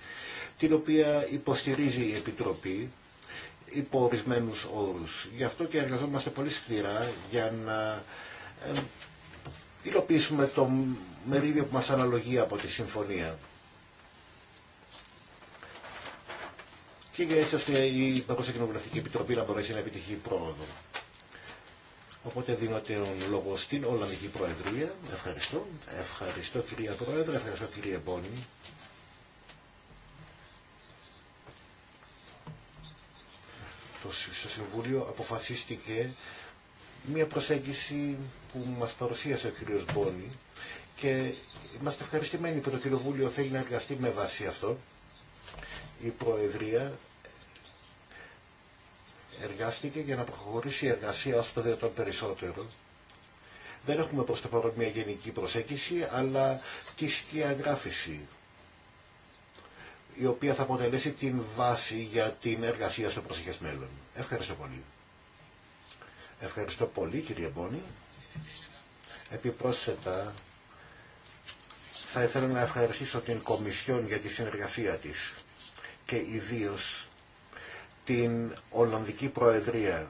την οποία υποστηρίζει η Επιτροπή υπό ορισμένους όρους. Γι' αυτό και εργαζόμαστε πολύ σκληρά για να υλοποιήσουμε το μερίδιο που μας αναλογεί από τη Συμφωνία. Και έτσι ώστε η Παγκόσμια Κοινοβουλευτική Επιτροπή να μπορέσει να επιτυχεί πρόοδο. Οπότε δίνω τον λόγο στην Ολλανδική Προεδρία. Ευχαριστώ. Ευχαριστώ κυρία Πρόεδρε, ευχαριστώ κύριε Μπόνη. Το, στο Συμβούλιο αποφασίστηκε μια προσέγγιση που μας παρουσίασε ο κύριος Μπόνη και είμαστε ευχαριστημένοι που το Κοινοβούλιο θέλει να εργαστεί με βάση αυτό. Η Προεδρία εργάστηκε για να προχωρήσει η εργασία όσο το δυνατόν περισσότερο. Δεν έχουμε προς το παρόν μια γενική προσέγγιση, αλλά τη σκιαγράφηση, η οποία θα αποτελέσει την βάση για την εργασία στο προσεχές μέλλον. Ευχαριστώ πολύ. Ευχαριστώ πολύ κύριε Μπόνη. Επιπρόσθετα, θα ήθελα να ευχαριστήσω την Κομισιόν για τη συνεργασία της και ιδίως την Ολλανδική Προεδρία.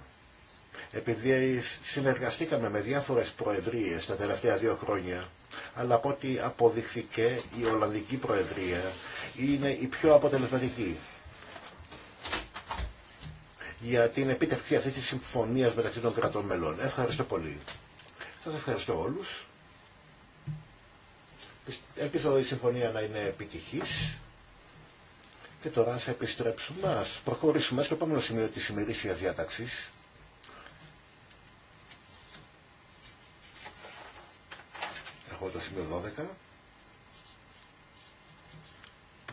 Επειδή συνεργαστήκαμε με διάφορες προεδρίες τα τελευταία δύο χρόνια, αλλά από ό,τι αποδειχθήκε η Ολλανδική Προεδρία είναι η πιο αποτελεσματική για την επίτευξη αυτή τη συμφωνίας μεταξύ των κρατών μελών. Ευχαριστώ πολύ. Σας ευχαριστώ όλους. Ελπίζω η συμφωνία να είναι επιτυχής. Και τώρα θα επιστρέψουμε, ας προχωρήσουμε στο επόμενο σημείο της ημερήσιας διάταξης. Έχω το σημείο 12.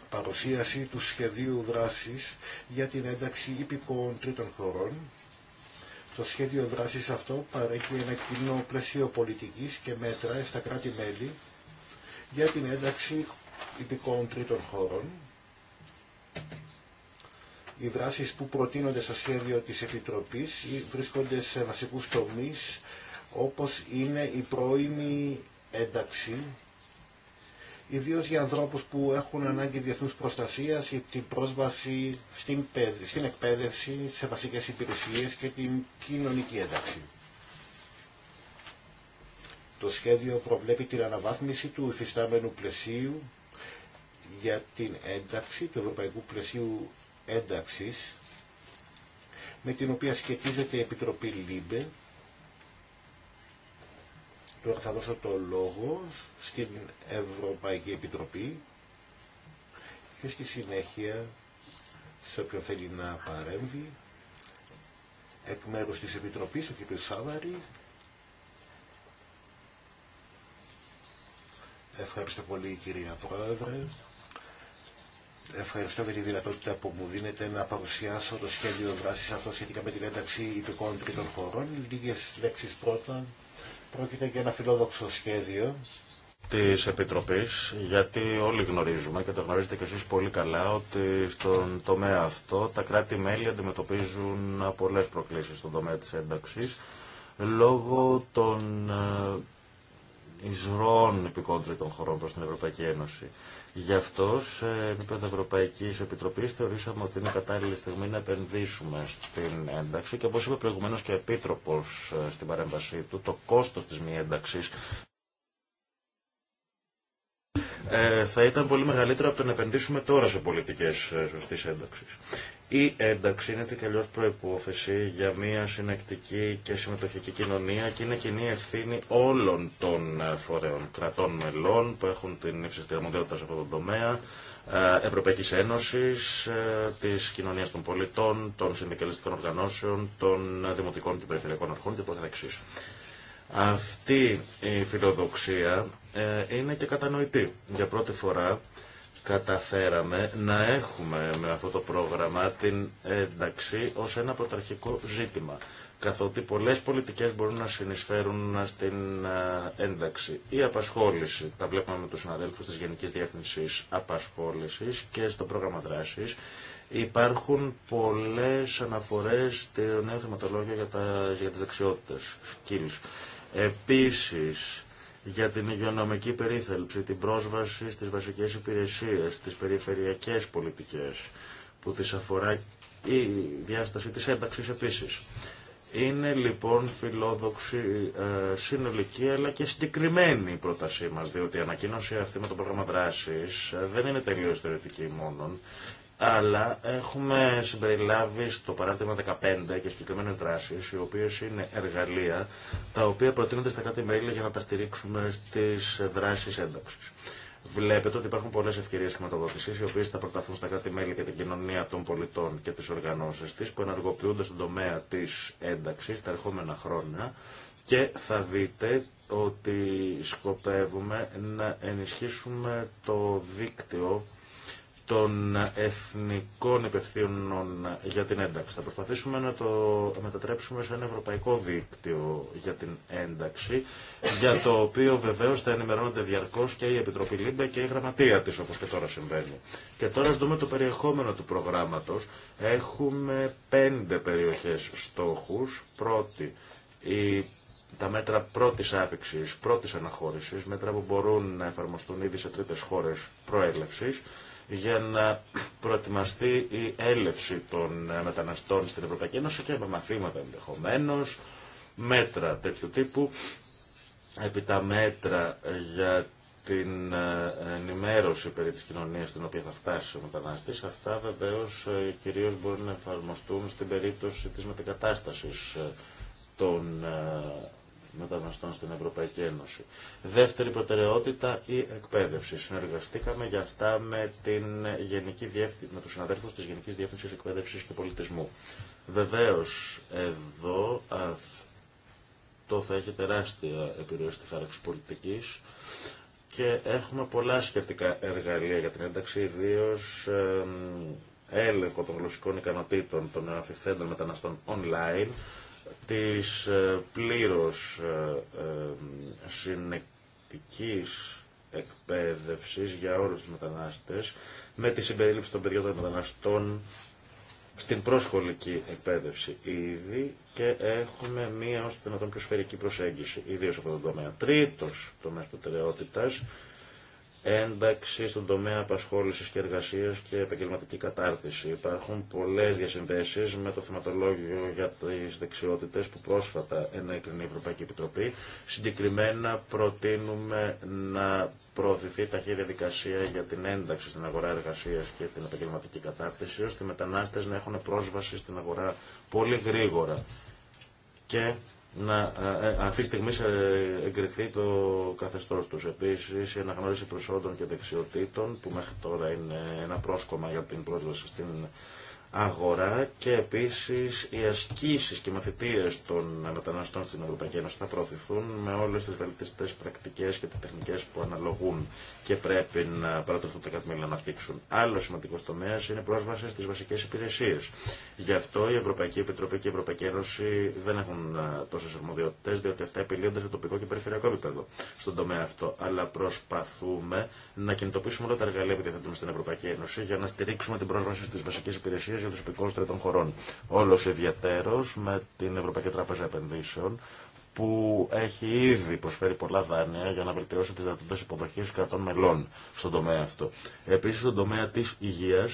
Παρουσίαση του σχεδίου δράσης για την ένταξη υπηκόων τρίτων χωρών. Το σχέδιο δράσης αυτό παρέχει ένα κοινό πλαίσιο πολιτικής και μέτρα στα κράτη-μέλη για την ένταξη υπηκόων τρίτων χωρών οι δράσεις που προτείνονται στο σχέδιο της Επιτροπής βρίσκονται σε βασικούς τομείς όπως είναι η πρώιμη ένταξη, ιδίως για ανθρώπους που έχουν ανάγκη διεθνούς προστασίας, την πρόσβαση στην, στην εκπαίδευση, σε βασικές υπηρεσίες και την κοινωνική ένταξη. Το σχέδιο προβλέπει την αναβάθμιση του υφιστάμενου πλαισίου για την ένταξη του Ευρωπαϊκού Πλαισίου Ένταξης με την οποία σχετίζεται η Επιτροπή ΛΥΜΠΕ. Τώρα θα δώσω το λόγο στην Ευρωπαϊκή Επιτροπή και στη συνέχεια σε όποιον θέλει να παρέμβει εκ μέρους της Επιτροπής, ο κ. Σάβαρη. Ευχαριστώ πολύ κυρία Πρόεδρε. Ευχαριστώ για τη δυνατότητα που μου δίνετε να παρουσιάσω το σχέδιο δράση αυτό σχετικά με την ένταξη υπηκών των χωρών. Λίγε λέξει πρώτα. Πρόκειται για ένα φιλόδοξο σχέδιο τη Επιτροπή, γιατί όλοι γνωρίζουμε και το γνωρίζετε κι εσεί πολύ καλά ότι στον τομέα αυτό τα κράτη-μέλη αντιμετωπίζουν πολλέ προκλήσει στον τομέα τη ένταξη λόγω των ε, εισρώων επικόντρων χωρών προ την Ευρωπαϊκή Ένωση. Γι' αυτό, σε επίπεδο Ευρωπαϊκή Επιτροπή, θεωρήσαμε ότι είναι κατάλληλη στιγμή να επενδύσουμε στην ένταξη και όπω είπε προηγουμένω και ο Επίτροπο ε, στην παρέμβασή του, το κόστο τη μη ένταξη ε, θα ήταν πολύ μεγαλύτερο από το να επενδύσουμε τώρα σε πολιτικέ ε, σωστή ένταξη. Η ένταξη είναι έτσι κι για μια συνεκτική και συμμετοχική κοινωνία και είναι κοινή ευθύνη όλων των ε, φορέων κρατών μελών που έχουν την ύψιστη αρμοδιότητα σε αυτόν τον τομέα, ε, Ευρωπαϊκής Ένωσης, ε, της κοινωνίας των πολιτών, των συνδικαλιστικών οργανώσεων, των δημοτικών και περιφερειακών αρχών και Αυτή η φιλοδοξία είναι και κατανοητή. Για πρώτη φορά καταφέραμε να έχουμε με αυτό το πρόγραμμα την ένταξη ως ένα πρωταρχικό ζήτημα καθότι πολλές πολιτικές μπορούν να συνεισφέρουν στην ένταξη. Η απασχόληση, τα βλέπουμε με τους συναδέλφους της Γενικής Διεύθυνσης Απασχόλησης και στο πρόγραμμα δράσης, υπάρχουν πολλές αναφορές στο νέο θεματολόγιο για, τα, για τις δεξιότητες, Επίσης, για την υγειονομική περίθαλψη, την πρόσβαση στις βασικές υπηρεσίες, στις περιφερειακές πολιτικές που τις αφορά η διάσταση της ένταξης επίσης. Είναι λοιπόν φιλόδοξη, ε, συνολική αλλά και συγκεκριμένη η πρότασή μας, διότι η ανακοίνωση αυτή με το πρόγραμμα δράσης ε, δεν είναι τελείως θεωρητική μόνον αλλά έχουμε συμπεριλάβει στο παράδειγμα 15 και συγκεκριμένε δράσει, οι οποίε είναι εργαλεία τα οποία προτείνονται στα κράτη-μέλη για να τα στηρίξουμε στι δράσει ένταξη. Βλέπετε ότι υπάρχουν πολλέ ευκαιρίε χρηματοδότηση, οι οποίε θα προταθούν στα κράτη-μέλη και την κοινωνία των πολιτών και τι οργανώσει τη, που ενεργοποιούνται στον τομέα τη ένταξη τα ερχόμενα χρόνια και θα δείτε ότι σκοπεύουμε να ενισχύσουμε το δίκτυο των εθνικών υπευθύνων για την ένταξη. Θα προσπαθήσουμε να το μετατρέψουμε σε ένα ευρωπαϊκό δίκτυο για την ένταξη, για το οποίο βεβαίως θα ενημερώνονται διαρκώς και η Επιτροπή Λίμπε και η Γραμματεία της, όπως και τώρα συμβαίνει. Και τώρα ας δούμε το περιεχόμενο του προγράμματος. Έχουμε πέντε περιοχές στόχους. Πρώτη, η τα μέτρα πρώτης άφηξης, πρώτης αναχώρησης, μέτρα που μπορούν να εφαρμοστούν ήδη σε τρίτες χώρες προέλευσης για να προετοιμαστεί η έλευση των ε, μεταναστών στην Ευρωπαϊκή Ένωση και με μαθήματα ενδεχομένω, μέτρα τέτοιου τύπου, επί τα μέτρα για την ε, ενημέρωση περί της κοινωνίας στην οποία θα φτάσει ο μετανάστης. Αυτά βεβαίως ε, κυρίως μπορούν να εφαρμοστούν στην περίπτωση της μετακατάστασης των μεταναστών στην Ευρωπαϊκή Ένωση. Δεύτερη προτεραιότητα, η εκπαίδευση. Συνεργαστήκαμε για αυτά με, την Γενική Διεύθυνση, με τους συναδέλφους της Γενικής Διεύθυνσης Εκπαίδευσης και Πολιτισμού. Βεβαίως, εδώ αυτό θα έχει τεράστια επιρροή στη χάραξη πολιτικής και έχουμε πολλά σχετικά εργαλεία για την ένταξη, ιδίω έλεγχο των γλωσσικών ικανοτήτων των αφιθέντων μεταναστών online, της ε, πλήρως ε, ε, συνεκτικής εκπαίδευσης για όλους τους μετανάστες με τη συμπερίληψη των παιδιών των μεταναστών στην προσχολική εκπαίδευση ήδη και έχουμε μία ως δυνατόν πιο σφαιρική προσέγγιση, ιδίως σε αυτό το τομέα. Τρίτος τομέας προτεραιότητας ένταξη στον τομέα απασχόλησης και εργασίας και επαγγελματική κατάρτιση. Υπάρχουν πολλές διασυνδέσεις με το θεματολόγιο για τις δεξιότητες που πρόσφατα ενέκρινε η Ευρωπαϊκή Επιτροπή. Συγκεκριμένα προτείνουμε να προωθηθεί ταχύ διαδικασία για την ένταξη στην αγορά εργασίας και την επαγγελματική κατάρτιση, ώστε οι μετανάστες να έχουν πρόσβαση στην αγορά πολύ γρήγορα και να ε, ε, αυτή τη στιγμή εγκριθεί το καθεστώ του. Επίση, η αναγνώριση προσόντων και δεξιοτήτων, που μέχρι τώρα είναι ένα πρόσκομα για την πρόσβαση στην αγορά και επίσης οι ασκήσεις και οι μαθητείες των μεταναστών στην Ευρωπαϊκή Ένωση θα προωθηθούν με όλες τις βελτιστές πρακτικές και τις τεχνικές που αναλογούν και πρέπει να παρατηρηθούν τα κάτω να αναπτύξουν. Άλλο σημαντικό τομέα είναι πρόσβαση στι βασικέ υπηρεσίε. Γι' αυτό η Ευρωπαϊκή Επιτροπή και η Ευρωπαϊκή Ένωση δεν έχουν τόσε αρμοδιότητε, διότι αυτά επιλύονται σε τοπικό και περιφερειακό επίπεδο στον τομέα αυτό. Αλλά προσπαθούμε να κινητοποιήσουμε όλα τα εργαλεία που διαθέτουμε στην Ευρωπαϊκή Ένωση για να στηρίξουμε την πρόσβαση στι βασικέ υπηρεσίε για του υπηκόρου τρίτων χωρών. Όλο ιδιαίτερο με την Ευρωπαϊκή Τράπεζα Επενδύσεων που έχει ήδη προσφέρει πολλά δάνεια για να βελτιώσει τι δυνατότητε υποδοχή κρατών μελών στον τομέα αυτό. Επίση, στον τομέα τη υγεία,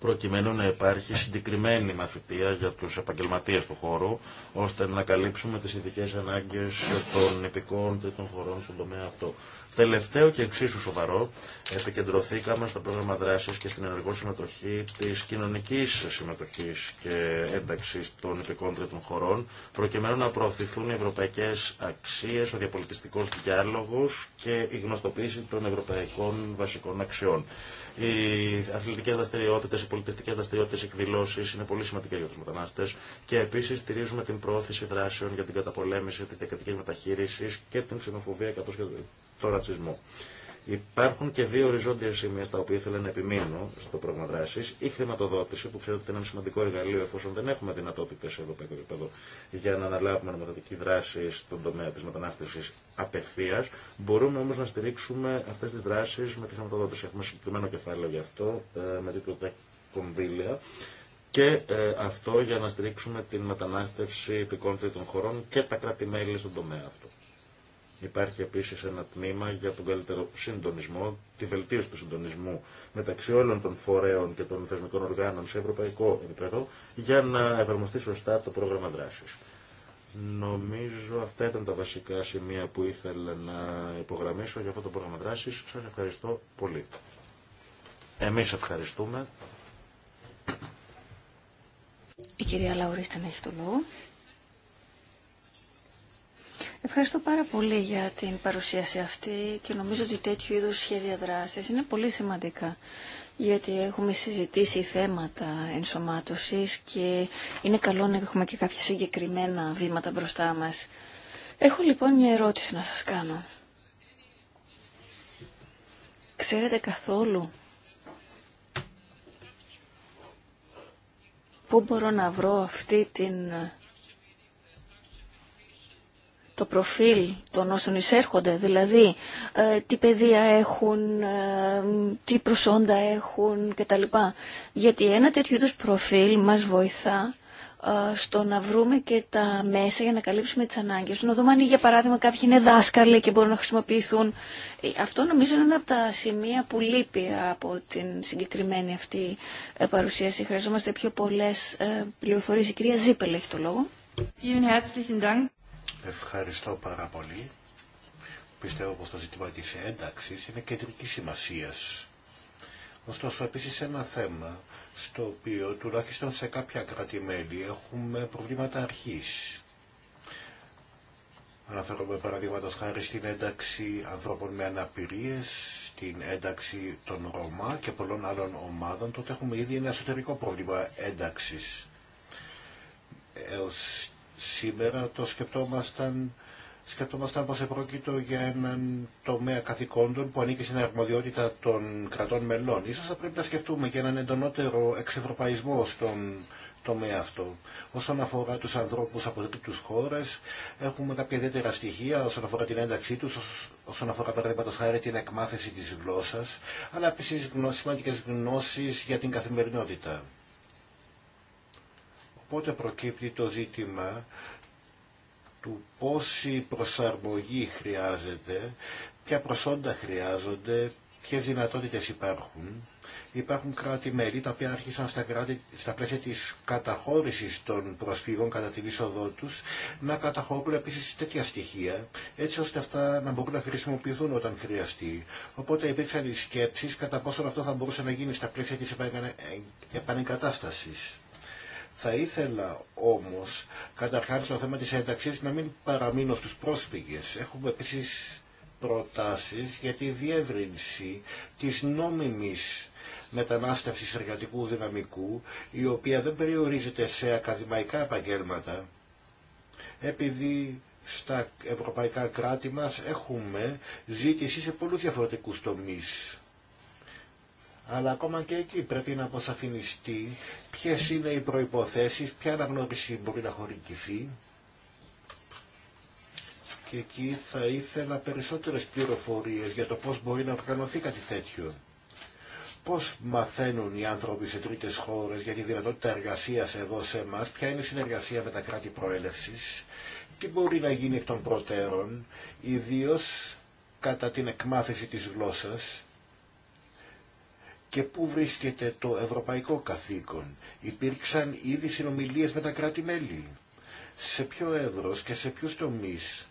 προκειμένου να υπάρχει συγκεκριμένη μαθητεία για τους επαγγελματίες του χώρου, ώστε να καλύψουμε τις ειδικέ ανάγκες των και τρίτων χωρών στον τομέα αυτό. Τελευταίο και εξίσου σοβαρό, επικεντρωθήκαμε στο πρόγραμμα δράση και στην ενεργό συμμετοχή τη κοινωνική συμμετοχή και ένταξη των υπηκών τρίτων χωρών, προκειμένου να προωθηθούν οι ευρωπαϊκέ αξίε, ο διαπολιτιστικό διάλογο και η γνωστοποίηση των ευρωπαϊκών βασικών αξιών. Οι αθλητικέ δραστηριότητε, οι πολιτιστικέ δραστηριότητε, οι εκδηλώσει είναι πολύ σημαντικέ για του μετανάστε και επίση στηρίζουμε την προώθηση δράσεων για την καταπολέμηση τη διακριτική μεταχείριση και την ξενοφοβία καθώ και το ρατσισμό. Υπάρχουν και δύο οριζόντια σημεία στα οποία ήθελα να επιμείνω στο πρόγραμμα δράση. Η χρηματοδότηση, που ξέρετε ότι είναι ένα σημαντικό εργαλείο, εφόσον δεν έχουμε δυνατότητε σε ευρωπαϊκό επίπεδο για να αναλάβουμε νομοθετική δράση στον τομέα τη μετανάστευση απευθεία. Μπορούμε όμω να στηρίξουμε αυτέ τι δράσει με τη χρηματοδότηση. Έχουμε συγκεκριμένο κεφάλαιο γι' αυτό, ε, με τίτλο Τα κονδύλια. Και ε, αυτό για να στηρίξουμε την μετανάστευση επικόντρων χωρών και τα κράτη-μέλη στον τομέα αυτό. Υπάρχει επίση ένα τμήμα για τον καλύτερο συντονισμό, τη βελτίωση του συντονισμού μεταξύ όλων των φορέων και των θεσμικών οργάνων σε ευρωπαϊκό επίπεδο για να εφαρμοστεί σωστά το πρόγραμμα δράση. Νομίζω αυτά ήταν τα βασικά σημεία που ήθελα να υπογραμμίσω για αυτό το πρόγραμμα δράση. Σα ευχαριστώ πολύ. Εμεί ευχαριστούμε. Η κυρία Λαουρίστα έχει Ευχαριστώ πάρα πολύ για την παρουσίαση αυτή και νομίζω ότι τέτοιου είδους σχέδια δράσης είναι πολύ σημαντικά γιατί έχουμε συζητήσει θέματα ενσωμάτωσης και είναι καλό να έχουμε και κάποια συγκεκριμένα βήματα μπροστά μας. Έχω λοιπόν μια ερώτηση να σας κάνω. Ξέρετε καθόλου πού μπορώ να βρω αυτή την το προφίλ των όσων εισέρχονται, δηλαδή ε, τι παιδεία έχουν, ε, τι προσόντα έχουν κτλ. Γιατί ένα τέτοιου είδους προφίλ μας βοηθά ε, στο να βρούμε και τα μέσα για να καλύψουμε τις ανάγκες του. Να δούμε αν για παράδειγμα κάποιοι είναι δάσκαλοι και μπορούν να χρησιμοποιηθούν. Αυτό νομίζω είναι ένα από τα σημεία που λείπει από την συγκεκριμένη αυτή παρουσίαση. Χρειαζόμαστε πιο πολλές πληροφορίες. Η κυρία Ζήπελ έχει το λόγο. Ευχαριστώ πάρα πολύ. Πιστεύω πως το ζήτημα της ένταξης είναι κεντρική σημασίας. Ωστόσο, επίσης ένα θέμα στο οποίο τουλάχιστον σε κάποια κράτη-μέλη έχουμε προβλήματα αρχής. Αναφέρομαι παραδείγματο χάρη στην ένταξη ανθρώπων με αναπηρίες, στην ένταξη των Ρωμά και πολλών άλλων ομάδων, τότε έχουμε ήδη ένα εσωτερικό πρόβλημα ένταξης σήμερα το σκεπτόμασταν, σκεπτόμασταν πως επρόκειτο για έναν τομέα καθηκόντων που ανήκει στην αρμοδιότητα των κρατών μελών. Ίσως θα πρέπει να σκεφτούμε και έναν εντονότερο εξευρωπαϊσμό στον τομέα αυτό. Όσον αφορά τους ανθρώπους από τρίτους χώρες, έχουμε κάποια ιδιαίτερα στοιχεία όσον αφορά την ένταξή τους, όσον αφορά παραδείγματος χάρη την εκμάθηση της γλώσσας, αλλά επίσης σημαντικές γνώσεις για την καθημερινότητα. Οπότε προκύπτει το ζήτημα του πόση προσαρμογή χρειάζεται, ποια προσόντα χρειάζονται, ποιε δυνατότητες υπάρχουν. Υπάρχουν κράτη-μέλη τα οποία άρχισαν στα, κράτη, στα πλαίσια της καταχώρησης των προσφύγων κατά την είσοδό τους να καταχωρούν επίσης τέτοια στοιχεία έτσι ώστε αυτά να μπορούν να χρησιμοποιηθούν όταν χρειαστεί. Οπότε υπήρξαν οι σκέψεις κατά πόσο αυτό θα μπορούσε να γίνει στα πλαίσια της επανεγκατάστασης. Θα ήθελα όμως καταρχάς στο θέμα της ένταξης να μην παραμείνω στους πρόσφυγες. Έχουμε επίσης προτάσεις για τη διεύρυνση της νόμιμης μετανάστευσης εργατικού δυναμικού, η οποία δεν περιορίζεται σε ακαδημαϊκά επαγγέλματα, επειδή στα ευρωπαϊκά κράτη μας έχουμε ζήτηση σε πολλούς διαφορετικούς τομείς αλλά ακόμα και εκεί πρέπει να αποσαφινιστεί ποιες είναι οι προϋποθέσεις, ποια αναγνώριση μπορεί να χορηγηθεί και εκεί θα ήθελα περισσότερες πληροφορίες για το πώς μπορεί να οργανωθεί κάτι τέτοιο. Πώς μαθαίνουν οι άνθρωποι σε τρίτες χώρες για τη δυνατότητα εργασίας εδώ σε εμά, ποια είναι η συνεργασία με τα κράτη προέλευσης, τι μπορεί να γίνει εκ των προτέρων, ιδίως κατά την εκμάθηση της γλώσσας, και πού βρίσκεται το ευρωπαϊκό καθήκον. Υπήρξαν ήδη συνομιλίες με τα κράτη-μέλη. Σε ποιο έδρος και σε ποιους τομείς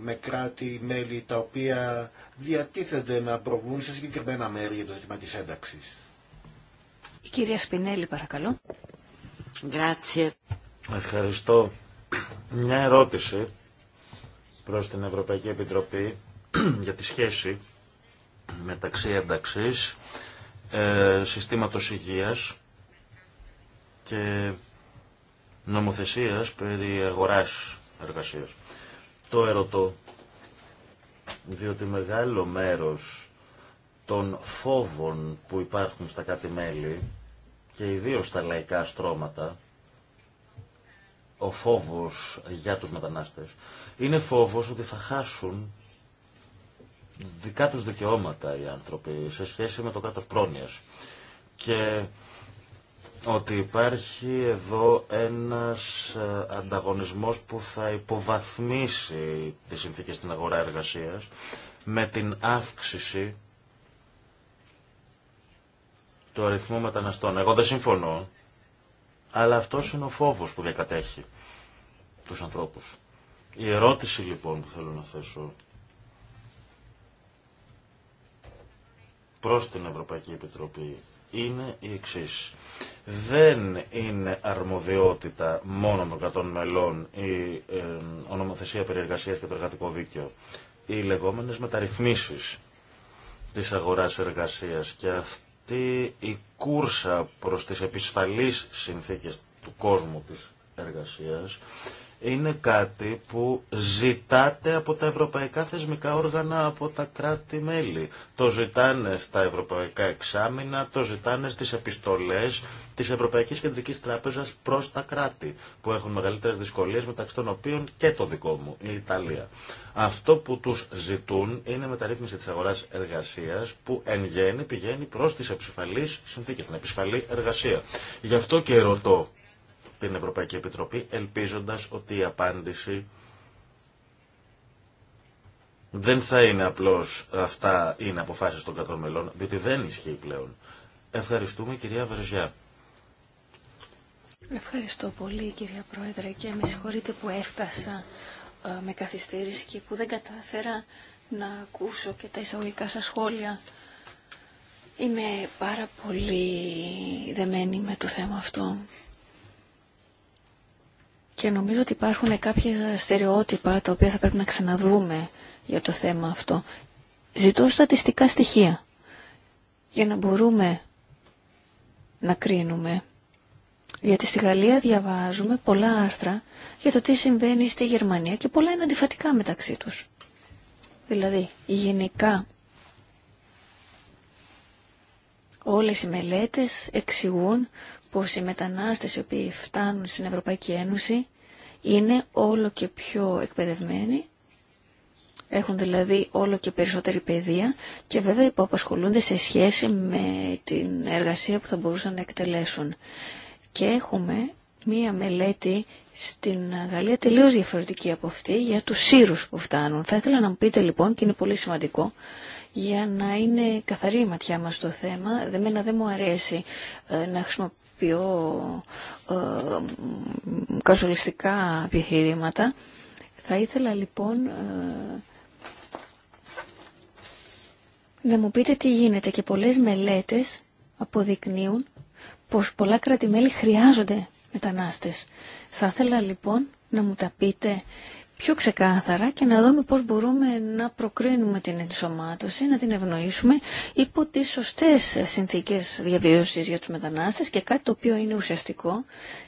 με κράτη-μέλη τα οποία διατίθεται να προβούν σε συγκεκριμένα μέρη για το ζήτημα της ένταξης. Η κυρία Σπινέλη, παρακαλώ. Ευχαριστώ. Μια ερώτηση προς την Ευρωπαϊκή Επιτροπή για τη σχέση μεταξύ ένταξης, ε, συστήματος υγείας και νομοθεσίας περί αγοράς εργασίας. Το ερωτώ, διότι μεγάλο μέρος των φόβων που υπάρχουν στα κάτι μέλη και ιδίως στα λαϊκά στρώματα, ο φόβος για τους μετανάστες, είναι φόβος ότι θα χάσουν δικά τους δικαιώματα οι άνθρωποι σε σχέση με το κράτος πρόνοιας. Και ότι υπάρχει εδώ ένας ε, ανταγωνισμός που θα υποβαθμίσει τις συνθήκες στην αγορά εργασίας με την αύξηση του αριθμού μεταναστών. Εγώ δεν συμφωνώ, αλλά αυτός είναι ο φόβος που διακατέχει τους ανθρώπους. Η ερώτηση λοιπόν που θέλω να θέσω προς την Ευρωπαϊκή Επιτροπή είναι η εξή. Δεν είναι αρμοδιότητα μόνο των κρατών μελών η ε, ονομοθεσία περιεργασία και το εργατικό δίκαιο. Οι λεγόμενες μεταρρυθμίσεις της αγοράς εργασίας και αυτή η κούρσα προς τις επισφαλείς συνθήκες του κόσμου της εργασίας είναι κάτι που ζητάται από τα ευρωπαϊκά θεσμικά όργανα, από τα κράτη-μέλη. Το ζητάνε στα ευρωπαϊκά εξάμεινα, το ζητάνε στις επιστολές της Ευρωπαϊκής Κεντρικής Τράπεζας προς τα κράτη, που έχουν μεγαλύτερες δυσκολίες μεταξύ των οποίων και το δικό μου, η Ιταλία. Αυτό που τους ζητούν είναι μεταρρύθμιση της αγοράς εργασίας, που εν γέννη πηγαίνει προς τις επισφαλείς συνθήκες, την επισφαλή εργασία. Γι' αυτό και ρωτώ την Ευρωπαϊκή Επιτροπή, ελπίζοντας ότι η απάντηση δεν θα είναι απλώς αυτά είναι αποφάσεις των κατών διότι δεν ισχύει πλέον. Ευχαριστούμε κυρία Βερζιά. Ευχαριστώ πολύ κυρία Πρόεδρε και με συγχωρείτε που έφτασα ε, με καθυστέρηση και που δεν κατάφερα να ακούσω και τα εισαγωγικά σας σχόλια. Είμαι πάρα πολύ δεμένη με το θέμα αυτό. Και νομίζω ότι υπάρχουν κάποια στερεότυπα τα οποία θα πρέπει να ξαναδούμε για το θέμα αυτό. Ζητώ στατιστικά στοιχεία για να μπορούμε να κρίνουμε. Γιατί στη Γαλλία διαβάζουμε πολλά άρθρα για το τι συμβαίνει στη Γερμανία και πολλά είναι αντιφατικά μεταξύ τους. Δηλαδή, γενικά όλες οι μελέτες εξηγούν πως οι μετανάστες οι οποίοι φτάνουν στην Ευρωπαϊκή Ένωση είναι όλο και πιο εκπαιδευμένοι, έχουν δηλαδή όλο και περισσότερη παιδεία και βέβαια υποαπασχολούνται σε σχέση με την εργασία που θα μπορούσαν να εκτελέσουν. Και έχουμε μία μελέτη στην Γαλλία τελείως διαφορετική από αυτή για τους σύρους που φτάνουν. Θα ήθελα να μου πείτε λοιπόν και είναι πολύ σημαντικό για να είναι καθαρή η ματιά μας στο θέμα. δεν μου αρέσει ε, να πιο ε, καζολιστικά επιχειρήματα. Θα ήθελα λοιπόν ε, να μου πείτε τι γίνεται και πολλές μελέτες αποδεικνύουν πως πολλά κρατημέλη χρειάζονται μετανάστες. Θα ήθελα λοιπόν να μου τα πείτε πιο ξεκάθαρα και να δούμε πώς μπορούμε να προκρίνουμε την ενσωμάτωση, να την ευνοήσουμε υπό τις σωστές συνθήκες διαβίωσης για τους μετανάστες και κάτι το οποίο είναι ουσιαστικό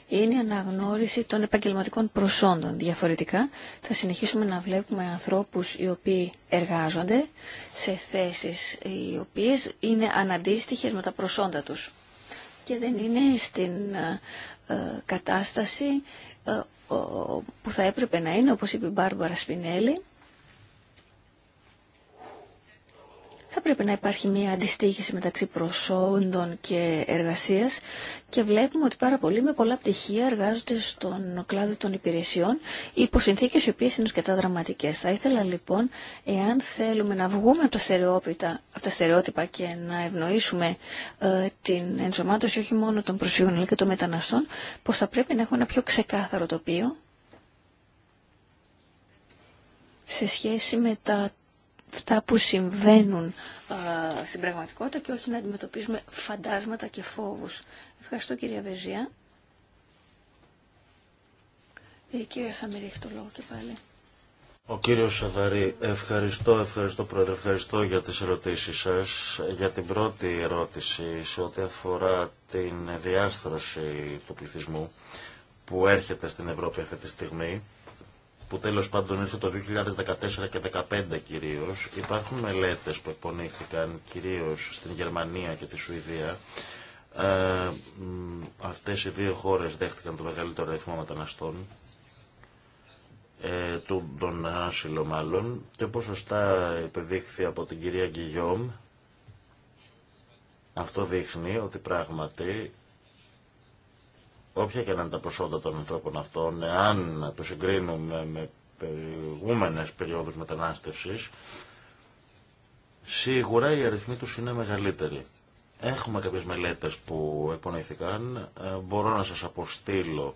είναι η αναγνώριση των επαγγελματικών προσόντων. Διαφορετικά θα συνεχίσουμε να βλέπουμε ανθρώπους οι οποίοι εργάζονται σε θέσεις οι οποίες είναι αναντίστοιχες με τα προσόντα τους και δεν είναι στην ε, κατάσταση ε, που θα έπρεπε να είναι, όπως είπε η Μπάρμπαρα Σπινέλη, θα πρέπει να υπάρχει μια αντιστοίχηση μεταξύ προσόντων και εργασίας και βλέπουμε ότι πάρα πολλοί με πολλά πτυχία εργάζονται στον κλάδο των υπηρεσιών υπό συνθήκες οι οποίες είναι αρκετά δραματικές. Θα ήθελα λοιπόν, εάν θέλουμε να βγούμε από τα, από στερεότυπα και να ευνοήσουμε ε, την ενσωμάτωση όχι μόνο των προσφύγων αλλά και των μεταναστών, πως θα πρέπει να έχουμε ένα πιο ξεκάθαρο τοπίο σε σχέση με τα αυτά που συμβαίνουν στην πραγματικότητα και όχι να αντιμετωπίζουμε φαντάσματα και φόβους. Ευχαριστώ κυρία Βεζία. Ε, η κυρία Σαμερή έχει το λόγο και πάλι. Ο κύριος Σαβαρή, ευχαριστώ, ευχαριστώ πρόεδρε, ευχαριστώ για τις ερωτήσεις σας. Για την πρώτη ερώτηση σε ό,τι αφορά την διάστρωση του πληθυσμού που έρχεται στην Ευρώπη αυτή τη στιγμή που τέλος πάντων ήρθε το 2014 και 2015 κυρίως, υπάρχουν μελέτες που εκπονήθηκαν κυρίως στην Γερμανία και τη Σουηδία. Ε, αυτές οι δύο χώρες δέχτηκαν το μεγαλύτερο αριθμό μεταναστών, ε, του, τον άσυλο μάλλον, και όπως σωστά επιδείχθη από την κυρία Γκυγιόμ, αυτό δείχνει ότι πράγματι όποια και να είναι τα προσόντα των ανθρώπων αυτών, εάν το συγκρίνουμε με προηγούμενε περιόδου μετανάστευση. σίγουρα οι αριθμοί του είναι μεγαλύτεροι. Έχουμε κάποιες μελέτες που εκπονήθηκαν, ε, μπορώ να σας αποστείλω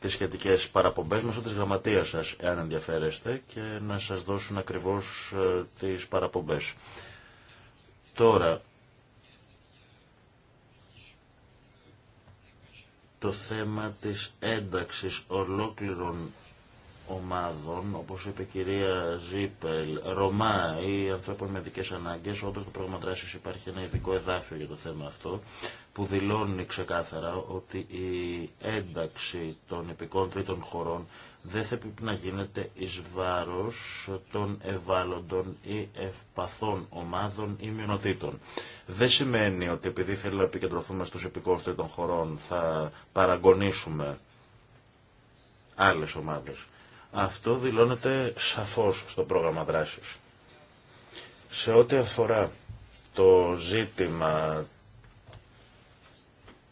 τις σχετικές παραπομπές μέσω της γραμματείας σας, εάν ενδιαφέρεστε, και να σας δώσουν ακριβώς ε, τις παραπομπές. Τώρα, το θέμα της ένταξης ολόκληρων ομάδων, όπως είπε η κυρία Ζίπελ, Ρωμά ή ανθρώπων με δικές ανάγκες, όντως το πρόγραμμα δράσης υπάρχει ένα ειδικό εδάφιο για το θέμα αυτό, που δηλώνει ξεκάθαρα ότι η ένταξη των επικών τρίτων χωρών δεν θα πρέπει να γίνεται εις βάρος των ευάλωτων ή ευπαθών ομάδων ή μειονοτήτων. Δεν σημαίνει ότι επειδή θέλουμε να επικεντρωθούμε στους επικόστοι των χωρών θα παραγωνίσουμε άλλες ομάδες. Αυτό δηλώνεται σαφώς στο πρόγραμμα δράσης. Σε ό,τι αφορά το ζήτημα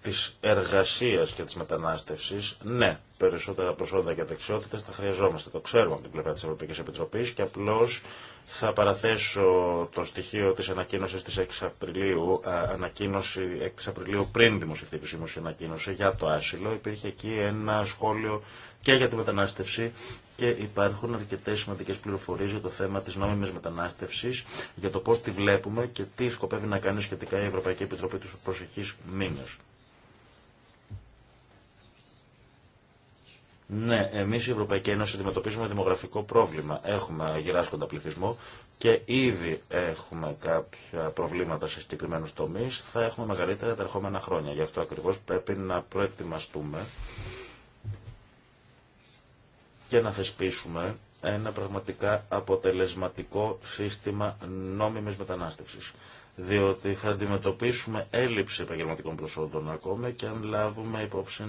της εργασίας και της μετανάστευσης, ναι, περισσότερα προσόντα και δεξιότητε τα χρειαζόμαστε. Το ξέρουμε από την πλευρά τη Ευρωπαϊκή Επιτροπή και απλώ θα παραθέσω το στοιχείο τη ανακοίνωση τη 6 Απριλίου, ανακοίνωση 6 Απριλίου πριν δημοσιευτεί η επισήμωση ανακοίνωση για το άσυλο. Υπήρχε εκεί ένα σχόλιο και για τη μετανάστευση και υπάρχουν αρκετέ σημαντικέ πληροφορίε για το θέμα τη νόμιμη μετανάστευση, για το πώ τη βλέπουμε και τι σκοπεύει να κάνει σχετικά η Ευρωπαϊκή Επιτροπή του προσεχή μήνε. Ναι, εμεί η Ευρωπαϊκή Ένωση αντιμετωπίζουμε δημογραφικό πρόβλημα. Έχουμε γυράσκοντα πληθυσμό και ήδη έχουμε κάποια προβλήματα σε συγκεκριμένου τομεί. Θα έχουμε μεγαλύτερα τα ερχόμενα χρόνια. Γι' αυτό ακριβώ πρέπει να προετοιμαστούμε και να θεσπίσουμε ένα πραγματικά αποτελεσματικό σύστημα νόμιμης μετανάστευσης. Διότι θα αντιμετωπίσουμε έλλειψη επαγγελματικών προσόντων ακόμα και αν λάβουμε υπόψη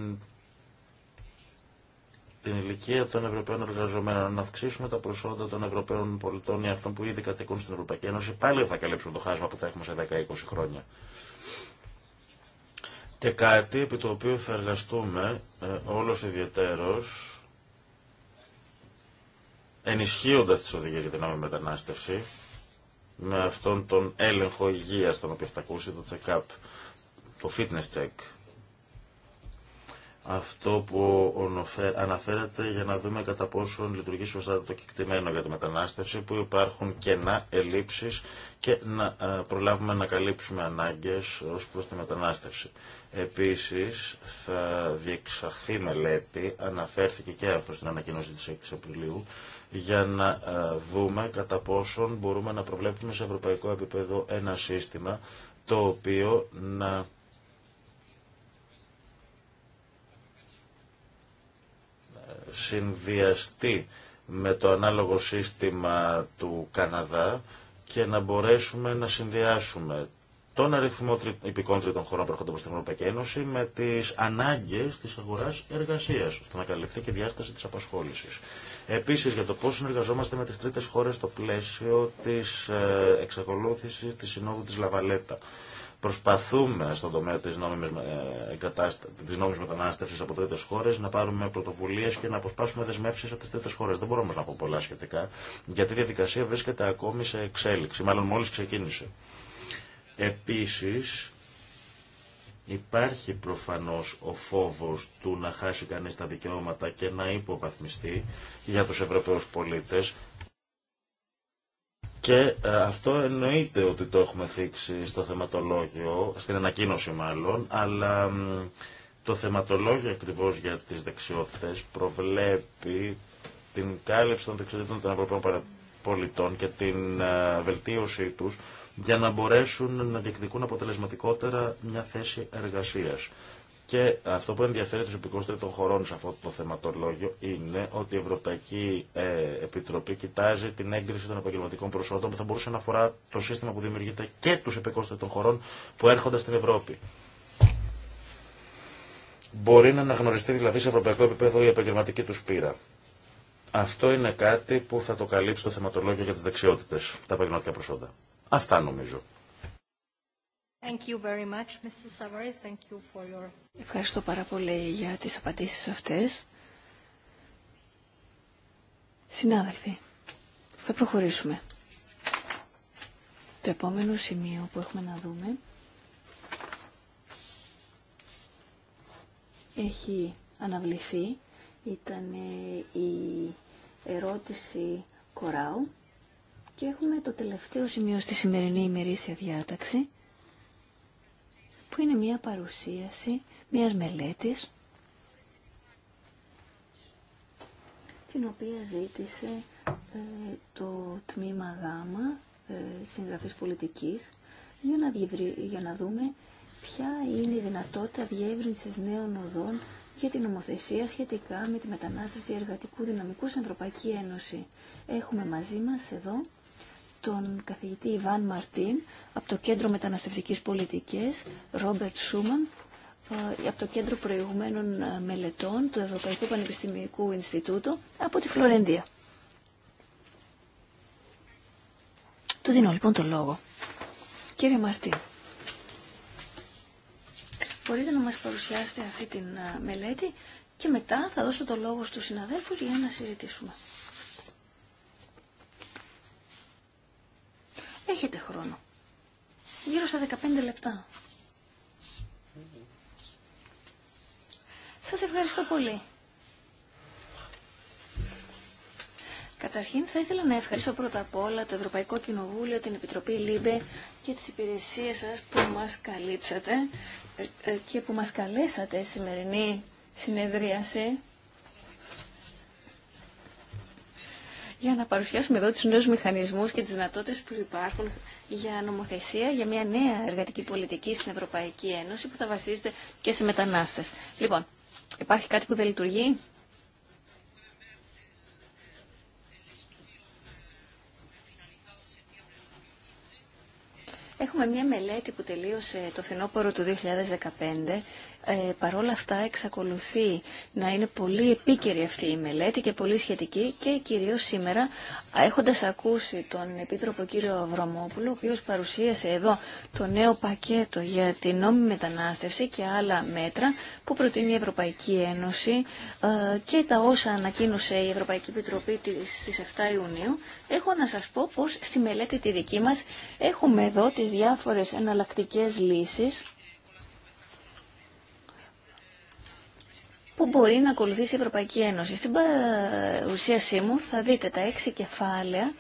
την ηλικία των Ευρωπαίων εργαζομένων, να αυξήσουμε τα προσόντα των Ευρωπαίων πολιτών ή αυτών που ήδη κατοικούν στην Ευρωπαϊκή Ένωση, πάλι θα καλύψουμε το χάσμα που θα έχουμε σε 10-20 χρόνια. Και κάτι επί το οποίο θα εργαστούμε ε, όλος ιδιαιτέρως, ενισχύοντας τις οδηγίες για την νόμιμη μετανάστευση, με αυτόν τον έλεγχο υγείας, τον οποίο θα ακούσει το check-up, το fitness check, αυτό που αναφέρεται για να δούμε κατά πόσον λειτουργεί σωστά το κεκτημένο για τη μετανάστευση, που υπάρχουν κενά ελλείψεις και να ε, προλάβουμε να καλύψουμε ανάγκες ως προς τη μετανάστευση. Επίσης, θα διεξαχθεί μελέτη, αναφέρθηκε και αυτό στην ανακοίνωση της 6 Απριλίου, για να ε, δούμε κατά πόσον μπορούμε να προβλέπουμε σε ευρωπαϊκό επίπεδο ένα σύστημα το οποίο να συνδυαστεί με το ανάλογο σύστημα του Καναδά και να μπορέσουμε να συνδυάσουμε τον αριθμό υπηκών τρίτων χωρών που έρχονται προ την Ευρωπαϊκή Ένωση με τις ανάγκες της αγορά εργασίας, ώστε να καλυφθεί και η διάσταση τη απασχόληση. Επίση, για το πώς συνεργαζόμαστε με τις τρίτες χώρες στο πλαίσιο τη ε, εξακολούθηση τη Συνόδου τη Λαβαλέτα. Προσπαθούμε στον τομέα της νόμιμης, ε, της νόμιμης μετανάστευσης από τρίτες χώρες να πάρουμε πρωτοβουλίες και να αποσπάσουμε δεσμεύσεις από τις τρίτες χώρες. Δεν μπορώ όμως να πω πολλά σχετικά, γιατί η διαδικασία βρίσκεται ακόμη σε εξέλιξη, μάλλον μόλις ξεκίνησε. Επίσης, υπάρχει προφανώς ο φόβος του να χάσει κανείς τα δικαιώματα και να υποβαθμιστεί για τους Ευρωπαίους πολίτες και ε, αυτό εννοείται ότι το έχουμε θίξει στο θεματολόγιο, στην ανακοίνωση μάλλον, αλλά το θεματολόγιο ακριβώς για τις δεξιότητες προβλέπει την κάλυψη των δεξιότητων των Ευρωπαίων πολιτών και την ε, βελτίωσή τους για να μπορέσουν να διεκδικούν αποτελεσματικότερα μια θέση εργασίας. Και αυτό που ενδιαφέρει του υπηκόου των χωρών σε αυτό το θεματολόγιο είναι ότι η Ευρωπαϊκή ε, Επιτροπή κοιτάζει την έγκριση των επαγγελματικών προσόντων που θα μπορούσε να αφορά το σύστημα που δημιουργείται και του υπηκόου των χωρών που έρχονται στην Ευρώπη. Μπορεί να αναγνωριστεί δηλαδή σε ευρωπαϊκό επίπεδο η επαγγελματική του πείρα. Αυτό είναι κάτι που θα το καλύψει το θεματολόγιο για τι δεξιότητε, τα επαγγελματικά προσόντα. Αυτά νομίζω. Ευχαριστώ πάρα πολύ για τις απαντήσεις αυτές. Συνάδελφοι, θα προχωρήσουμε. Το επόμενο σημείο που έχουμε να δούμε έχει αναβληθεί. Ήταν ε, η ερώτηση Κοράου και έχουμε το τελευταίο σημείο στη σημερινή ημερήσια διάταξη που είναι μια παρουσίαση μία μελέτης την οποία ζήτησε ε, το τμήμα ΓΑΜΑ ε, Συγγραφής Πολιτικής για να, για να δούμε ποια είναι η δυνατότητα διεύρυνσης νέων οδών για την νομοθεσία σχετικά με τη μετανάστευση εργατικού δυναμικού στην Ευρωπαϊκή Ένωση. Έχουμε μαζί μας εδώ τον καθηγητή Ιβάν Μαρτίν από το Κέντρο Μεταναστευτικής Πολιτικής, Ρόμπερτ Σούμαν, ε, από το Κέντρο Προηγουμένων ε, Μελετών του Ευρωπαϊκού Πανεπιστημιακού Ινστιτούτου από τη Φλωρεντία. Του δίνω λοιπόν το λόγο. Κύριε Μαρτίν, μπορείτε να μας παρουσιάσετε αυτή την ε, μελέτη και μετά θα δώσω το λόγο στους συναδέλφους για να συζητήσουμε. Έχετε χρόνο. Γύρω στα 15 λεπτά. Σας ευχαριστώ πολύ. Καταρχήν θα ήθελα να ευχαριστώ πρώτα απ' όλα το Ευρωπαϊκό Κοινοβούλιο, την Επιτροπή ΛΥΜΠΕ και τις υπηρεσίες σας που μας καλύψατε ε, ε, και που μας καλέσατε σημερινή συνεδρίαση για να παρουσιάσουμε εδώ τους νέους μηχανισμούς και τις δυνατότητες που υπάρχουν για νομοθεσία, για μια νέα εργατική πολιτική στην Ευρωπαϊκή Ένωση που θα βασίζεται και σε μετανάστες. Λοιπόν, υπάρχει κάτι που δεν λειτουργεί. Έχουμε μια μελέτη που τελείωσε το φθινόπωρο του 2015 ε, παρόλα αυτά εξακολουθεί να είναι πολύ επίκαιρη αυτή η μελέτη και πολύ σχετική και κυρίως σήμερα έχοντας ακούσει τον Επίτροπο κύριο Αβραμόπουλο ο οποίος παρουσίασε εδώ το νέο πακέτο για την νόμιμη μετανάστευση και άλλα μέτρα που προτείνει η Ευρωπαϊκή Ένωση ε, και τα όσα ανακοίνωσε η Ευρωπαϊκή Επιτροπή στις 7 Ιουνίου έχω να σας πω πως στη μελέτη τη δική μας έχουμε εδώ τις διάφορες εναλλακτικές λύσεις που μπορεί να ακολουθήσει η Ευρωπαϊκή Ένωση. Στην παρουσίασή μου θα δείτε τα έξι κεφάλαια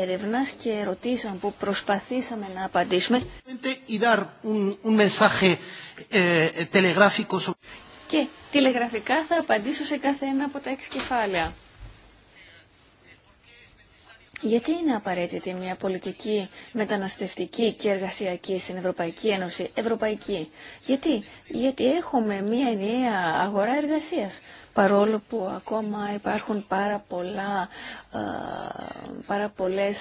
ερευνά και ερωτήσεων που προσπαθήσαμε να απαντήσουμε eh, και τηλεγραφικά θα απαντήσω σε κάθε ένα από τα έξι κεφάλαια. Γιατί είναι απαραίτητη μια πολιτική μεταναστευτική και εργασιακή στην Ευρωπαϊκή Ένωση, ευρωπαϊκή. Γιατί, Γιατί έχουμε μια ενιαία αγορά εργασίας, παρόλο που ακόμα υπάρχουν πάρα, πολλά, ε, πάρα ε,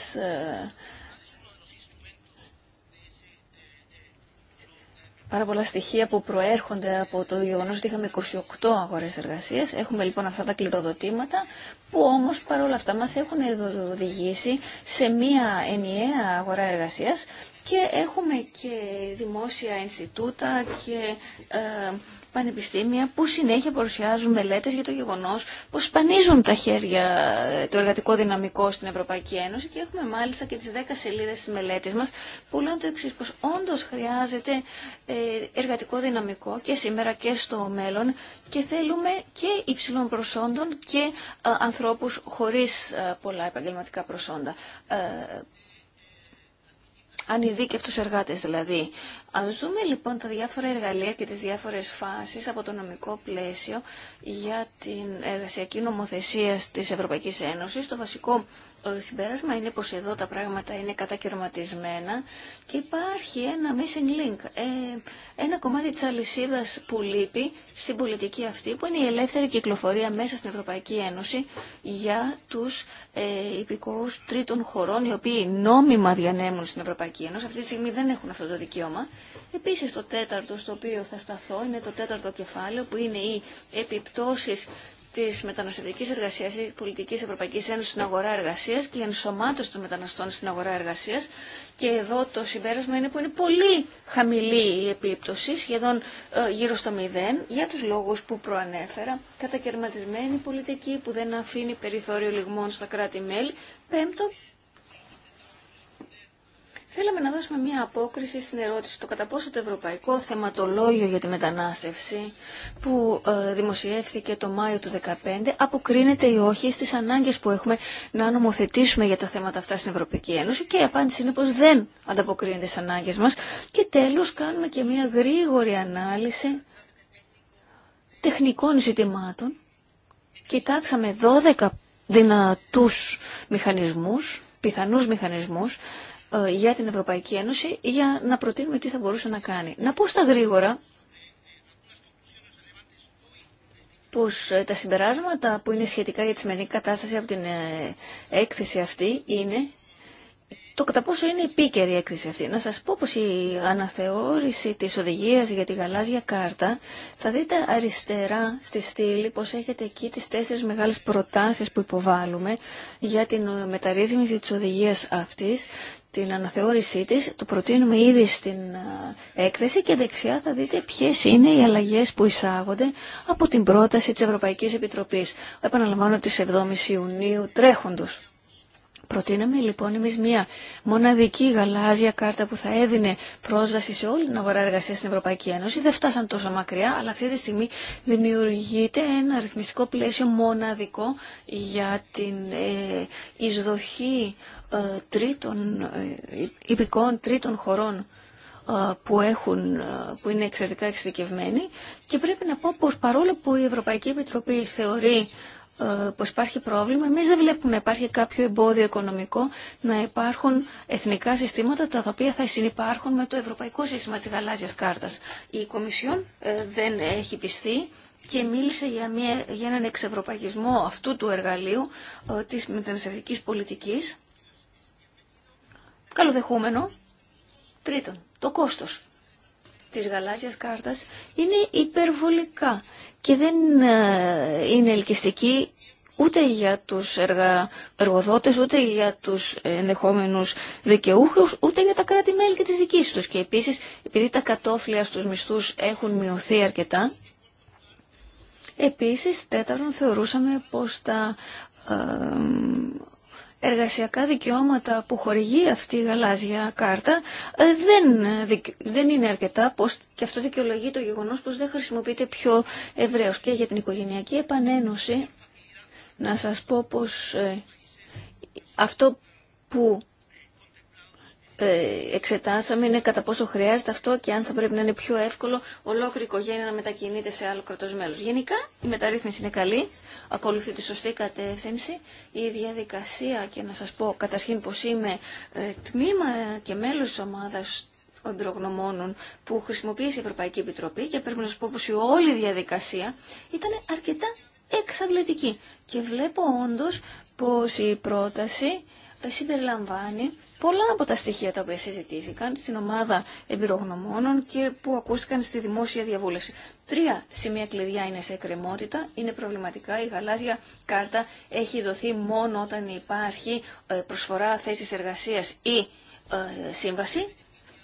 πάρα πολλά στοιχεία που προέρχονται από το γεγονό ότι είχαμε 28 αγορέ εργασία. Έχουμε λοιπόν αυτά τα κληροδοτήματα που όμως παρόλα αυτά μας έχουν οδηγήσει σε μία ενιαία αγορά εργασία και έχουμε και δημόσια Ινστιτούτα και ε, πανεπιστήμια που συνέχεια παρουσιάζουν μελέτε για το γεγονό πω σπανίζουν τα χέρια ε, το εργατικό δυναμικό στην Ευρωπαϊκή Ένωση και έχουμε μάλιστα και τι 10 σελίδε τη μελέτη μα, που λένε το εξή πω όντω χρειάζεται ε, εργατικό δυναμικό και σήμερα και στο μέλλον και θέλουμε και υψηλών προσόντων και ε, ανθρώπου χωρί πολλά επαγγελματικά προσόντα ανειδίκευτους εργάτες δηλαδή. Ας δούμε λοιπόν τα διάφορα εργαλεία και τις διάφορες φάσεις από το νομικό πλαίσιο για την εργασιακή νομοθεσία της Ευρωπαϊκής Ένωσης. Το βασικό συμπέρασμα είναι πως εδώ τα πράγματα είναι κατακαιρματισμένα και υπάρχει ένα missing link, ε, ένα κομμάτι της αλυσίδας που λείπει στην πολιτική αυτή, που είναι η ελεύθερη κυκλοφορία μέσα στην Ευρωπαϊκή Ένωση για τους ε, υπηκόους τρίτων χωρών, οι οποίοι νόμιμα διανέμουν στην Ευρωπαϊκή Ένωση. Αυτή τη στιγμή δεν έχουν αυτό το δικαίωμα. Επίσης το τέταρτο στο οποίο θα σταθώ είναι το τέταρτο κεφάλαιο που είναι οι επιπτώσεις τη μεταναστευτική εργασία ή πολιτική Ευρωπαϊκή Ένωση στην αγορά εργασία και η ενσωμάτωση των μεταναστών στην αγορά εργασία. Και εδώ το συμπέρασμα είναι που είναι πολύ χαμηλή η επίπτωση, σχεδόν ε, γύρω στο μηδέν, για του λόγου που προανέφερα. Κατακαιρματισμένη πολιτική που δεν αφήνει περιθώριο λιγμών στα κράτη-μέλη. Πέμπτο, Θέλαμε να δώσουμε μία απόκριση στην ερώτηση το κατά πόσο το Ευρωπαϊκό Θεματολόγιο για τη Μετανάστευση που ε, δημοσιεύθηκε το Μάιο του 2015 αποκρίνεται ή όχι στις ανάγκες που έχουμε να νομοθετήσουμε για τα θέματα αυτά στην Ευρωπαϊκή Ένωση και η απάντηση είναι πως δεν ανταποκρίνεται στις ανάγκες μας και τέλος κάνουμε και μία γρήγορη ανάλυση τεχνικών ζητημάτων. Κοιτάξαμε 12 δυνατούς μηχανισμούς, πιθανούς μηχανισμούς ε, για την Ευρωπαϊκή Ένωση για να προτείνουμε τι θα μπορούσε να κάνει. Να πω στα γρήγορα πως ε, τα συμπεράσματα που είναι σχετικά για τη σημερινή κατάσταση από την ε, έκθεση αυτή είναι το κατά πόσο είναι επίκαιρη η έκθεση αυτή. Να σας πω πως η αναθεώρηση της οδηγίας για τη γαλάζια κάρτα θα δείτε αριστερά στη στήλη πως έχετε εκεί τις τέσσερις μεγάλες προτάσεις που υποβάλλουμε για την μεταρρύθμιση της οδηγίας αυτής την αναθεώρησή της, το προτείνουμε ήδη στην ε, έκθεση και δεξιά θα δείτε ποιες είναι οι αλλαγές που εισάγονται από την πρόταση της Ευρωπαϊκής Επιτροπής. Επαναλαμβάνω τις 7 Ιουνίου τρέχοντος. Προτείναμε λοιπόν εμεί μια μοναδική γαλάζια κάρτα που θα έδινε πρόσβαση σε όλη την αγορά εργασία στην Ευρωπαϊκή Ένωση. Δεν φτάσαμε τόσο μακριά, αλλά αυτή τη στιγμή δημιουργείται ένα αριθμιστικό πλαίσιο μοναδικό για την ε, εισδοχή ε, τρίτων, ε, υπηκών τρίτων χωρών ε, που, έχουν, που είναι εξαιρετικά εξειδικευμένοι και πρέπει να πω πως παρόλο που η Ευρωπαϊκή Επιτροπή θεωρεί πως υπάρχει πρόβλημα, εμείς δεν βλέπουμε υπάρχει κάποιο εμπόδιο οικονομικό να υπάρχουν εθνικά συστήματα τα οποία θα συνεπάρχουν με το Ευρωπαϊκό Σύστημα της Γαλάζιας Κάρτας. Η Κομισιόν δεν έχει πιστεί και μίλησε για, μια, για έναν εξευρωπαϊκισμό αυτού του εργαλείου της μεταναστευτικής πολιτικής καλοδεχούμενο. Τρίτον, το κόστος της γαλάζιας κάρτας είναι υπερβολικά και δεν ε, είναι ελκυστική ούτε για τους εργα... εργοδότες, ούτε για τους ενδεχόμενους δικαιούχους, ούτε για τα κράτη-μέλη και τις δικής τους. Και επίσης, επειδή τα κατόφλια στους μισθούς έχουν μειωθεί αρκετά, επίσης, τέταρτον, θεωρούσαμε πως τα ε, εργασιακά δικαιώματα που χορηγεί αυτή η γαλάζια κάρτα ε, δεν, ε, δεν είναι αρκετά πως και αυτό δικαιολογεί το γεγονός πως δεν χρησιμοποιείται πιο ευρέως και για την οικογενειακή επανένωση να σας πω πως ε, αυτό που ε, εξετάσαμε είναι κατά πόσο χρειάζεται αυτό και αν θα πρέπει να είναι πιο εύκολο ολόκληρη η οικογένεια να μετακινείται σε άλλο κρατό μέλο. Γενικά η μεταρρύθμιση είναι καλή, ακολουθεί τη σωστή κατεύθυνση. Η διαδικασία και να σα πω καταρχήν πω είμαι ε, τμήμα και μέλο τη ομάδα εμπειρογνωμόνων που χρησιμοποιήσει η Ευρωπαϊκή Επιτροπή και πρέπει να σα πω πω η όλη διαδικασία ήταν αρκετά εξαντλητική. Και βλέπω όντω πω η πρόταση ε, συμπεριλαμβάνει πολλά από τα στοιχεία τα οποία συζητήθηκαν στην ομάδα εμπειρογνωμόνων και που ακούστηκαν στη δημόσια διαβούλευση. Τρία σημεία κλειδιά είναι σε εκκρεμότητα, είναι προβληματικά. Η γαλάζια κάρτα έχει δοθεί μόνο όταν υπάρχει ε, προσφορά θέσης εργασίας ή ε, σύμβαση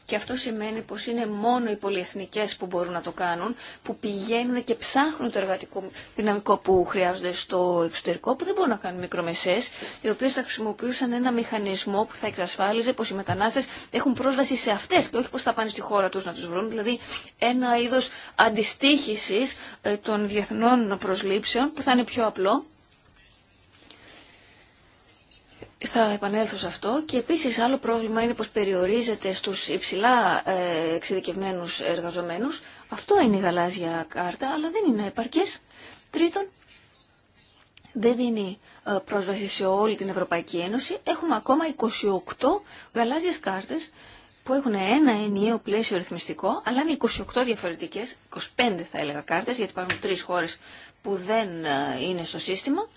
και αυτό σημαίνει πως είναι μόνο οι πολυεθνικές που μπορούν να το κάνουν, που πηγαίνουν και ψάχνουν το εργατικό δυναμικό που χρειάζονται στο εξωτερικό, που δεν μπορούν να κάνουν μικρομεσές, οι οποίες θα χρησιμοποιούσαν ένα μηχανισμό που θα εξασφάλιζε πως οι μετανάστες έχουν πρόσβαση σε αυτές και όχι πως θα πάνε στη χώρα τους να τους βρουν, δηλαδή ένα είδος αντιστήχησης ε, των διεθνών προσλήψεων που θα είναι πιο απλό θα επανέλθω σε αυτό και επίσης άλλο πρόβλημα είναι πως περιορίζεται στους υψηλά ε, εξειδικευμένους εργαζομένους. Αυτό είναι η γαλάζια κάρτα, αλλά δεν είναι επαρκές. Τρίτον, δεν δίνει ε, πρόσβαση σε όλη την Ευρωπαϊκή Ένωση. Έχουμε ακόμα 28 γαλάζιες κάρτες που έχουν ένα ενιαίο πλαίσιο ρυθμιστικό, αλλά είναι 28 διαφορετικές, 25 θα έλεγα κάρτες, γιατί υπάρχουν τρει χώρες που δεν ε, είναι στο σύστημα.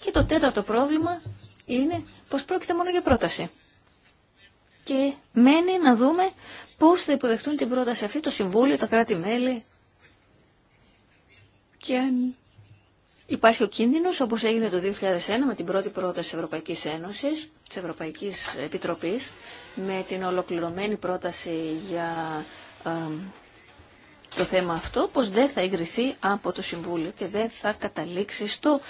Και το τέταρτο πρόβλημα είναι πως πρόκειται μόνο για πρόταση. Και μένει να δούμε πώς θα υποδεχτούν την πρόταση αυτή το Συμβούλιο, τα κράτη-μέλη και αν υπάρχει ο κίνδυνος, όπως έγινε το 2001 με την πρώτη πρόταση της Ευρωπαϊκής Ένωσης, της Ευρωπαϊκής Επιτροπής, με την ολοκληρωμένη πρόταση για το θέμα αυτό, πως δεν θα εγκριθεί από το Συμβούλιο και δεν θα καταλήξει στο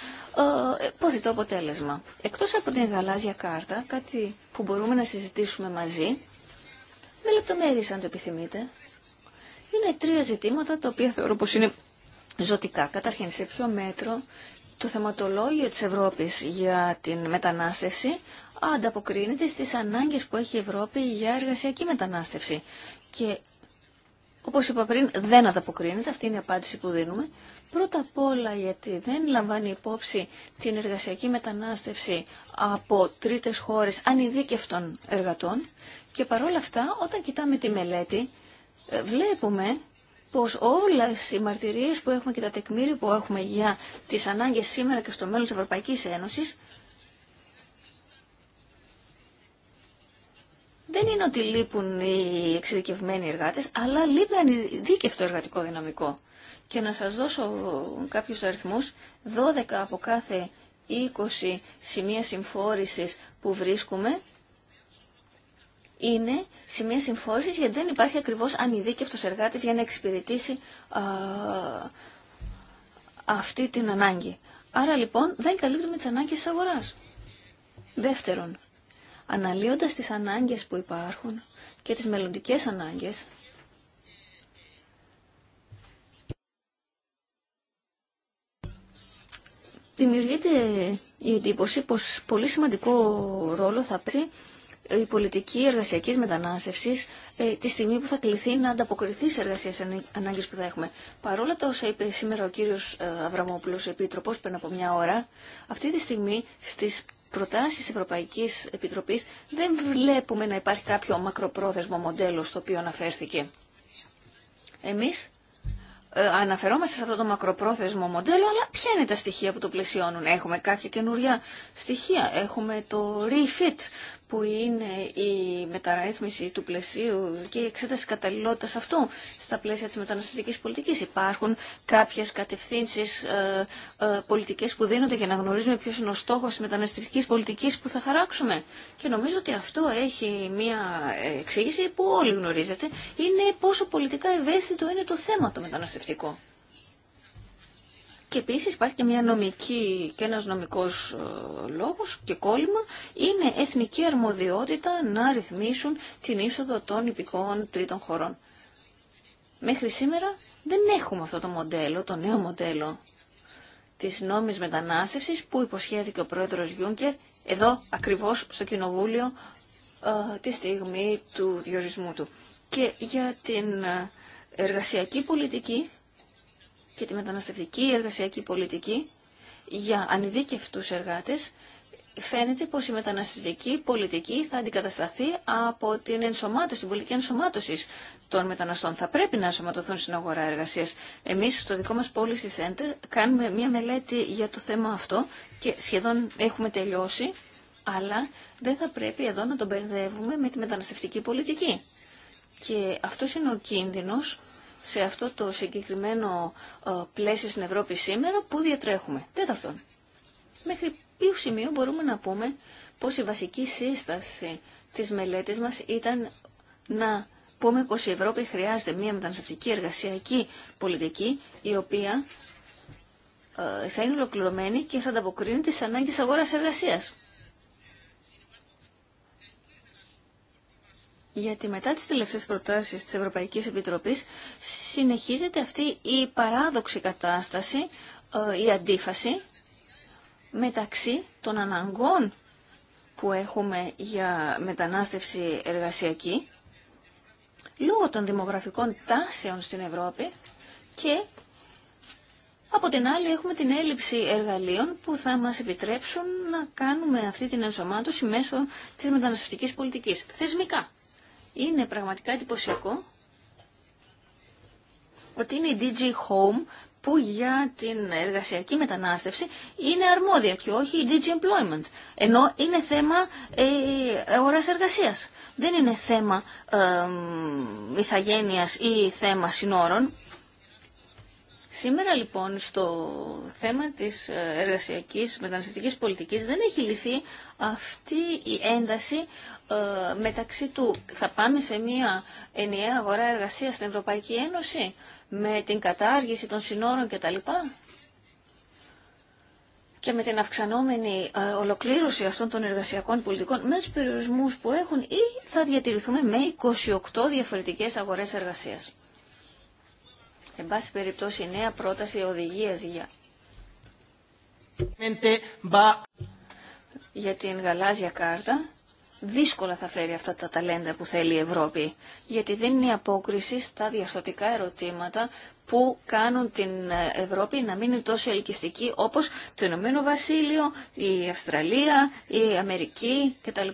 ε, το αποτέλεσμα. Εκτός από την γαλάζια κάρτα, κάτι που μπορούμε να συζητήσουμε μαζί, με λεπτομέρειες αν το επιθυμείτε, είναι τρία ζητήματα τα οποία θεωρώ πως είναι ζωτικά. Καταρχήν, σε ποιο μέτρο το θεματολόγιο της Ευρώπης για την μετανάστευση ανταποκρίνεται στις ανάγκες που έχει η Ευρώπη για εργασιακή μετανάστευση. Και όπως είπα πριν, δεν ανταποκρίνεται, αυτή είναι η απάντηση που δίνουμε. Πρώτα απ' όλα γιατί δεν λαμβάνει υπόψη την εργασιακή μετανάστευση από τρίτες χώρες ανειδίκευτων εργατών και παρόλα αυτά όταν κοιτάμε τη μελέτη ε, βλέπουμε πως όλες οι μαρτυρίες που έχουμε και τα τεκμήρια που έχουμε για τις ανάγκες σήμερα και στο μέλλον της Ευρωπαϊκής Ένωσης δεν είναι ότι λείπουν οι εξειδικευμένοι εργάτες, αλλά λείπει ανειδίκευτο εργατικό δυναμικό και να σας δώσω κάποιους αριθμούς. 12 από κάθε 20 σημεία συμφόρησης που βρίσκουμε είναι σημεία συμφόρησης γιατί δεν υπάρχει ακριβώς ανειδίκευτος εργάτης για να εξυπηρετήσει αυτή την ανάγκη. Άρα λοιπόν δεν καλύπτουμε τις ανάγκες της αγοράς. Δεύτερον, αναλύοντας τις ανάγκες που υπάρχουν και τις μελλοντικές ανάγκες, δημιουργείται η εντύπωση πως πολύ σημαντικό ρόλο θα παίξει η πολιτική εργασιακή μετανάστευση ε, τη στιγμή που θα κληθεί να ανταποκριθεί σε εργασίε ανάγκε που θα έχουμε. Παρόλα τα όσα είπε σήμερα ο κύριο ε, Αβραμόπουλο, επίτροπο, πριν από μια ώρα, αυτή τη στιγμή στι προτάσει τη Ευρωπαϊκή Επιτροπή δεν βλέπουμε να υπάρχει κάποιο μακροπρόθεσμο μοντέλο στο οποίο αναφέρθηκε. Εμείς ε, αναφερόμαστε σε αυτό το μακροπρόθεσμο μοντέλο, αλλά ποια είναι τα στοιχεία που το πλαισιώνουν. Έχουμε κάποια καινούρια στοιχεία. Έχουμε το refit, που είναι η μεταρρύθμιση του πλαισίου και η εξέταση καταλληλότητας αυτού στα πλαίσια της μεταναστευτικής πολιτικής. Υπάρχουν κάποιες κατευθύνσεις ε, ε, πολιτικές που δίνονται για να γνωρίζουμε ποιος είναι ο στόχος της μεταναστευτικής πολιτικής που θα χαράξουμε. Και νομίζω ότι αυτό έχει μία εξήγηση που όλοι γνωρίζετε. Είναι πόσο πολιτικά ευαίσθητο είναι το θέμα το μεταναστευτικό και επίσης υπάρχει και μια νομική και ένας νομικός ε, λόγος και κόλλημα είναι εθνική αρμοδιότητα να ρυθμίσουν την είσοδο των υπηκών τρίτων χωρών. Μέχρι σήμερα δεν έχουμε αυτό το μοντέλο, το νέο μοντέλο της νόμιμης μετανάστευσης που υποσχέθηκε ο πρόεδρος Γιούγκερ εδώ ακριβώς στο κοινοβούλιο ε, τη στιγμή του διορισμού του. Και για την ε, εργασιακή πολιτική και τη μεταναστευτική εργασιακή πολιτική για ανειδίκευτους εργάτες, φαίνεται πως η μεταναστευτική πολιτική θα αντικατασταθεί από την ενσωμάτωση, την πολιτική ενσωμάτωση των μεταναστών. Θα πρέπει να ενσωματωθούν στην αγορά εργασίας. Εμείς στο δικό μας Policy Center κάνουμε μια μελέτη για το θέμα αυτό και σχεδόν έχουμε τελειώσει, αλλά δεν θα πρέπει εδώ να τον μπερδεύουμε με τη μεταναστευτική πολιτική. Και αυτός είναι ο κίνδυνος σε αυτό το συγκεκριμένο ε, πλαίσιο στην Ευρώπη σήμερα, πού διατρέχουμε. Δεν Μέχρι ποιου σημείο μπορούμε να πούμε πως η βασική σύσταση της μελέτης μας ήταν να πούμε πως η Ευρώπη χρειάζεται μια μεταναστευτική εργασιακή πολιτική η οποία ε, θα είναι ολοκληρωμένη και θα ανταποκρίνει τις ανάγκες αγοράς εργασίας. Γιατί μετά τις τελευταίες προτάσεις της Ευρωπαϊκής Επιτροπής συνεχίζεται αυτή η παράδοξη κατάσταση, ε, η αντίφαση μεταξύ των αναγκών που έχουμε για μετανάστευση εργασιακή λόγω των δημογραφικών τάσεων στην Ευρώπη και από την άλλη έχουμε την έλλειψη εργαλείων που θα μας επιτρέψουν να κάνουμε αυτή την ενσωμάτωση μέσω της μεταναστευτικής πολιτικής. Θεσμικά. Είναι πραγματικά εντυπωσιακό ότι είναι η DG Home που για την εργασιακή μετανάστευση είναι αρμόδια και όχι η DG Employment. Ενώ είναι θέμα ε, ώρας εργασίας. Δεν είναι θέμα ε, η ένταση ε, μεταξύ του. Θα πάμε σε μια ενιαία αγορά εργασίας στην Ευρωπαϊκή Ένωση με την κατάργηση των συνόρων κτλ. Και με την αυξανόμενη ε, ολοκλήρωση αυτών των εργασιακών πολιτικών με τους περιορισμούς που έχουν ή θα διατηρηθούμε με 28 διαφορετικές αγορές εργασίας. Εν πάση περιπτώσει η νέα πρόταση οδηγίας για για την γαλάζια κάρτα δύσκολα θα φέρει αυτά τα ταλέντα που θέλει η Ευρώπη. Γιατί δεν είναι η απόκριση στα διαρθωτικά ερωτήματα που κάνουν την Ευρώπη να μην είναι τόσο ελκυστική όπως το Ηνωμένο Βασίλειο, η Αυστραλία, η Αμερική κτλ.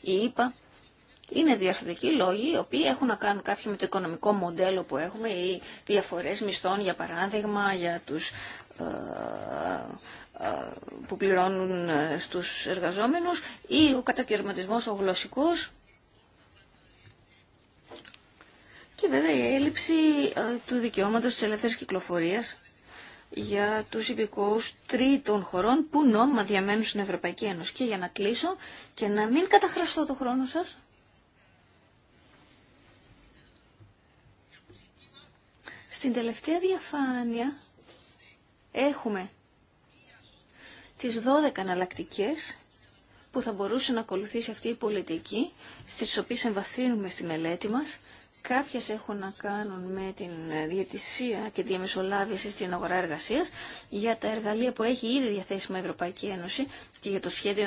Η ΕΠΑ. Είναι διαφθορτικοί λόγοι οι οποίοι έχουν να κάνουν κάποιοι με το οικονομικό μοντέλο που έχουμε ή διαφορές μισθών για παράδειγμα για τους ε, που πληρώνουν ε, στους εργαζόμενους ή ο κατακαιρματισμός ο γλωσσικός και βέβαια η έλλειψη ε, του δικαιώματος της ελεύθερης κυκλοφορίας για τους υπηκόους τρίτων χωρών που νόμιμα διαμένουν στην Ευρωπαϊκή Ένωση. Και για να κλείσω και να μην καταχραστώ το χρόνο σας, στην τελευταία διαφάνεια έχουμε τις 12 αναλλακτικέ που θα μπορούσε να ακολουθήσει αυτή η πολιτική, στις οποίες εμβαθύνουμε στη μελέτη μας. Κάποιες έχουν να κάνουν με την διατησία και διαμεσολάβηση στην αγορά εργασίας για τα εργαλεία που έχει ήδη διαθέσιμα η Ευρωπαϊκή Ένωση και για το σχέδιο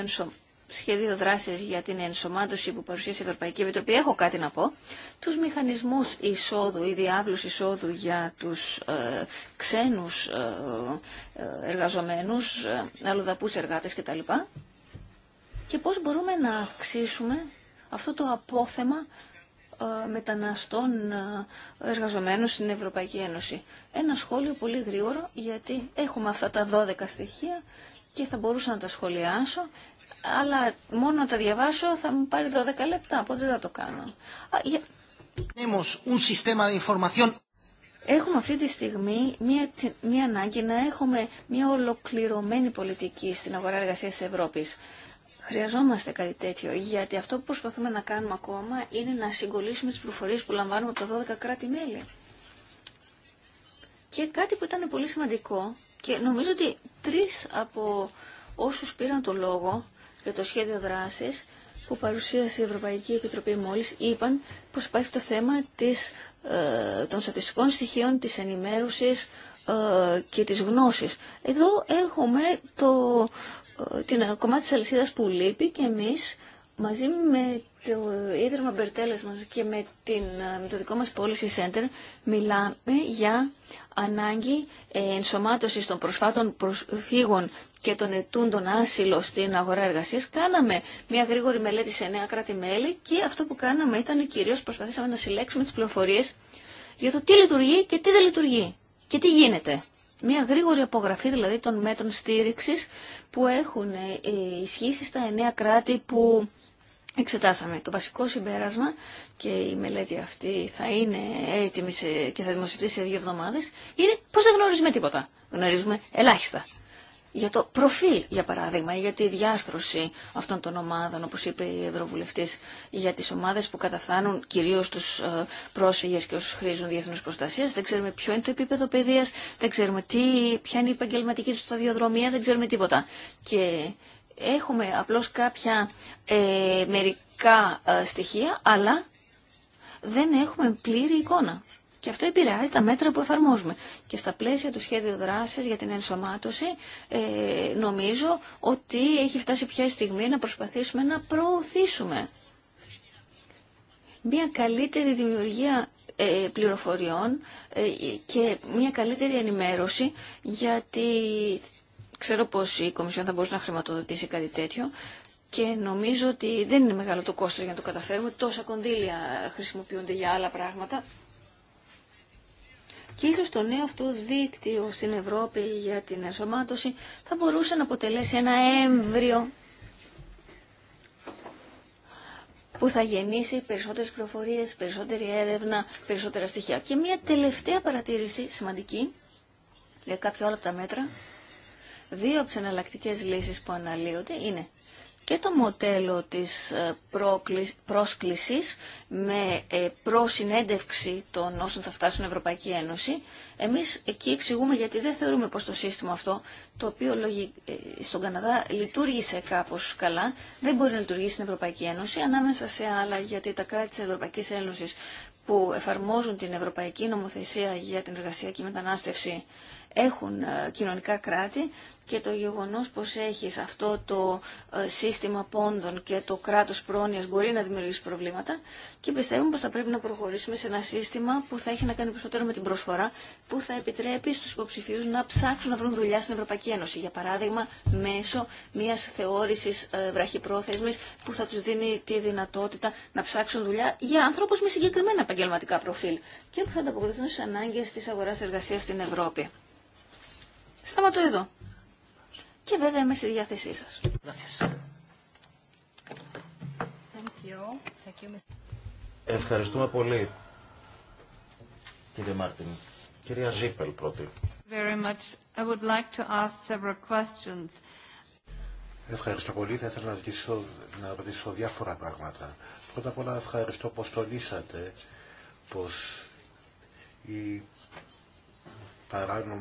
σχέδιο δράσης για την ενσωμάτωση που παρουσίασε η Ευρωπαϊκή Επιτροπή, έχω κάτι να πω. Τους μηχανισμούς εισόδου ή διάβλους εισόδου για τους ε, ξένους ε, ε εργαζομένους, ε, αλλοδαπούς εργάτες κτλ. Και πώς μπορούμε να αυξήσουμε αυτό το απόθεμα ε, μεταναστών ε, εργαζομένων στην Ευρωπαϊκή Ένωση. Ένα σχόλιο πολύ γρήγορο, γιατί έχουμε αυτά τα 12 στοιχεία και θα μπορούσα να τα σχολιάσω αλλά μόνο να τα διαβάσω θα μου πάρει 12 λεπτά, οπότε δεν θα το κάνω. Έχουμε αυτή τη στιγμή μια, μια ανάγκη να έχουμε μια ολοκληρωμένη πολιτική στην αγορά εργασίας της Ευρώπης. Χρειαζόμαστε κάτι τέτοιο, γιατί αυτό που προσπαθούμε να κάνουμε ακόμα είναι να συγκολήσουμε τις πληροφορίες που λαμβάνουμε από τα 12 κράτη-μέλη. Και κάτι που ήταν πολύ σημαντικό, και νομίζω ότι τρεις από όσους πήραν το λόγο για το σχέδιο δράσης που παρουσίασε η Ευρωπαϊκή Επιτροπή μόλις είπαν πως υπάρχει το θέμα της, ε, των στατιστικών στοιχείων, της ενημέρωσης ε, και της γνώσης. Εδώ έχουμε το, ε, την κομμάτι της αλυσίδας που λείπει και εμείς Μαζί με το Ίδρυμα Μπερτέλες μας και με, την, ε, με το δικό μας Policy Center μιλάμε για ανάγκη ε, ενσωμάτωσης των προσφάτων προσφύγων και των ετούντων άσυλο στην αγορά εργασίας. Κάναμε μια γρήγορη μελέτη σε νέα κράτη-μέλη και αυτό που κάναμε ήταν κυρίως προσπαθήσαμε να συλλέξουμε τις πληροφορίες για το τι λειτουργεί και τι δεν λειτουργεί και τι γίνεται. Μια γρήγορη απογραφή δηλαδή των μέτρων στήριξης που έχουν ε, ισχύσει στα εννέα κράτη που εξετάσαμε. Το βασικό συμπέρασμα και η μελέτη αυτή θα είναι έτοιμη και θα δημοσιευτεί σε δύο εβδομάδες είναι πως δεν γνωρίζουμε τίποτα. Γνωρίζουμε ελάχιστα για το προφίλ, για παράδειγμα, ή για τη διάστρωση αυτών των ομάδων, όπως είπε η Ευρωβουλευτής, για τις ομάδες που καταφθάνουν κυρίως τους ε, πρόσφυγες και όσους χρήζουν διεθνούς προστασίας. Δεν ξέρουμε ποιο είναι το επίπεδο παιδείας, δεν ξέρουμε τι, ποια είναι η επαγγελματική του σταδιοδρομία, δεν ξέρουμε τίποτα. Και έχουμε απλώς κάποια ε, μερικά ε, στοιχεία, αλλά δεν έχουμε πλήρη εικόνα. Και αυτό επηρεάζει τα μέτρα που εφαρμόζουμε. Και στα πλαίσια του σχέδιου δράσης για την ενσωμάτωση ε, νομίζω ότι έχει φτάσει πια η στιγμή να προσπαθήσουμε να προωθήσουμε μια καλύτερη δημιουργία ε, πληροφοριών ε, και μια καλύτερη ενημέρωση γιατί ξέρω πως η Κομισιόν θα μπορούσε να χρηματοδοτήσει κάτι τέτοιο και νομίζω ότι δεν είναι μεγάλο το κόστος για να το καταφέρουμε. Τόσα κονδύλια χρησιμοποιούνται για άλλα πράγματα. Και ίσω το νέο αυτό δίκτυο στην Ευρώπη για την ενσωμάτωση θα μπορούσε να αποτελέσει ένα έμβριο που θα γεννήσει περισσότερες προφορίες, περισσότερη έρευνα, περισσότερα στοιχεία. Και μια τελευταία παρατήρηση σημαντική για κάποιο άλλο από τα μέτρα. Δύο από τι εναλλακτικέ λύσει που αναλύονται είναι και το μοντέλο της ε, πρόσκλησης με ε, προσυνέντευξη των όσων θα φτάσουν στην Ευρωπαϊκή Ένωση. Εμείς εκεί εξηγούμε γιατί δεν θεωρούμε πως το σύστημα αυτό, το οποίο ε, στον Καναδά λειτουργήσε κάπως καλά, δεν μπορεί να λειτουργήσει στην Ευρωπαϊκή Ένωση, ανάμεσα σε άλλα γιατί τα κράτη της Ευρωπαϊκής Ένωσης που εφαρμόζουν την Ευρωπαϊκή Νομοθεσία για την Εργασία και Μετανάστευση έχουν ε, κοινωνικά κράτη και το γεγονός πως έχεις αυτό το ε, σύστημα πόντων και το κράτος πρόνοιας μπορεί να δημιουργήσει προβλήματα και πιστεύουμε πως θα πρέπει να προχωρήσουμε σε ένα σύστημα που θα έχει να κάνει περισσότερο με την προσφορά που θα επιτρέπει στους υποψηφίους να ψάξουν να βρουν δουλειά στην Ευρωπαϊκή Ένωση. Για παράδειγμα, μέσω μιας θεώρησης ε, βραχυπρόθεσμης που θα τους δίνει τη δυνατότητα να ψάξουν δουλειά για άνθρωπους με συγκεκριμένα επαγγελματικά προφίλ και που θα ανταποκριθούν στις ανάγκες της αγοράς εργασίας στην Ευρώπη. Σταματώ εδώ. Και βέβαια είμαι στη διάθεσή σας. Ευχαριστούμε πολύ, κύριε Μάρτιν. Κυρία Ζίπελ, πρώτη. Very much. I would like to ask several questions. Ευχαριστώ πολύ. Θα ήθελα να, ρωτήσω, να διάφορα πράγματα. Πρώτα απ' όλα ευχαριστώ πως τονίσατε πως η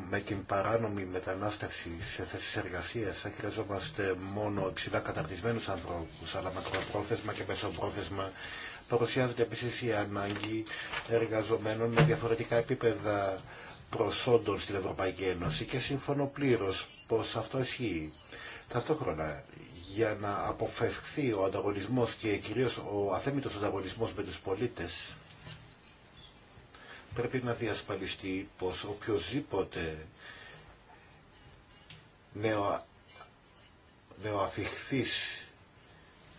με την παράνομη μετανάστευση σε θέσεις εργασίας θα χρειαζόμαστε μόνο ψηλά καταρτισμένους ανθρώπους, αλλά μακροπρόθεσμα και μεσοπρόθεσμα παρουσιάζεται επίσης η ανάγκη εργαζομένων με διαφορετικά επίπεδα προσόντων στην Ευρωπαϊκή Ένωση και συμφωνώ πλήρω πως αυτό ισχύει. Ταυτόχρονα, για να αποφευχθεί ο ανταγωνισμός και κυρίως ο αθέμητος ανταγωνισμός με τους πολίτες, πρέπει να διασφαλιστεί πως οποιοδήποτε νεο, νεοαφιχθής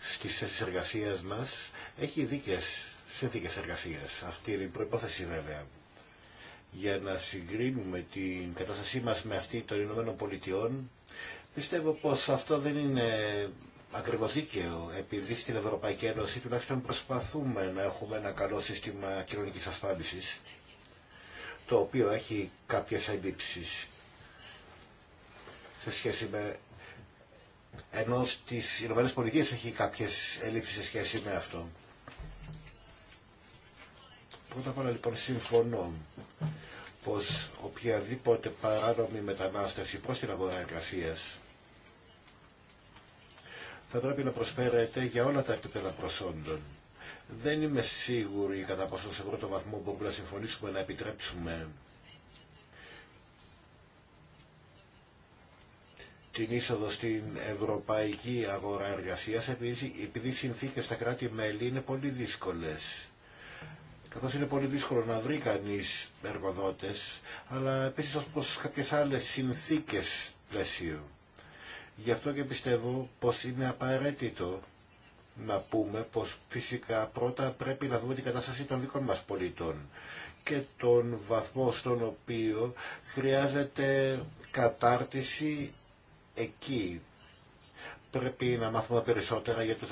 στις εργασίες μας έχει δίκες συνθήκες εργασίας. Αυτή είναι η προϋπόθεση βέβαια. Για να συγκρίνουμε την κατάστασή μας με αυτή των Ηνωμένων Πολιτειών, πιστεύω πως αυτό δεν είναι ακριβώς δίκαιο, επειδή στην Ευρωπαϊκή Ένωση τουλάχιστον προσπαθούμε να έχουμε ένα καλό σύστημα κοινωνικής ασφάλισης το οποίο έχει κάποιες αντίψεις σε σχέση με ενώ στις Ηνωμένες Πολιτείες έχει κάποιες ελλείψεις σε σχέση με αυτό. Πρώτα απ' όλα λοιπόν συμφωνώ πως οποιαδήποτε παράνομη μετανάστευση προς την αγορά εργασία. θα πρέπει να προσφέρεται για όλα τα επίπεδα προσόντων. Δεν είμαι σίγουρη κατά πόσο σε πρώτο βαθμό μπορούμε να συμφωνήσουμε να επιτρέψουμε την είσοδο στην ευρωπαϊκή αγορά εργασίας επειδή οι συνθήκες στα κράτη-μέλη είναι πολύ δύσκολες. Καθώς είναι πολύ δύσκολο να βρει κανείς εργοδότες, αλλά επίσης ως προς κάποιες άλλες συνθήκες πλαισίου. Γι' αυτό και πιστεύω πως είναι απαραίτητο να πούμε πως φυσικά πρώτα πρέπει να δούμε την κατάσταση των δικών μας πολίτων και τον βαθμό στον οποίο χρειάζεται κατάρτιση εκεί. Πρέπει να μάθουμε περισσότερα για τους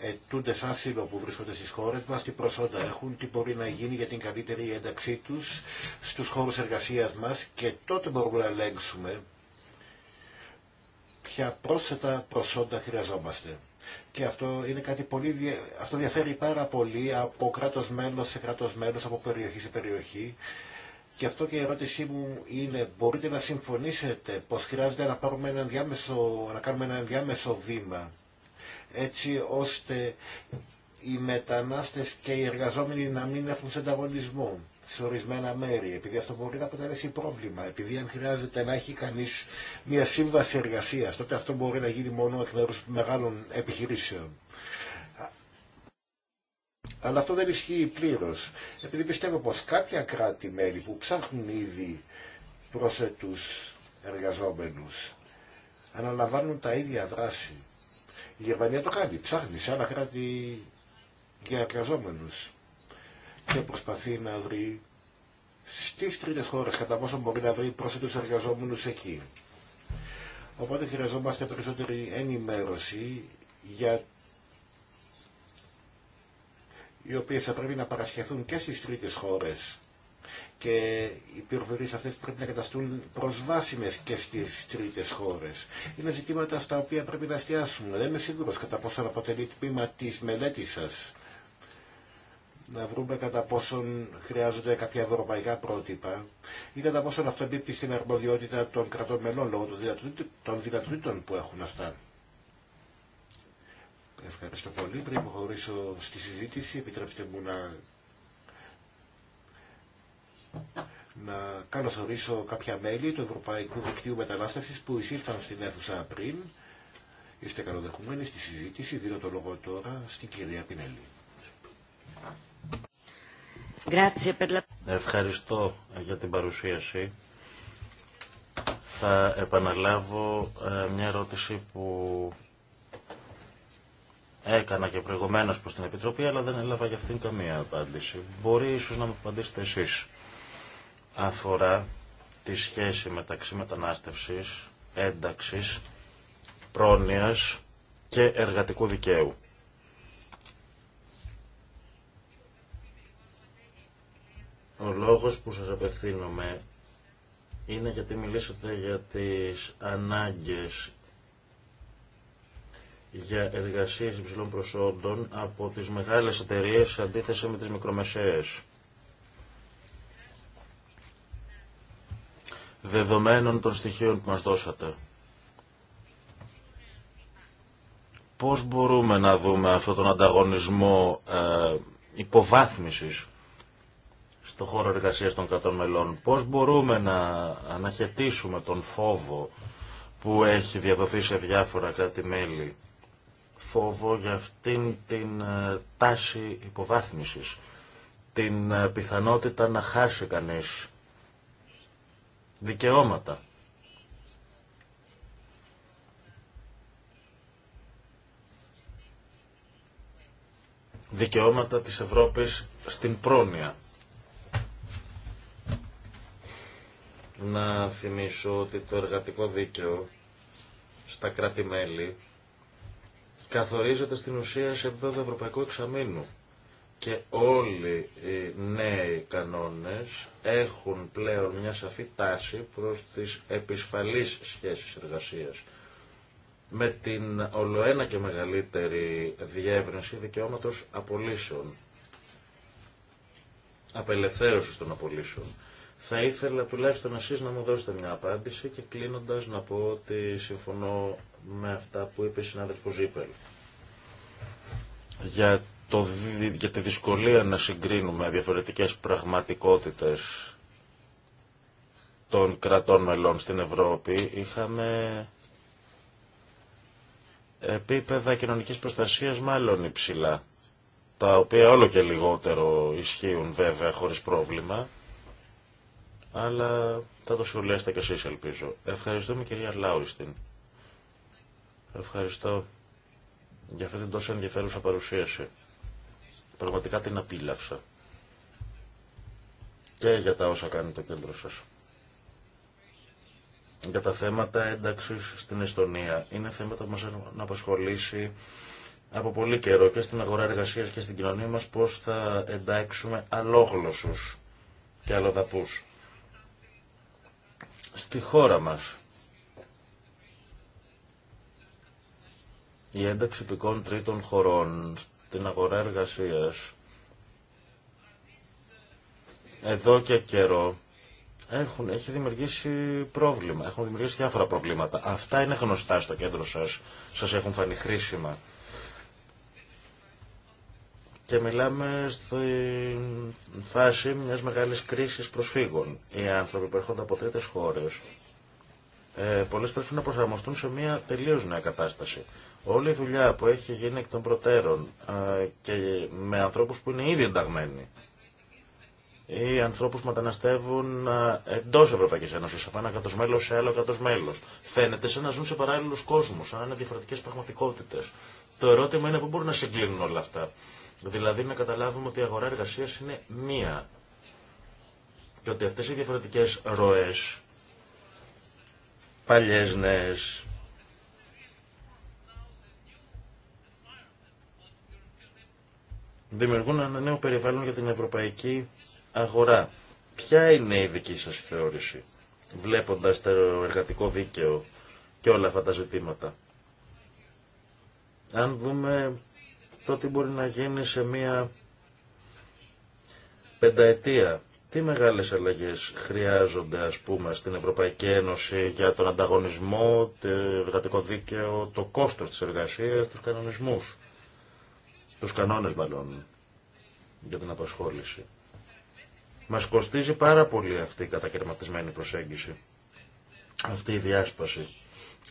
ετούντες άσυλο που βρίσκονται στις χώρες μας, τι προσόντα έχουν, τι μπορεί να γίνει για την καλύτερη ένταξή τους στους χώρους εργασίας μας και τότε μπορούμε να ελέγξουμε ποια πρόσθετα προσόντα χρειαζόμαστε. Και αυτό είναι κάτι πολύ, αυτό διαφέρει πάρα πολύ από κράτος μέλος σε κράτος μέλος, από περιοχή σε περιοχή. Και αυτό και η ερώτησή μου είναι, μπορείτε να συμφωνήσετε πως χρειάζεται να, πάρουμε ένα διάμεσο, να κάνουμε ένα διάμεσο βήμα, έτσι ώστε οι μετανάστες και οι εργαζόμενοι να μην έχουν σε ανταγωνισμό σε ορισμένα μέρη, επειδή αυτό μπορεί να αποτελέσει πρόβλημα, επειδή αν χρειάζεται να έχει κανείς μια σύμβαση εργασία, τότε αυτό μπορεί να γίνει μόνο εκ μέρους μεγάλων επιχειρήσεων. Αλλά αυτό δεν ισχύει πλήρω. επειδή πιστεύω πως κάποια κράτη-μέλη που ψάχνουν ήδη πρόσθετου εργαζόμενους αναλαμβάνουν τα ίδια δράση. Η Γερμανία το κάνει, ψάχνει σε άλλα κράτη για εργαζόμενους και προσπαθεί να βρει στις τρίτες χώρες κατά πόσο μπορεί να βρει πρόσθετους εργαζόμενους εκεί. Οπότε χρειαζόμαστε περισσότερη ενημέρωση για οι οποίες θα πρέπει να παρασχεθούν και στις τρίτες χώρες και οι πληροφορίες αυτές πρέπει να καταστούν προσβάσιμες και στις τρίτες χώρες. Είναι ζητήματα στα οποία πρέπει να εστιάσουμε. Δεν είμαι σίγουρος κατά πόσο αποτελεί τμήμα της μελέτης σας να βρούμε κατά πόσον χρειάζονται κάποια ευρωπαϊκά πρότυπα ή κατά πόσον αυτό στην αρμοδιότητα των κρατών μελών λόγω των δυνατοτήτων που έχουν αυτά. Ευχαριστώ πολύ. Πριν προχωρήσω στη συζήτηση, επιτρέψτε μου να, να καλωσορίσω κάποια μέλη του Ευρωπαϊκού Δικτύου Μετανάστευσης που εισήλθαν στην αίθουσα πριν. Είστε καλοδεχούμενοι στη συζήτηση. Δίνω το λόγο τώρα στην κυρία Πινέλη. Ευχαριστώ για την παρουσίαση. Θα επαναλάβω ε, μια ερώτηση που έκανα και προηγουμένως προς την Επιτροπή, αλλά δεν έλαβα για αυτήν καμία απάντηση. Μπορεί ίσως να μου απαντήσετε εσείς. Αφορά τη σχέση μεταξύ μετανάστευσης, ένταξης, πρόνοιας και εργατικού δικαίου. Ο λόγος που σας απευθύνομαι είναι γιατί μιλήσατε για τις ανάγκες για εργασίες υψηλών προσόντων από τις μεγάλες εταιρείες σε αντίθεση με τις μικρομεσαίες. Δεδομένων των στοιχείων που μας δώσατε. Πώς μπορούμε να δούμε αυτόν τον ανταγωνισμό ε, υποβάθμισης το χώρο εργασίας των κρατών μελών. Πώς μπορούμε να αναχαιτήσουμε τον φόβο που έχει διαδοθεί σε διάφορα κράτη-μέλη. Φόβο για αυτήν την ε, τάση υποβάθμισης. Την ε, πιθανότητα να χάσει κανείς δικαιώματα. Δικαιώματα της Ευρώπης στην πρόνοια. Να θυμίσω ότι το εργατικό δίκαιο στα κράτη-μέλη καθορίζεται στην ουσία σε επίπεδο ευρωπαϊκού εξαμήνου και όλοι οι νέοι κανόνες έχουν πλέον μια σαφή τάση προς τις επισφαλείς σχέσεις εργασίας με την ολοένα και μεγαλύτερη διεύρυνση δικαιώματος απολύσεων, απελευθέρωσης των απολύσεων. Θα ήθελα τουλάχιστον εσεί να μου δώσετε μια απάντηση και κλείνοντα να πω ότι συμφωνώ με αυτά που είπε η συνάδελφο Ζήπελ. Για, το, για τη δυσκολία να συγκρίνουμε διαφορετικές πραγματικότητες των κρατών μελών στην Ευρώπη είχαμε επίπεδα κοινωνικής προστασίας μάλλον υψηλά τα οποία όλο και λιγότερο ισχύουν βέβαια χωρίς πρόβλημα αλλά θα το σχολιάσετε κι εσείς ελπίζω. Ευχαριστούμε κυρία Λάουριστην. Ευχαριστώ για αυτή την τόσο ενδιαφέρουσα παρουσίαση. Πραγματικά την απίλαυσα. Και για τα όσα κάνει το κέντρο σας. Για τα θέματα ένταξης στην Εστονία. Είναι θέματα που μας να απασχολήσει από πολύ καιρό και στην αγορά εργασίας και στην κοινωνία μας πώς θα εντάξουμε αλόγλωσσους και αλλοδαπούς στη χώρα μας. Η ένταξη πικών τρίτων χωρών στην αγορά εργασίας εδώ και καιρό έχουν, έχει δημιουργήσει πρόβλημα, έχουν δημιουργήσει διάφορα προβλήματα. Αυτά είναι γνωστά στο κέντρο σας, σας έχουν φανεί χρήσιμα. Και μιλάμε στην φάση μιας μεγάλης κρίσης προσφύγων. Οι άνθρωποι που έρχονται από τρίτες χώρες ε, πολλές πρέπει να προσαρμοστούν σε μια τελείως νέα κατάσταση. Όλη η δουλειά που έχει γίνει εκ των προτέρων ε, και με ανθρώπους που είναι ήδη ενταγμένοι ή ανθρώπους που μεταναστεύουν ε, εντός Ευρωπαϊκής Ένωσης, από ένα κατός μέλος σε άλλο κατός μέλος. Φαίνεται σαν να ζουν σε παράλληλους κόσμους, σαν να είναι διαφορετικές πραγματικότητες. Το ερώτημα είναι πού μπορούν να συγκλίνουν όλα αυτά. Δηλαδή να καταλάβουμε ότι η αγορά εργασία είναι μία. Και ότι αυτές οι διαφορετικές ροές, παλιές νέες, δημιουργούν ένα νέο περιβάλλον για την ευρωπαϊκή αγορά. Ποια είναι η δική σας θεώρηση, βλέποντας το εργατικό δίκαιο και όλα αυτά τα ζητήματα. Αν δούμε αυτό τι μπορεί να γίνει σε μία πενταετία. Τι μεγάλες αλλαγές χρειάζονται, ας πούμε, στην Ευρωπαϊκή Ένωση για τον ανταγωνισμό, το εργατικό δίκαιο, το κόστος της εργασίας, τους κανονισμούς, τους κανόνες μάλλον για την απασχόληση. Μας κοστίζει πάρα πολύ αυτή η κατακαιρματισμένη προσέγγιση, αυτή η διάσπαση.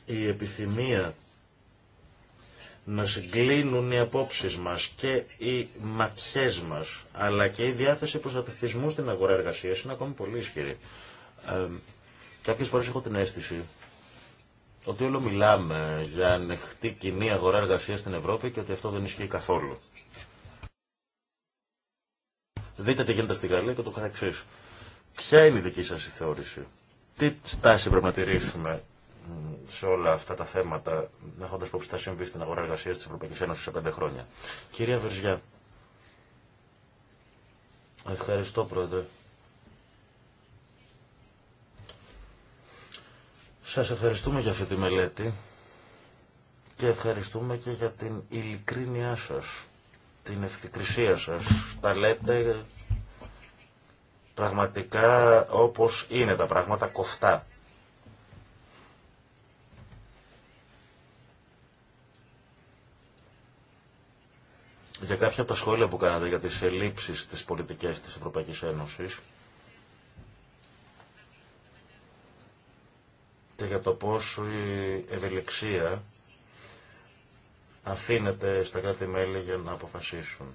Η επιθυμία να συγκλίνουν οι απόψεις μας και οι ματιές μας, αλλά και η διάθεση προστατευτισμού στην αγορά εργασίας είναι ακόμη πολύ ισχυρή. Ε, κάποιες φορές έχω την αίσθηση ότι όλο μιλάμε για ανοιχτή κοινή αγορά εργασία στην Ευρώπη και ότι αυτό δεν ισχύει καθόλου. Δείτε τι γίνεται στην Γαλλία και το καθεξής. Ποια είναι η δική σας θεώρηση. Τι στάση πρέπει να τηρήσουμε σε όλα αυτά τα θέματα, έχοντα υπόψη θα συμβεί στην αγορά εργασία τη Ευρωπαϊκή Ένωση σε πέντε χρόνια. Κυρία Βερζιά. Ευχαριστώ, Πρόεδρε. Σας ευχαριστούμε για αυτή τη μελέτη και ευχαριστούμε και για την ειλικρίνειά σας, την ευθυκρισία σας. Τα λέτε πραγματικά όπως είναι τα πράγματα, κοφτά. για κάποια από τα σχόλια που κάνατε για τις ελλείψεις της πολιτικής της Ευρωπαϊκής Ένωσης και για το πόσο η ευελιξία αφήνεται στα κράτη-μέλη για να αποφασίσουν.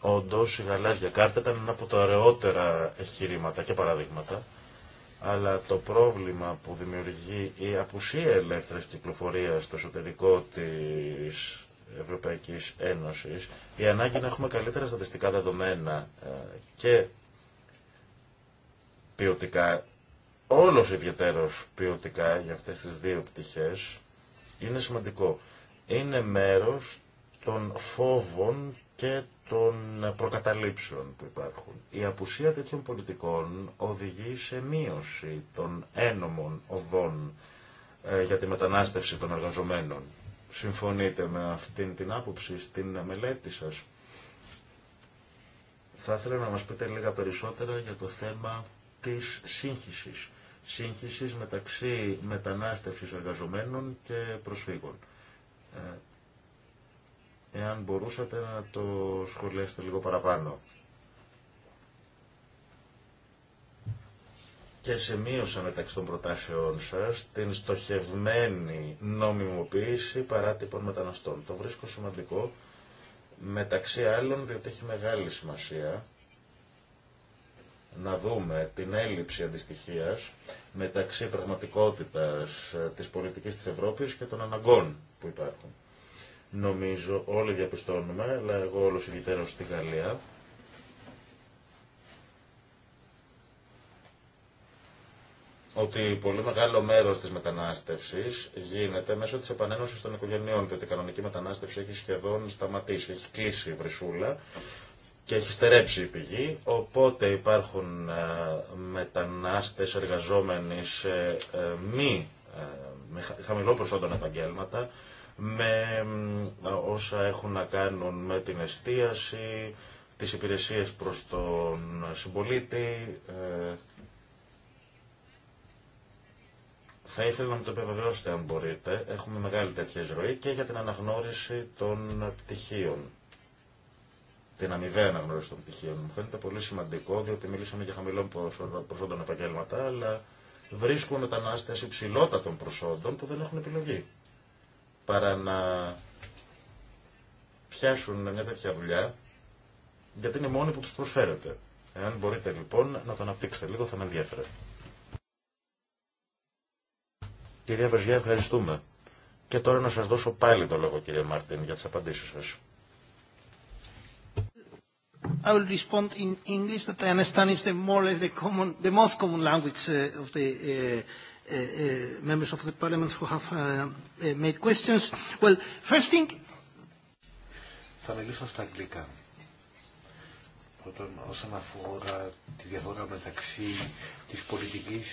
Όντω, η γαλάζια κάρτα ήταν ένα από τα ωραιότερα εγχειρήματα και παραδείγματα, αλλά το πρόβλημα που δημιουργεί η απουσία ελεύθερης κυκλοφορίας στο εσωτερικό της Ευρωπαϊκής Ένωσης, η ανάγκη να έχουμε καλύτερα στατιστικά δεδομένα ε, και ποιοτικά, όλος ιδιαίτερος ποιοτικά για αυτές τις δύο πτυχές, είναι σημαντικό. Είναι μέρος των φόβων και των προκαταλήψεων που υπάρχουν. Η απουσία τέτοιων πολιτικών οδηγεί σε μείωση των ένομων οδών ε, για τη μετανάστευση των εργαζομένων συμφωνείτε με αυτήν την άποψη στην μελέτη σας. Θα ήθελα να μας πείτε λίγα περισσότερα για το θέμα της σύγχυσης. Σύγχυσης μεταξύ μετανάστευσης εργαζομένων και προσφύγων. Ε, εάν μπορούσατε να το σχολιάσετε λίγο παραπάνω. και σημείωσα μεταξύ των προτάσεών σας την στοχευμένη νομιμοποίηση παράτυπων μεταναστών. Το βρίσκω σημαντικό μεταξύ άλλων διότι έχει μεγάλη σημασία να δούμε την έλλειψη αντιστοιχίας μεταξύ πραγματικότητας ε, της πολιτικής της Ευρώπης και των αναγκών που υπάρχουν. Νομίζω όλοι διαπιστώνουμε, αλλά εγώ όλος ιδιαίτερος στη Γαλλία, ότι πολύ μεγάλο μέρος της μετανάστευσης γίνεται μέσω της επανένωσης των οικογενειών, διότι η κανονική μετανάστευση έχει σχεδόν σταματήσει, έχει κλείσει η βρυσούλα και έχει στερέψει η πηγή, οπότε υπάρχουν ε, μετανάστες εργαζόμενοι σε ε, μη ε, με χαμηλό προσόντων επαγγέλματα, με όσα έχουν να κάνουν με την εστίαση, τις υπηρεσίες προς τον συμπολίτη, Θα ήθελα να μου το επιβεβαιώσετε αν μπορείτε. Έχουμε μεγάλη τέτοια ζωή και για την αναγνώριση των πτυχίων. Την αμοιβαία αναγνώριση των πτυχίων. Μου φαίνεται πολύ σημαντικό διότι μιλήσαμε για χαμηλών προσόντων επαγγέλματα, αλλά βρίσκουν μετανάστε υψηλότατων προσόντων που δεν έχουν επιλογή. Παρά να πιάσουν μια τέτοια δουλειά, γιατί είναι η μόνη που του προσφέρεται. Εάν μπορείτε λοιπόν να το αναπτύξετε λίγο, θα με ενδιαφέρετε. Κυρία Βεργιά, ευχαριστούμε. Και τώρα να σας δώσω πάλι το λόγο, κύριε Μάρτιν, για τις απαντήσεις σας. I will respond in English that I understand is the more or less the common, the most common language uh, of the uh, uh, members of the Parliament who have made questions. Well, first thing. Θα μιλήσω στα αγγλικά. Πρώτον, όσον αφορά τη διαφορά μεταξύ της πολιτικής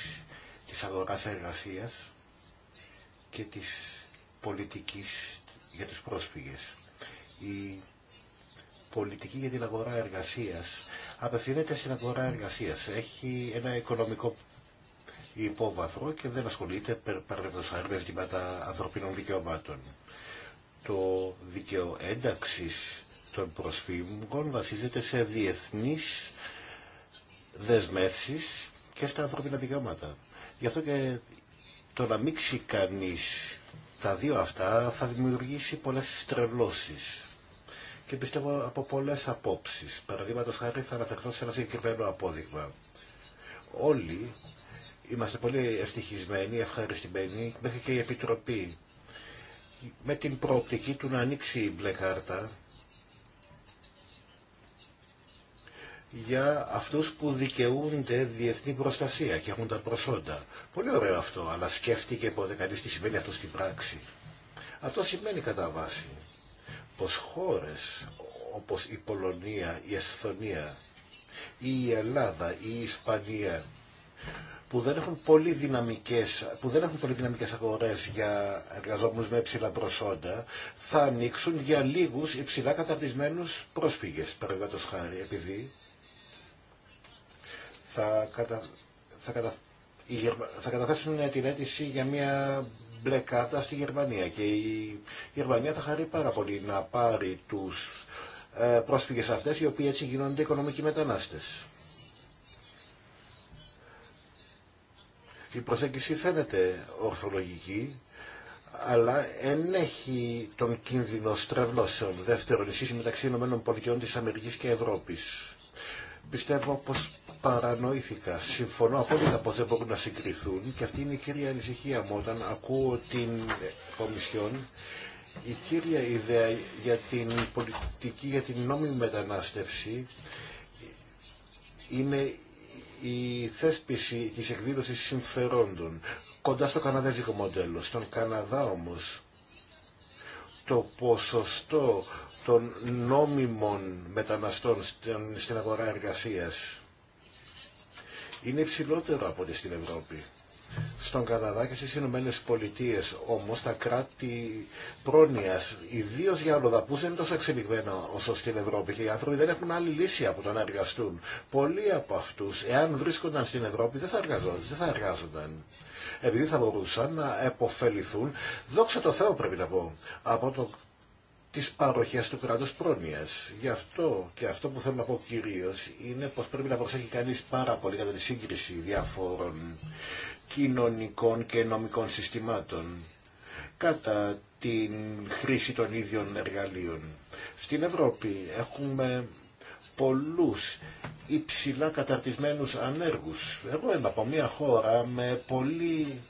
της αγοράς εργασίας και της πολιτικής για τους πρόσφυγες. Η πολιτική για την αγορά εργασίας απευθύνεται στην αγορά εργασίας. Έχει ένα οικονομικό υπόβαθρο και δεν ασχολείται παραδείγματος με ανθρωπίνων δικαιωμάτων. Το δικαιο ένταξης των προσφύγων βασίζεται σε διεθνείς δεσμεύσεις και στα ανθρώπινα δικαιώματα. Γι' αυτό και το να μίξει κανείς τα δύο αυτά θα δημιουργήσει πολλές στρεβλώσεις και πιστεύω από πολλές απόψεις. Παραδείγματος χάρη θα αναφερθώ σε ένα συγκεκριμένο απόδειγμα. Όλοι είμαστε πολύ ευτυχισμένοι, ευχαριστημένοι, μέχρι και η Επιτροπή, με την προοπτική του να ανοίξει η μπλε κάρτα για αυτούς που δικαιούνται διεθνή προστασία και έχουν τα προσόντα. Πολύ ωραίο αυτό, αλλά σκέφτηκε ποτέ κανεί τι σημαίνει αυτό στην πράξη. Αυτό σημαίνει κατά βάση πως χώρες όπως η Πολωνία, η Εσθονία ή η Ελλάδα ή ελλαδα η ισπανια που δεν έχουν πολύ δυναμικές, που δεν έχουν πολύ δυναμικές αγορές για εργαζόμενους με υψηλά προσόντα, θα ανοίξουν για λίγους υψηλά καταρτισμένους πρόσφυγες, παραδείγματος χάρη, επειδή θα, κατα... θα, κατα θα καταθέσουν την αίτηση για μια μπλε κάρτα στη Γερμανία και η Γερμανία θα χαρεί πάρα πολύ να πάρει τους ε, πρόσφυγες αυτές οι οποίοι έτσι γίνονται οικονομικοί μετανάστες. Η προσέγγιση φαίνεται ορθολογική, αλλά ενέχει τον κίνδυνο στρεβλώσεων δεύτερων ισχύση μεταξύ ΗΠΑ της Αμερικής και Ευρώπης. Πιστεύω πως παρανοήθηκα. Συμφωνώ απόλυτα πως δεν μπορούν να συγκριθούν και αυτή είναι η κύρια ανησυχία μου όταν ακούω την Κομισιόν η κύρια ιδέα για την πολιτική, για την νόμιμη μετανάστευση είναι η θέσπιση της εκδήλωσης συμφερόντων κοντά στο καναδέζικο μοντέλο. Στον Καναδά όμως το ποσοστό των νόμιμων μεταναστών στην αγορά εργασίας είναι υψηλότερο από ό,τι στην Ευρώπη. Στον Καναδά και στις Ηνωμένες Πολιτείες όμως τα κράτη πρόνοιας, ιδίω για αλλοδαπούς, δεν είναι τόσο εξελιγμένα όσο στην Ευρώπη και οι άνθρωποι δεν έχουν άλλη λύση από το να εργαστούν. Πολλοί από αυτούς, εάν βρίσκονταν στην Ευρώπη, δεν θα εργαζόταν. Δεν θα εργάζονταν επειδή θα μπορούσαν να επωφεληθούν, δόξα τω Θεώ πρέπει να πω, από το τις παροχές του κράτους πρόνοιας. Γι' αυτό και αυτό που θέλω να πω κυρίως είναι πως πρέπει να προσέχει κανείς πάρα πολύ κατά τη σύγκριση διαφόρων κοινωνικών και νομικών συστημάτων κατά την χρήση των ίδιων εργαλείων. Στην Ευρώπη έχουμε πολλούς υψηλά καταρτισμένους ανέργους. Εγώ είμαι από μια χώρα με πολύ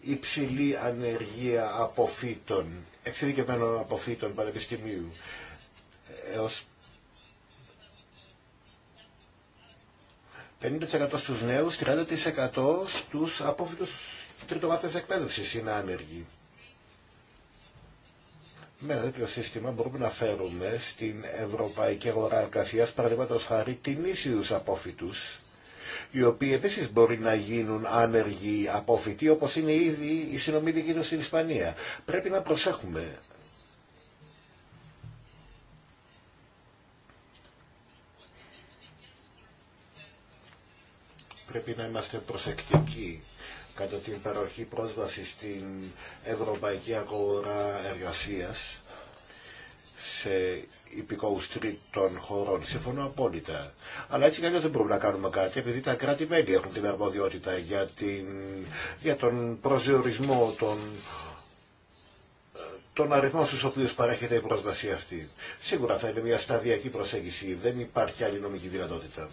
υψηλή ανεργία αποφύτων εξειδικευμένων αποφύτων πανεπιστημίου έως 50% στους νέους, 30% στους απόφυτους τριτοβάθμιας εκπαίδευσης είναι άνεργοι. Με ένα τέτοιο σύστημα μπορούμε να φέρουμε στην ευρωπαϊκή αγορά εργασία, παραδείγματο χάρη, την ίσιου απόφυτους οι οποίοι επίση μπορεί να γίνουν άνεργοι απόφοιτοι, όπως είναι ήδη η συνομιλική του στην Ισπανία. Πρέπει να προσέχουμε. Πρέπει να είμαστε προσεκτικοί κατά την παροχή πρόσβαση στην ευρωπαϊκή αγορά εργασίας σε υπηκόους των χωρών. Συμφωνώ απόλυτα. Αλλά έτσι κι δεν μπορούμε να κάνουμε κάτι επειδή τα κράτη-μέλη έχουν την αρμοδιότητα για, την, για τον προσδιορισμό των τον αριθμό στους οποίους παρέχεται η πρόσβαση αυτή. Σίγουρα θα είναι μια σταδιακή προσέγγιση, δεν υπάρχει άλλη νομική δυνατότητα.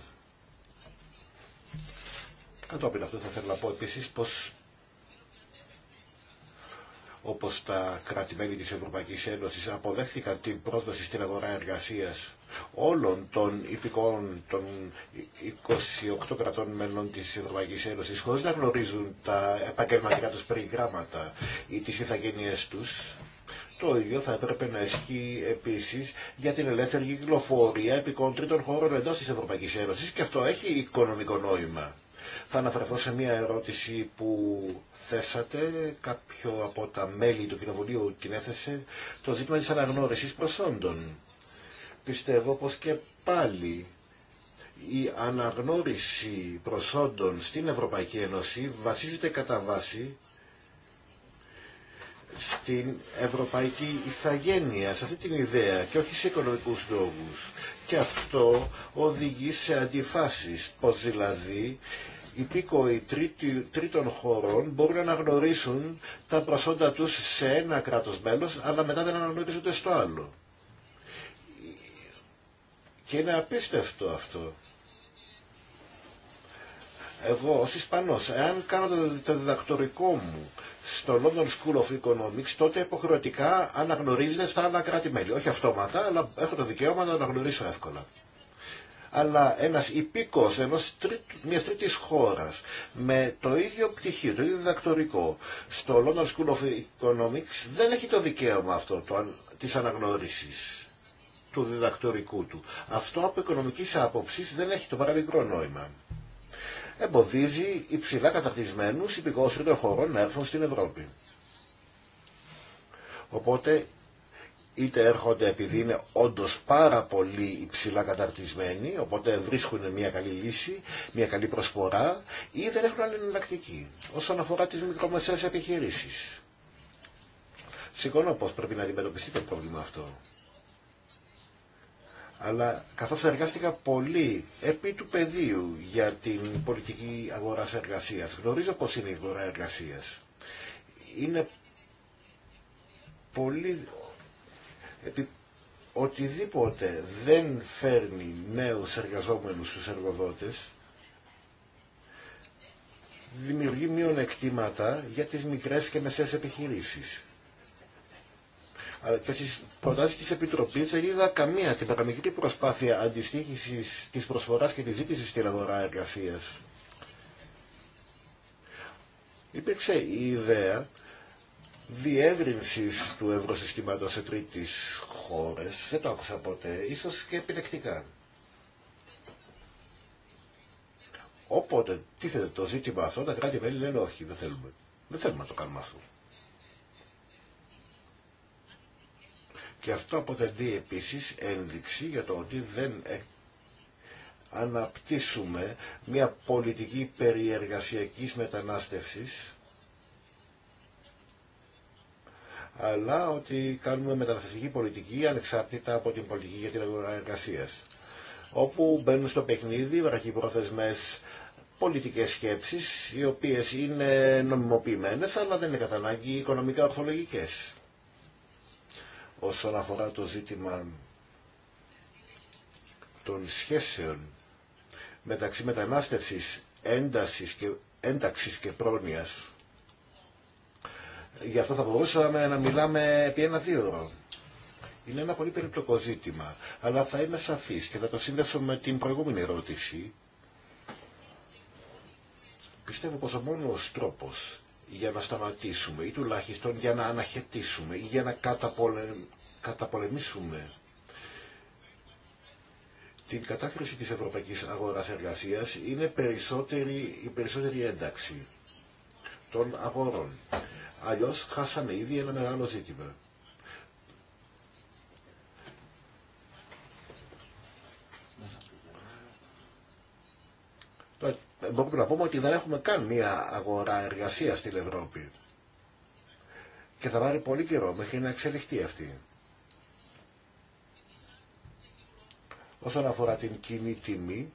Κατόπιν αυτό θα θέλω να πω επίσης πως όπως τα κρατημένη μελη της Ευρωπαϊκής Ένωσης αποδέχθηκαν την πρόσβαση στην αγορά εργασίας όλων των υπηκών των 28 κρατών μελών της Ευρωπαϊκής Ένωσης χωρίς να γνωρίζουν τα επαγγελματικά τους περιγράμματα ή τις ηθαγένειές τους. Το ίδιο θα έπρεπε να ισχύει επίσης για την ελεύθερη κυκλοφορία επικών τρίτων χώρων εντός της Ευρωπαϊκής Ένωσης και αυτό έχει οικονομικό νόημα. Θα αναφερθώ σε μια ερώτηση που θέσατε, κάποιο από τα μέλη του Κοινοβουλίου την έθεσε, το ζήτημα της αναγνώρισης προσόντων. Πιστεύω πως και πάλι η αναγνώριση προσόντων στην Ευρωπαϊκή Ένωση βασίζεται κατά βάση στην ευρωπαϊκή Ιθαγένεια σε αυτή την ιδέα και όχι σε οικονομικούς λόγους. Και αυτό οδηγεί σε αντιφάσεις, πως δηλαδή υπήκοοι τρίτων χωρών μπορούν να αναγνωρίσουν τα προσόντα τους σε ένα κράτος μέλος, αλλά μετά δεν αναγνωρίζονται στο άλλο. Και είναι απίστευτο αυτό. Εγώ ως Ισπανός, εάν κάνω το διδακτορικό μου στο London School of Economics, τότε υποχρεωτικά αναγνωρίζεται στα άλλα κράτη-μέλη. Όχι αυτόματα, αλλά έχω το δικαίωμα να αναγνωρίσω εύκολα αλλά ένας υπήκος ενός τρίτου, μιας τρίτης χώρας με το ίδιο πτυχίο, το ίδιο διδακτορικό στο London School of Economics δεν έχει το δικαίωμα αυτό το, της αναγνώρισης του διδακτορικού του. Αυτό από οικονομικής άποψης δεν έχει το παραμικρό νόημα. Εμποδίζει υψηλά καταρτισμένους υπηκόστριτων χωρών να έρθουν στην Ευρώπη. Οπότε είτε έρχονται επειδή είναι όντω πάρα πολύ υψηλά καταρτισμένοι, οπότε βρίσκουν μια καλή λύση, μια καλή προσφορά, ή δεν έχουν άλλη εναλλακτική. Όσον αφορά τι μικρομεσαίες επιχειρήσει. Σηκώνω πώ πρέπει να αντιμετωπιστεί το πρόβλημα αυτό. Αλλά καθώ εργάστηκα πολύ επί του πεδίου για την πολιτική αγορά εργασία. γνωρίζω πώ είναι η αγορά εργασία. Είναι πολύ επί οτιδήποτε δεν φέρνει νέους εργαζόμενους στους εργοδότες δημιουργεί μειονεκτήματα για τις μικρές και μεσαίες επιχειρήσεις. Αλλά και στις προτάσεις της Επιτροπής δεν είδα καμία την παραμικρή προσπάθεια αντιστοίχησης της προσφοράς και της ζήτησης στην αγορά εργασίας. Υπήρξε η ιδέα διεύρυνσης του ευρωσυστήματος σε τρίτης χώρες. Δεν το άκουσα ποτέ, ίσως και επιλεκτικά. Όποτε τι θέλετε, το ζήτημα αυτό, τα κράτη-μέλη λένε όχι, δεν θέλουμε. Δεν θέλουμε να το κάνουμε αυτό. Και αυτό αποτελεί επίσης ένδειξη για το ότι δεν ε, αναπτύσσουμε μια πολιτική περιεργασιακής μετανάστευσης αλλά ότι κάνουμε μεταναστευτική πολιτική ανεξάρτητα από την πολιτική για την εργασία. Όπου μπαίνουν στο παιχνίδι βραχυπρόθεσμε πολιτικές σκέψεις, οι οποίες είναι νομιμοποιημένε, αλλά δεν είναι κατά ανάγκη οικονομικά ορθολογικέ. Όσον αφορά το ζήτημα των σχέσεων μεταξύ μετανάστευσης, ένταξη και, ένταξης και Γι' αυτό θα μπορούσαμε να μιλάμε επί ένα-δύο Είναι ένα πολύ περιπλοκό ζήτημα, αλλά θα είμαι σαφής και θα το σύνδεσω με την προηγούμενη ερώτηση. Πιστεύω πως ο μόνος τρόπος για να σταματήσουμε ή τουλάχιστον για να αναχαιτήσουμε ή για να καταπολεμήσουμε την κατάκριση της ευρωπαϊκής αγοράς εργασίας είναι περισσότερη, η περισσότερη ένταξη των αγορών. Αλλιώς χάσαμε ήδη ένα μεγάλο ζήτημα. Μπορούμε να πούμε ότι δεν έχουμε καν μία αγορά εργασία στην Ευρώπη. Και θα βάλει πολύ καιρό μέχρι να εξελιχθεί αυτή. Όσον αφορά την κοινή τιμή,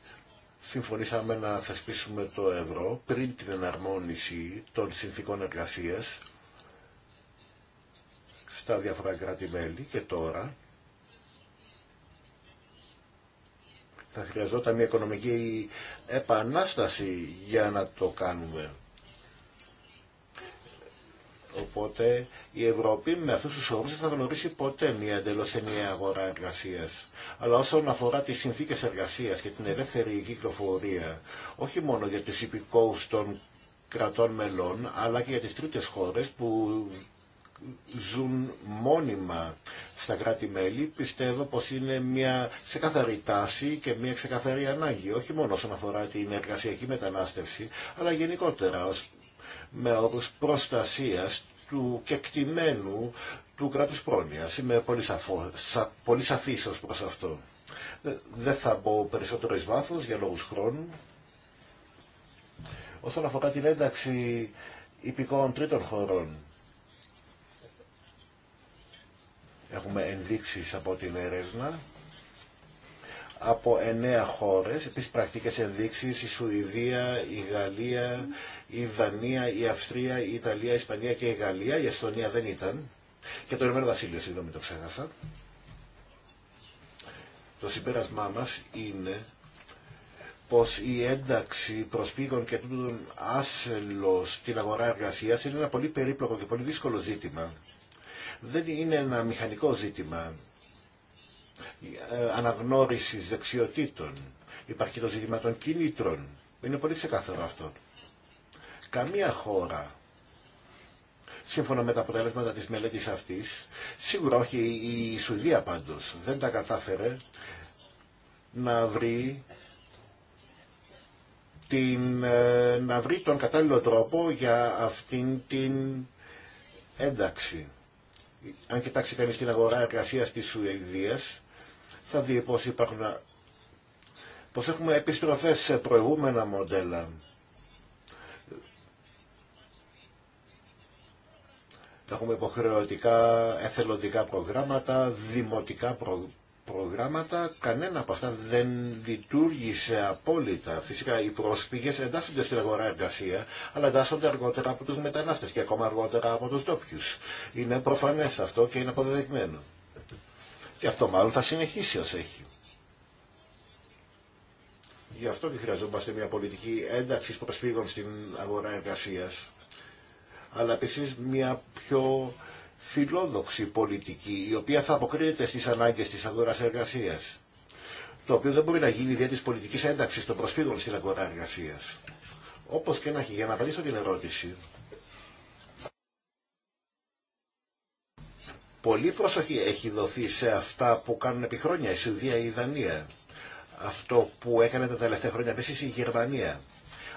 συμφωνήσαμε να θεσπίσουμε το ευρώ πριν την εναρμόνιση των συνθήκων εργασίας στα διάφορα κράτη-μέλη και τώρα θα χρειαζόταν μια οικονομική επανάσταση για να το κάνουμε. Οπότε η Ευρώπη με αυτούς τους όρους δεν θα γνωρίσει ποτέ μια εντελώς ενιαία αγορά εργασίας. Αλλά όσον αφορά τις συνθήκες εργασίας και την ελεύθερη κυκλοφορία, όχι μόνο για τους υπηκόους των κρατών μελών, αλλά και για τις τρίτες χώρες που ζουν μόνιμα στα κράτη-μέλη, πιστεύω πως είναι μια ξεκαθαρή τάση και μια ξεκαθαρή ανάγκη, όχι μόνο όσον αφορά την εργασιακή μετανάστευση, αλλά γενικότερα με όρους προστασίας του κεκτημένου του κράτους πρόνοιας. Είμαι πολύ, σαφό, σα, πολύ σαφής προς αυτό. Δεν θα μπω περισσότερο εις βάθος για λόγους χρόνου. Όσον αφορά την ένταξη υπηκόων τρίτων χωρών, Έχουμε ενδείξεις από την έρευνα από εννέα χώρες, επίσης πρακτικές ενδείξεις, η Σουηδία, η Γαλλία, η Δανία, η Αυστρία, η Ιταλία, η Ισπανία και η Γαλλία, η Εστονία δεν ήταν, και το Ηνωμένο Βασίλειο, συγγνώμη το ξέχασα. Το συμπέρασμά μας είναι πως η ένταξη προσπήγων και τούτων άσελος στην αγορά εργασίας είναι ένα πολύ περίπλοκο και πολύ δύσκολο ζήτημα δεν είναι ένα μηχανικό ζήτημα ε, αναγνώρισης δεξιοτήτων. Υπάρχει το ζήτημα των κινήτρων. Είναι πολύ ξεκάθαρο αυτό. Καμία χώρα, σύμφωνα με τα αποτελέσματα της μελέτης αυτής, σίγουρα όχι η Σουηδία πάντως, δεν τα κατάφερε να βρει την, ε, να βρει τον κατάλληλο τρόπο για αυτήν την ένταξη αν κοιτάξει κανεί την αγορά εργασία τη Σουηδία, θα δει πως υπάρχουν πως έχουμε επιστροφές σε προηγούμενα μοντέλα. Έχουμε υποχρεωτικά εθελοντικά προγράμματα, δημοτικά προ προγράμματα, κανένα από αυτά δεν λειτουργήσε απόλυτα. Φυσικά οι πρόσφυγε εντάσσονται στην αγορά εργασία, αλλά εντάσσονται αργότερα από τους μετανάστες και ακόμα αργότερα από τους ντόπιου. Είναι προφανές αυτό και είναι αποδεδειγμένο. Και αυτό μάλλον θα συνεχίσει ως έχει. Γι' αυτό και χρειαζόμαστε μια πολιτική ένταξη προσφύγων στην αγορά εργασία, αλλά επίση μια πιο φιλόδοξη πολιτική η οποία θα αποκρίνεται στις ανάγκες της αγοράς εργασίας το οποίο δεν μπορεί να γίνει δια της πολιτικής ένταξης των προσφύγων στην αγορά εργασίας. Όπως και να έχει, για να απαντήσω την ερώτηση, Πολύ προσοχή έχει δοθεί σε αυτά που κάνουν επί χρόνια η Σουδία, η Δανία. Αυτό που έκανε τα τελευταία χρόνια επίσης η Γερμανία.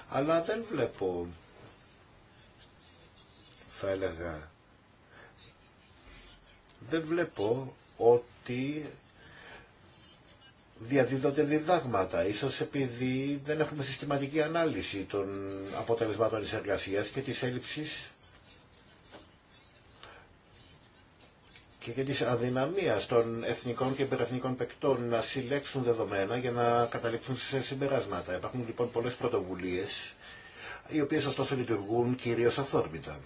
Αλλά δεν βλέπω, θα έλεγα, δεν βλέπω ότι διαδίδονται διδάγματα, ίσως επειδή δεν έχουμε συστηματική ανάλυση των αποτελεσμάτων της εργασίας και της έλλειψης και, και της αδυναμίας των εθνικών και υπερεθνικών παικτών να συλλέξουν δεδομένα για να καταλήξουν σε συμπεράσματα. Υπάρχουν λοιπόν πολλές πρωτοβουλίες, οι οποίες ωστόσο λειτουργούν κυρίως αθόρμητα.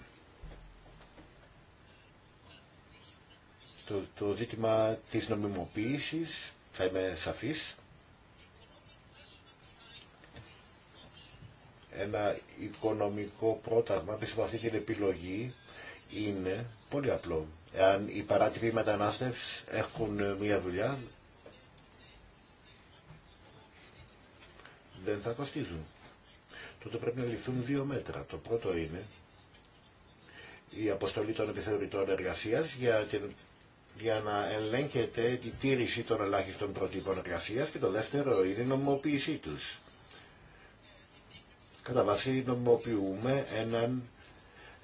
το, το ζήτημα της νομιμοποίησης, θα είμαι σαφής, ένα οικονομικό πρόταγμα πίσω από αυτή την επιλογή είναι πολύ απλό. Εάν οι παράτυποι μετανάστευς έχουν μία δουλειά, δεν θα κοστίζουν. Τότε πρέπει να ληφθούν δύο μέτρα. Το πρώτο είναι η αποστολή των επιθεωρητών εργασίας για την για να ελέγχεται τη τήρηση των ελάχιστων προτύπων εργασία και το δεύτερο είναι η νομιμοποίησή τους. Κατά βάση νομιμοποιούμε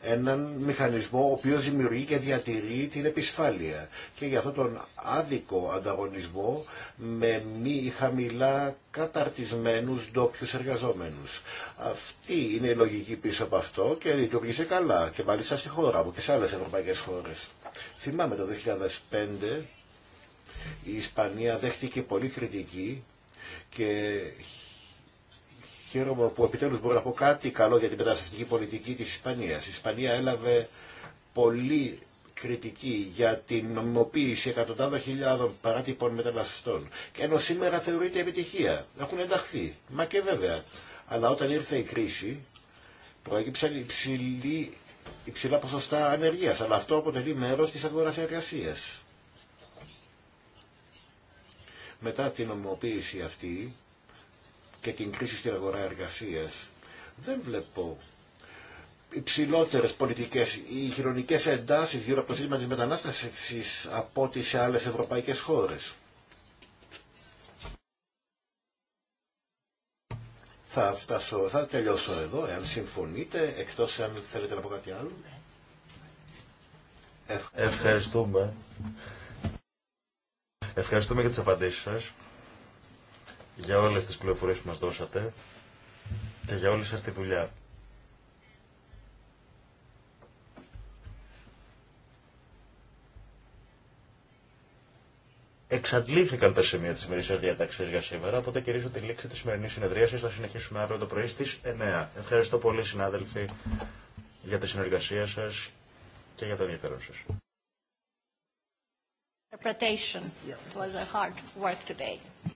έναν, μηχανισμό ο οποίος δημιουργεί και διατηρεί την επισφάλεια και για αυτόν τον άδικο ανταγωνισμό με μη χαμηλά καταρτισμένους ντόπιου εργαζόμενους. Αυτή είναι η λογική πίσω από αυτό και λειτουργήσε καλά και μάλιστα στη χώρα μου και σε άλλες ευρωπαϊκές χώρες. Θυμάμαι το 2005 η Ισπανία δέχτηκε πολύ κριτική και χαίρομαι που επιτέλους μπορώ να πω κάτι καλό για την μεταναστευτική πολιτική της Ισπανίας. Η Ισπανία έλαβε πολύ κριτική για την νομιμοποίηση εκατοντάδων χιλιάδων παράτυπων μεταναστών. Και ενώ σήμερα θεωρείται επιτυχία. Έχουν ενταχθεί. Μα και βέβαια. Αλλά όταν ήρθε η κρίση προέκυψαν υψηλή υψηλά ποσοστά ανεργίας, αλλά αυτό αποτελεί μέρος της αγοράς εργασίας. Μετά την ομοποίηση αυτή και την κρίση στην αγορά εργασίας, δεν βλέπω υψηλότερε πολιτικέ ή χειρονικέ εντάσει γύρω από το ζήτημα τη μετανάστευση από ό,τι σε άλλε ευρωπαϊκέ χώρε. θα, φτάσω, θα τελειώσω εδώ, εάν συμφωνείτε, εκτός αν θέλετε να πω κάτι άλλο. Ναι. Ευχαριστούμε. Ευχαριστούμε για τις απαντήσεις σας, για όλες τις πληροφορίες που μας δώσατε και για όλη σας τη δουλειά. Εξαντλήθηκαν τα σημεία τη ημερήσια διάταξη για σήμερα, οπότε κυρίζω τη λήξη τη σημερινή συνεδρίαση. Θα συνεχίσουμε αύριο το πρωί στι 9. Ευχαριστώ πολύ, συνάδελφοι, για τη συνεργασία σα και για το ενδιαφέρον σα.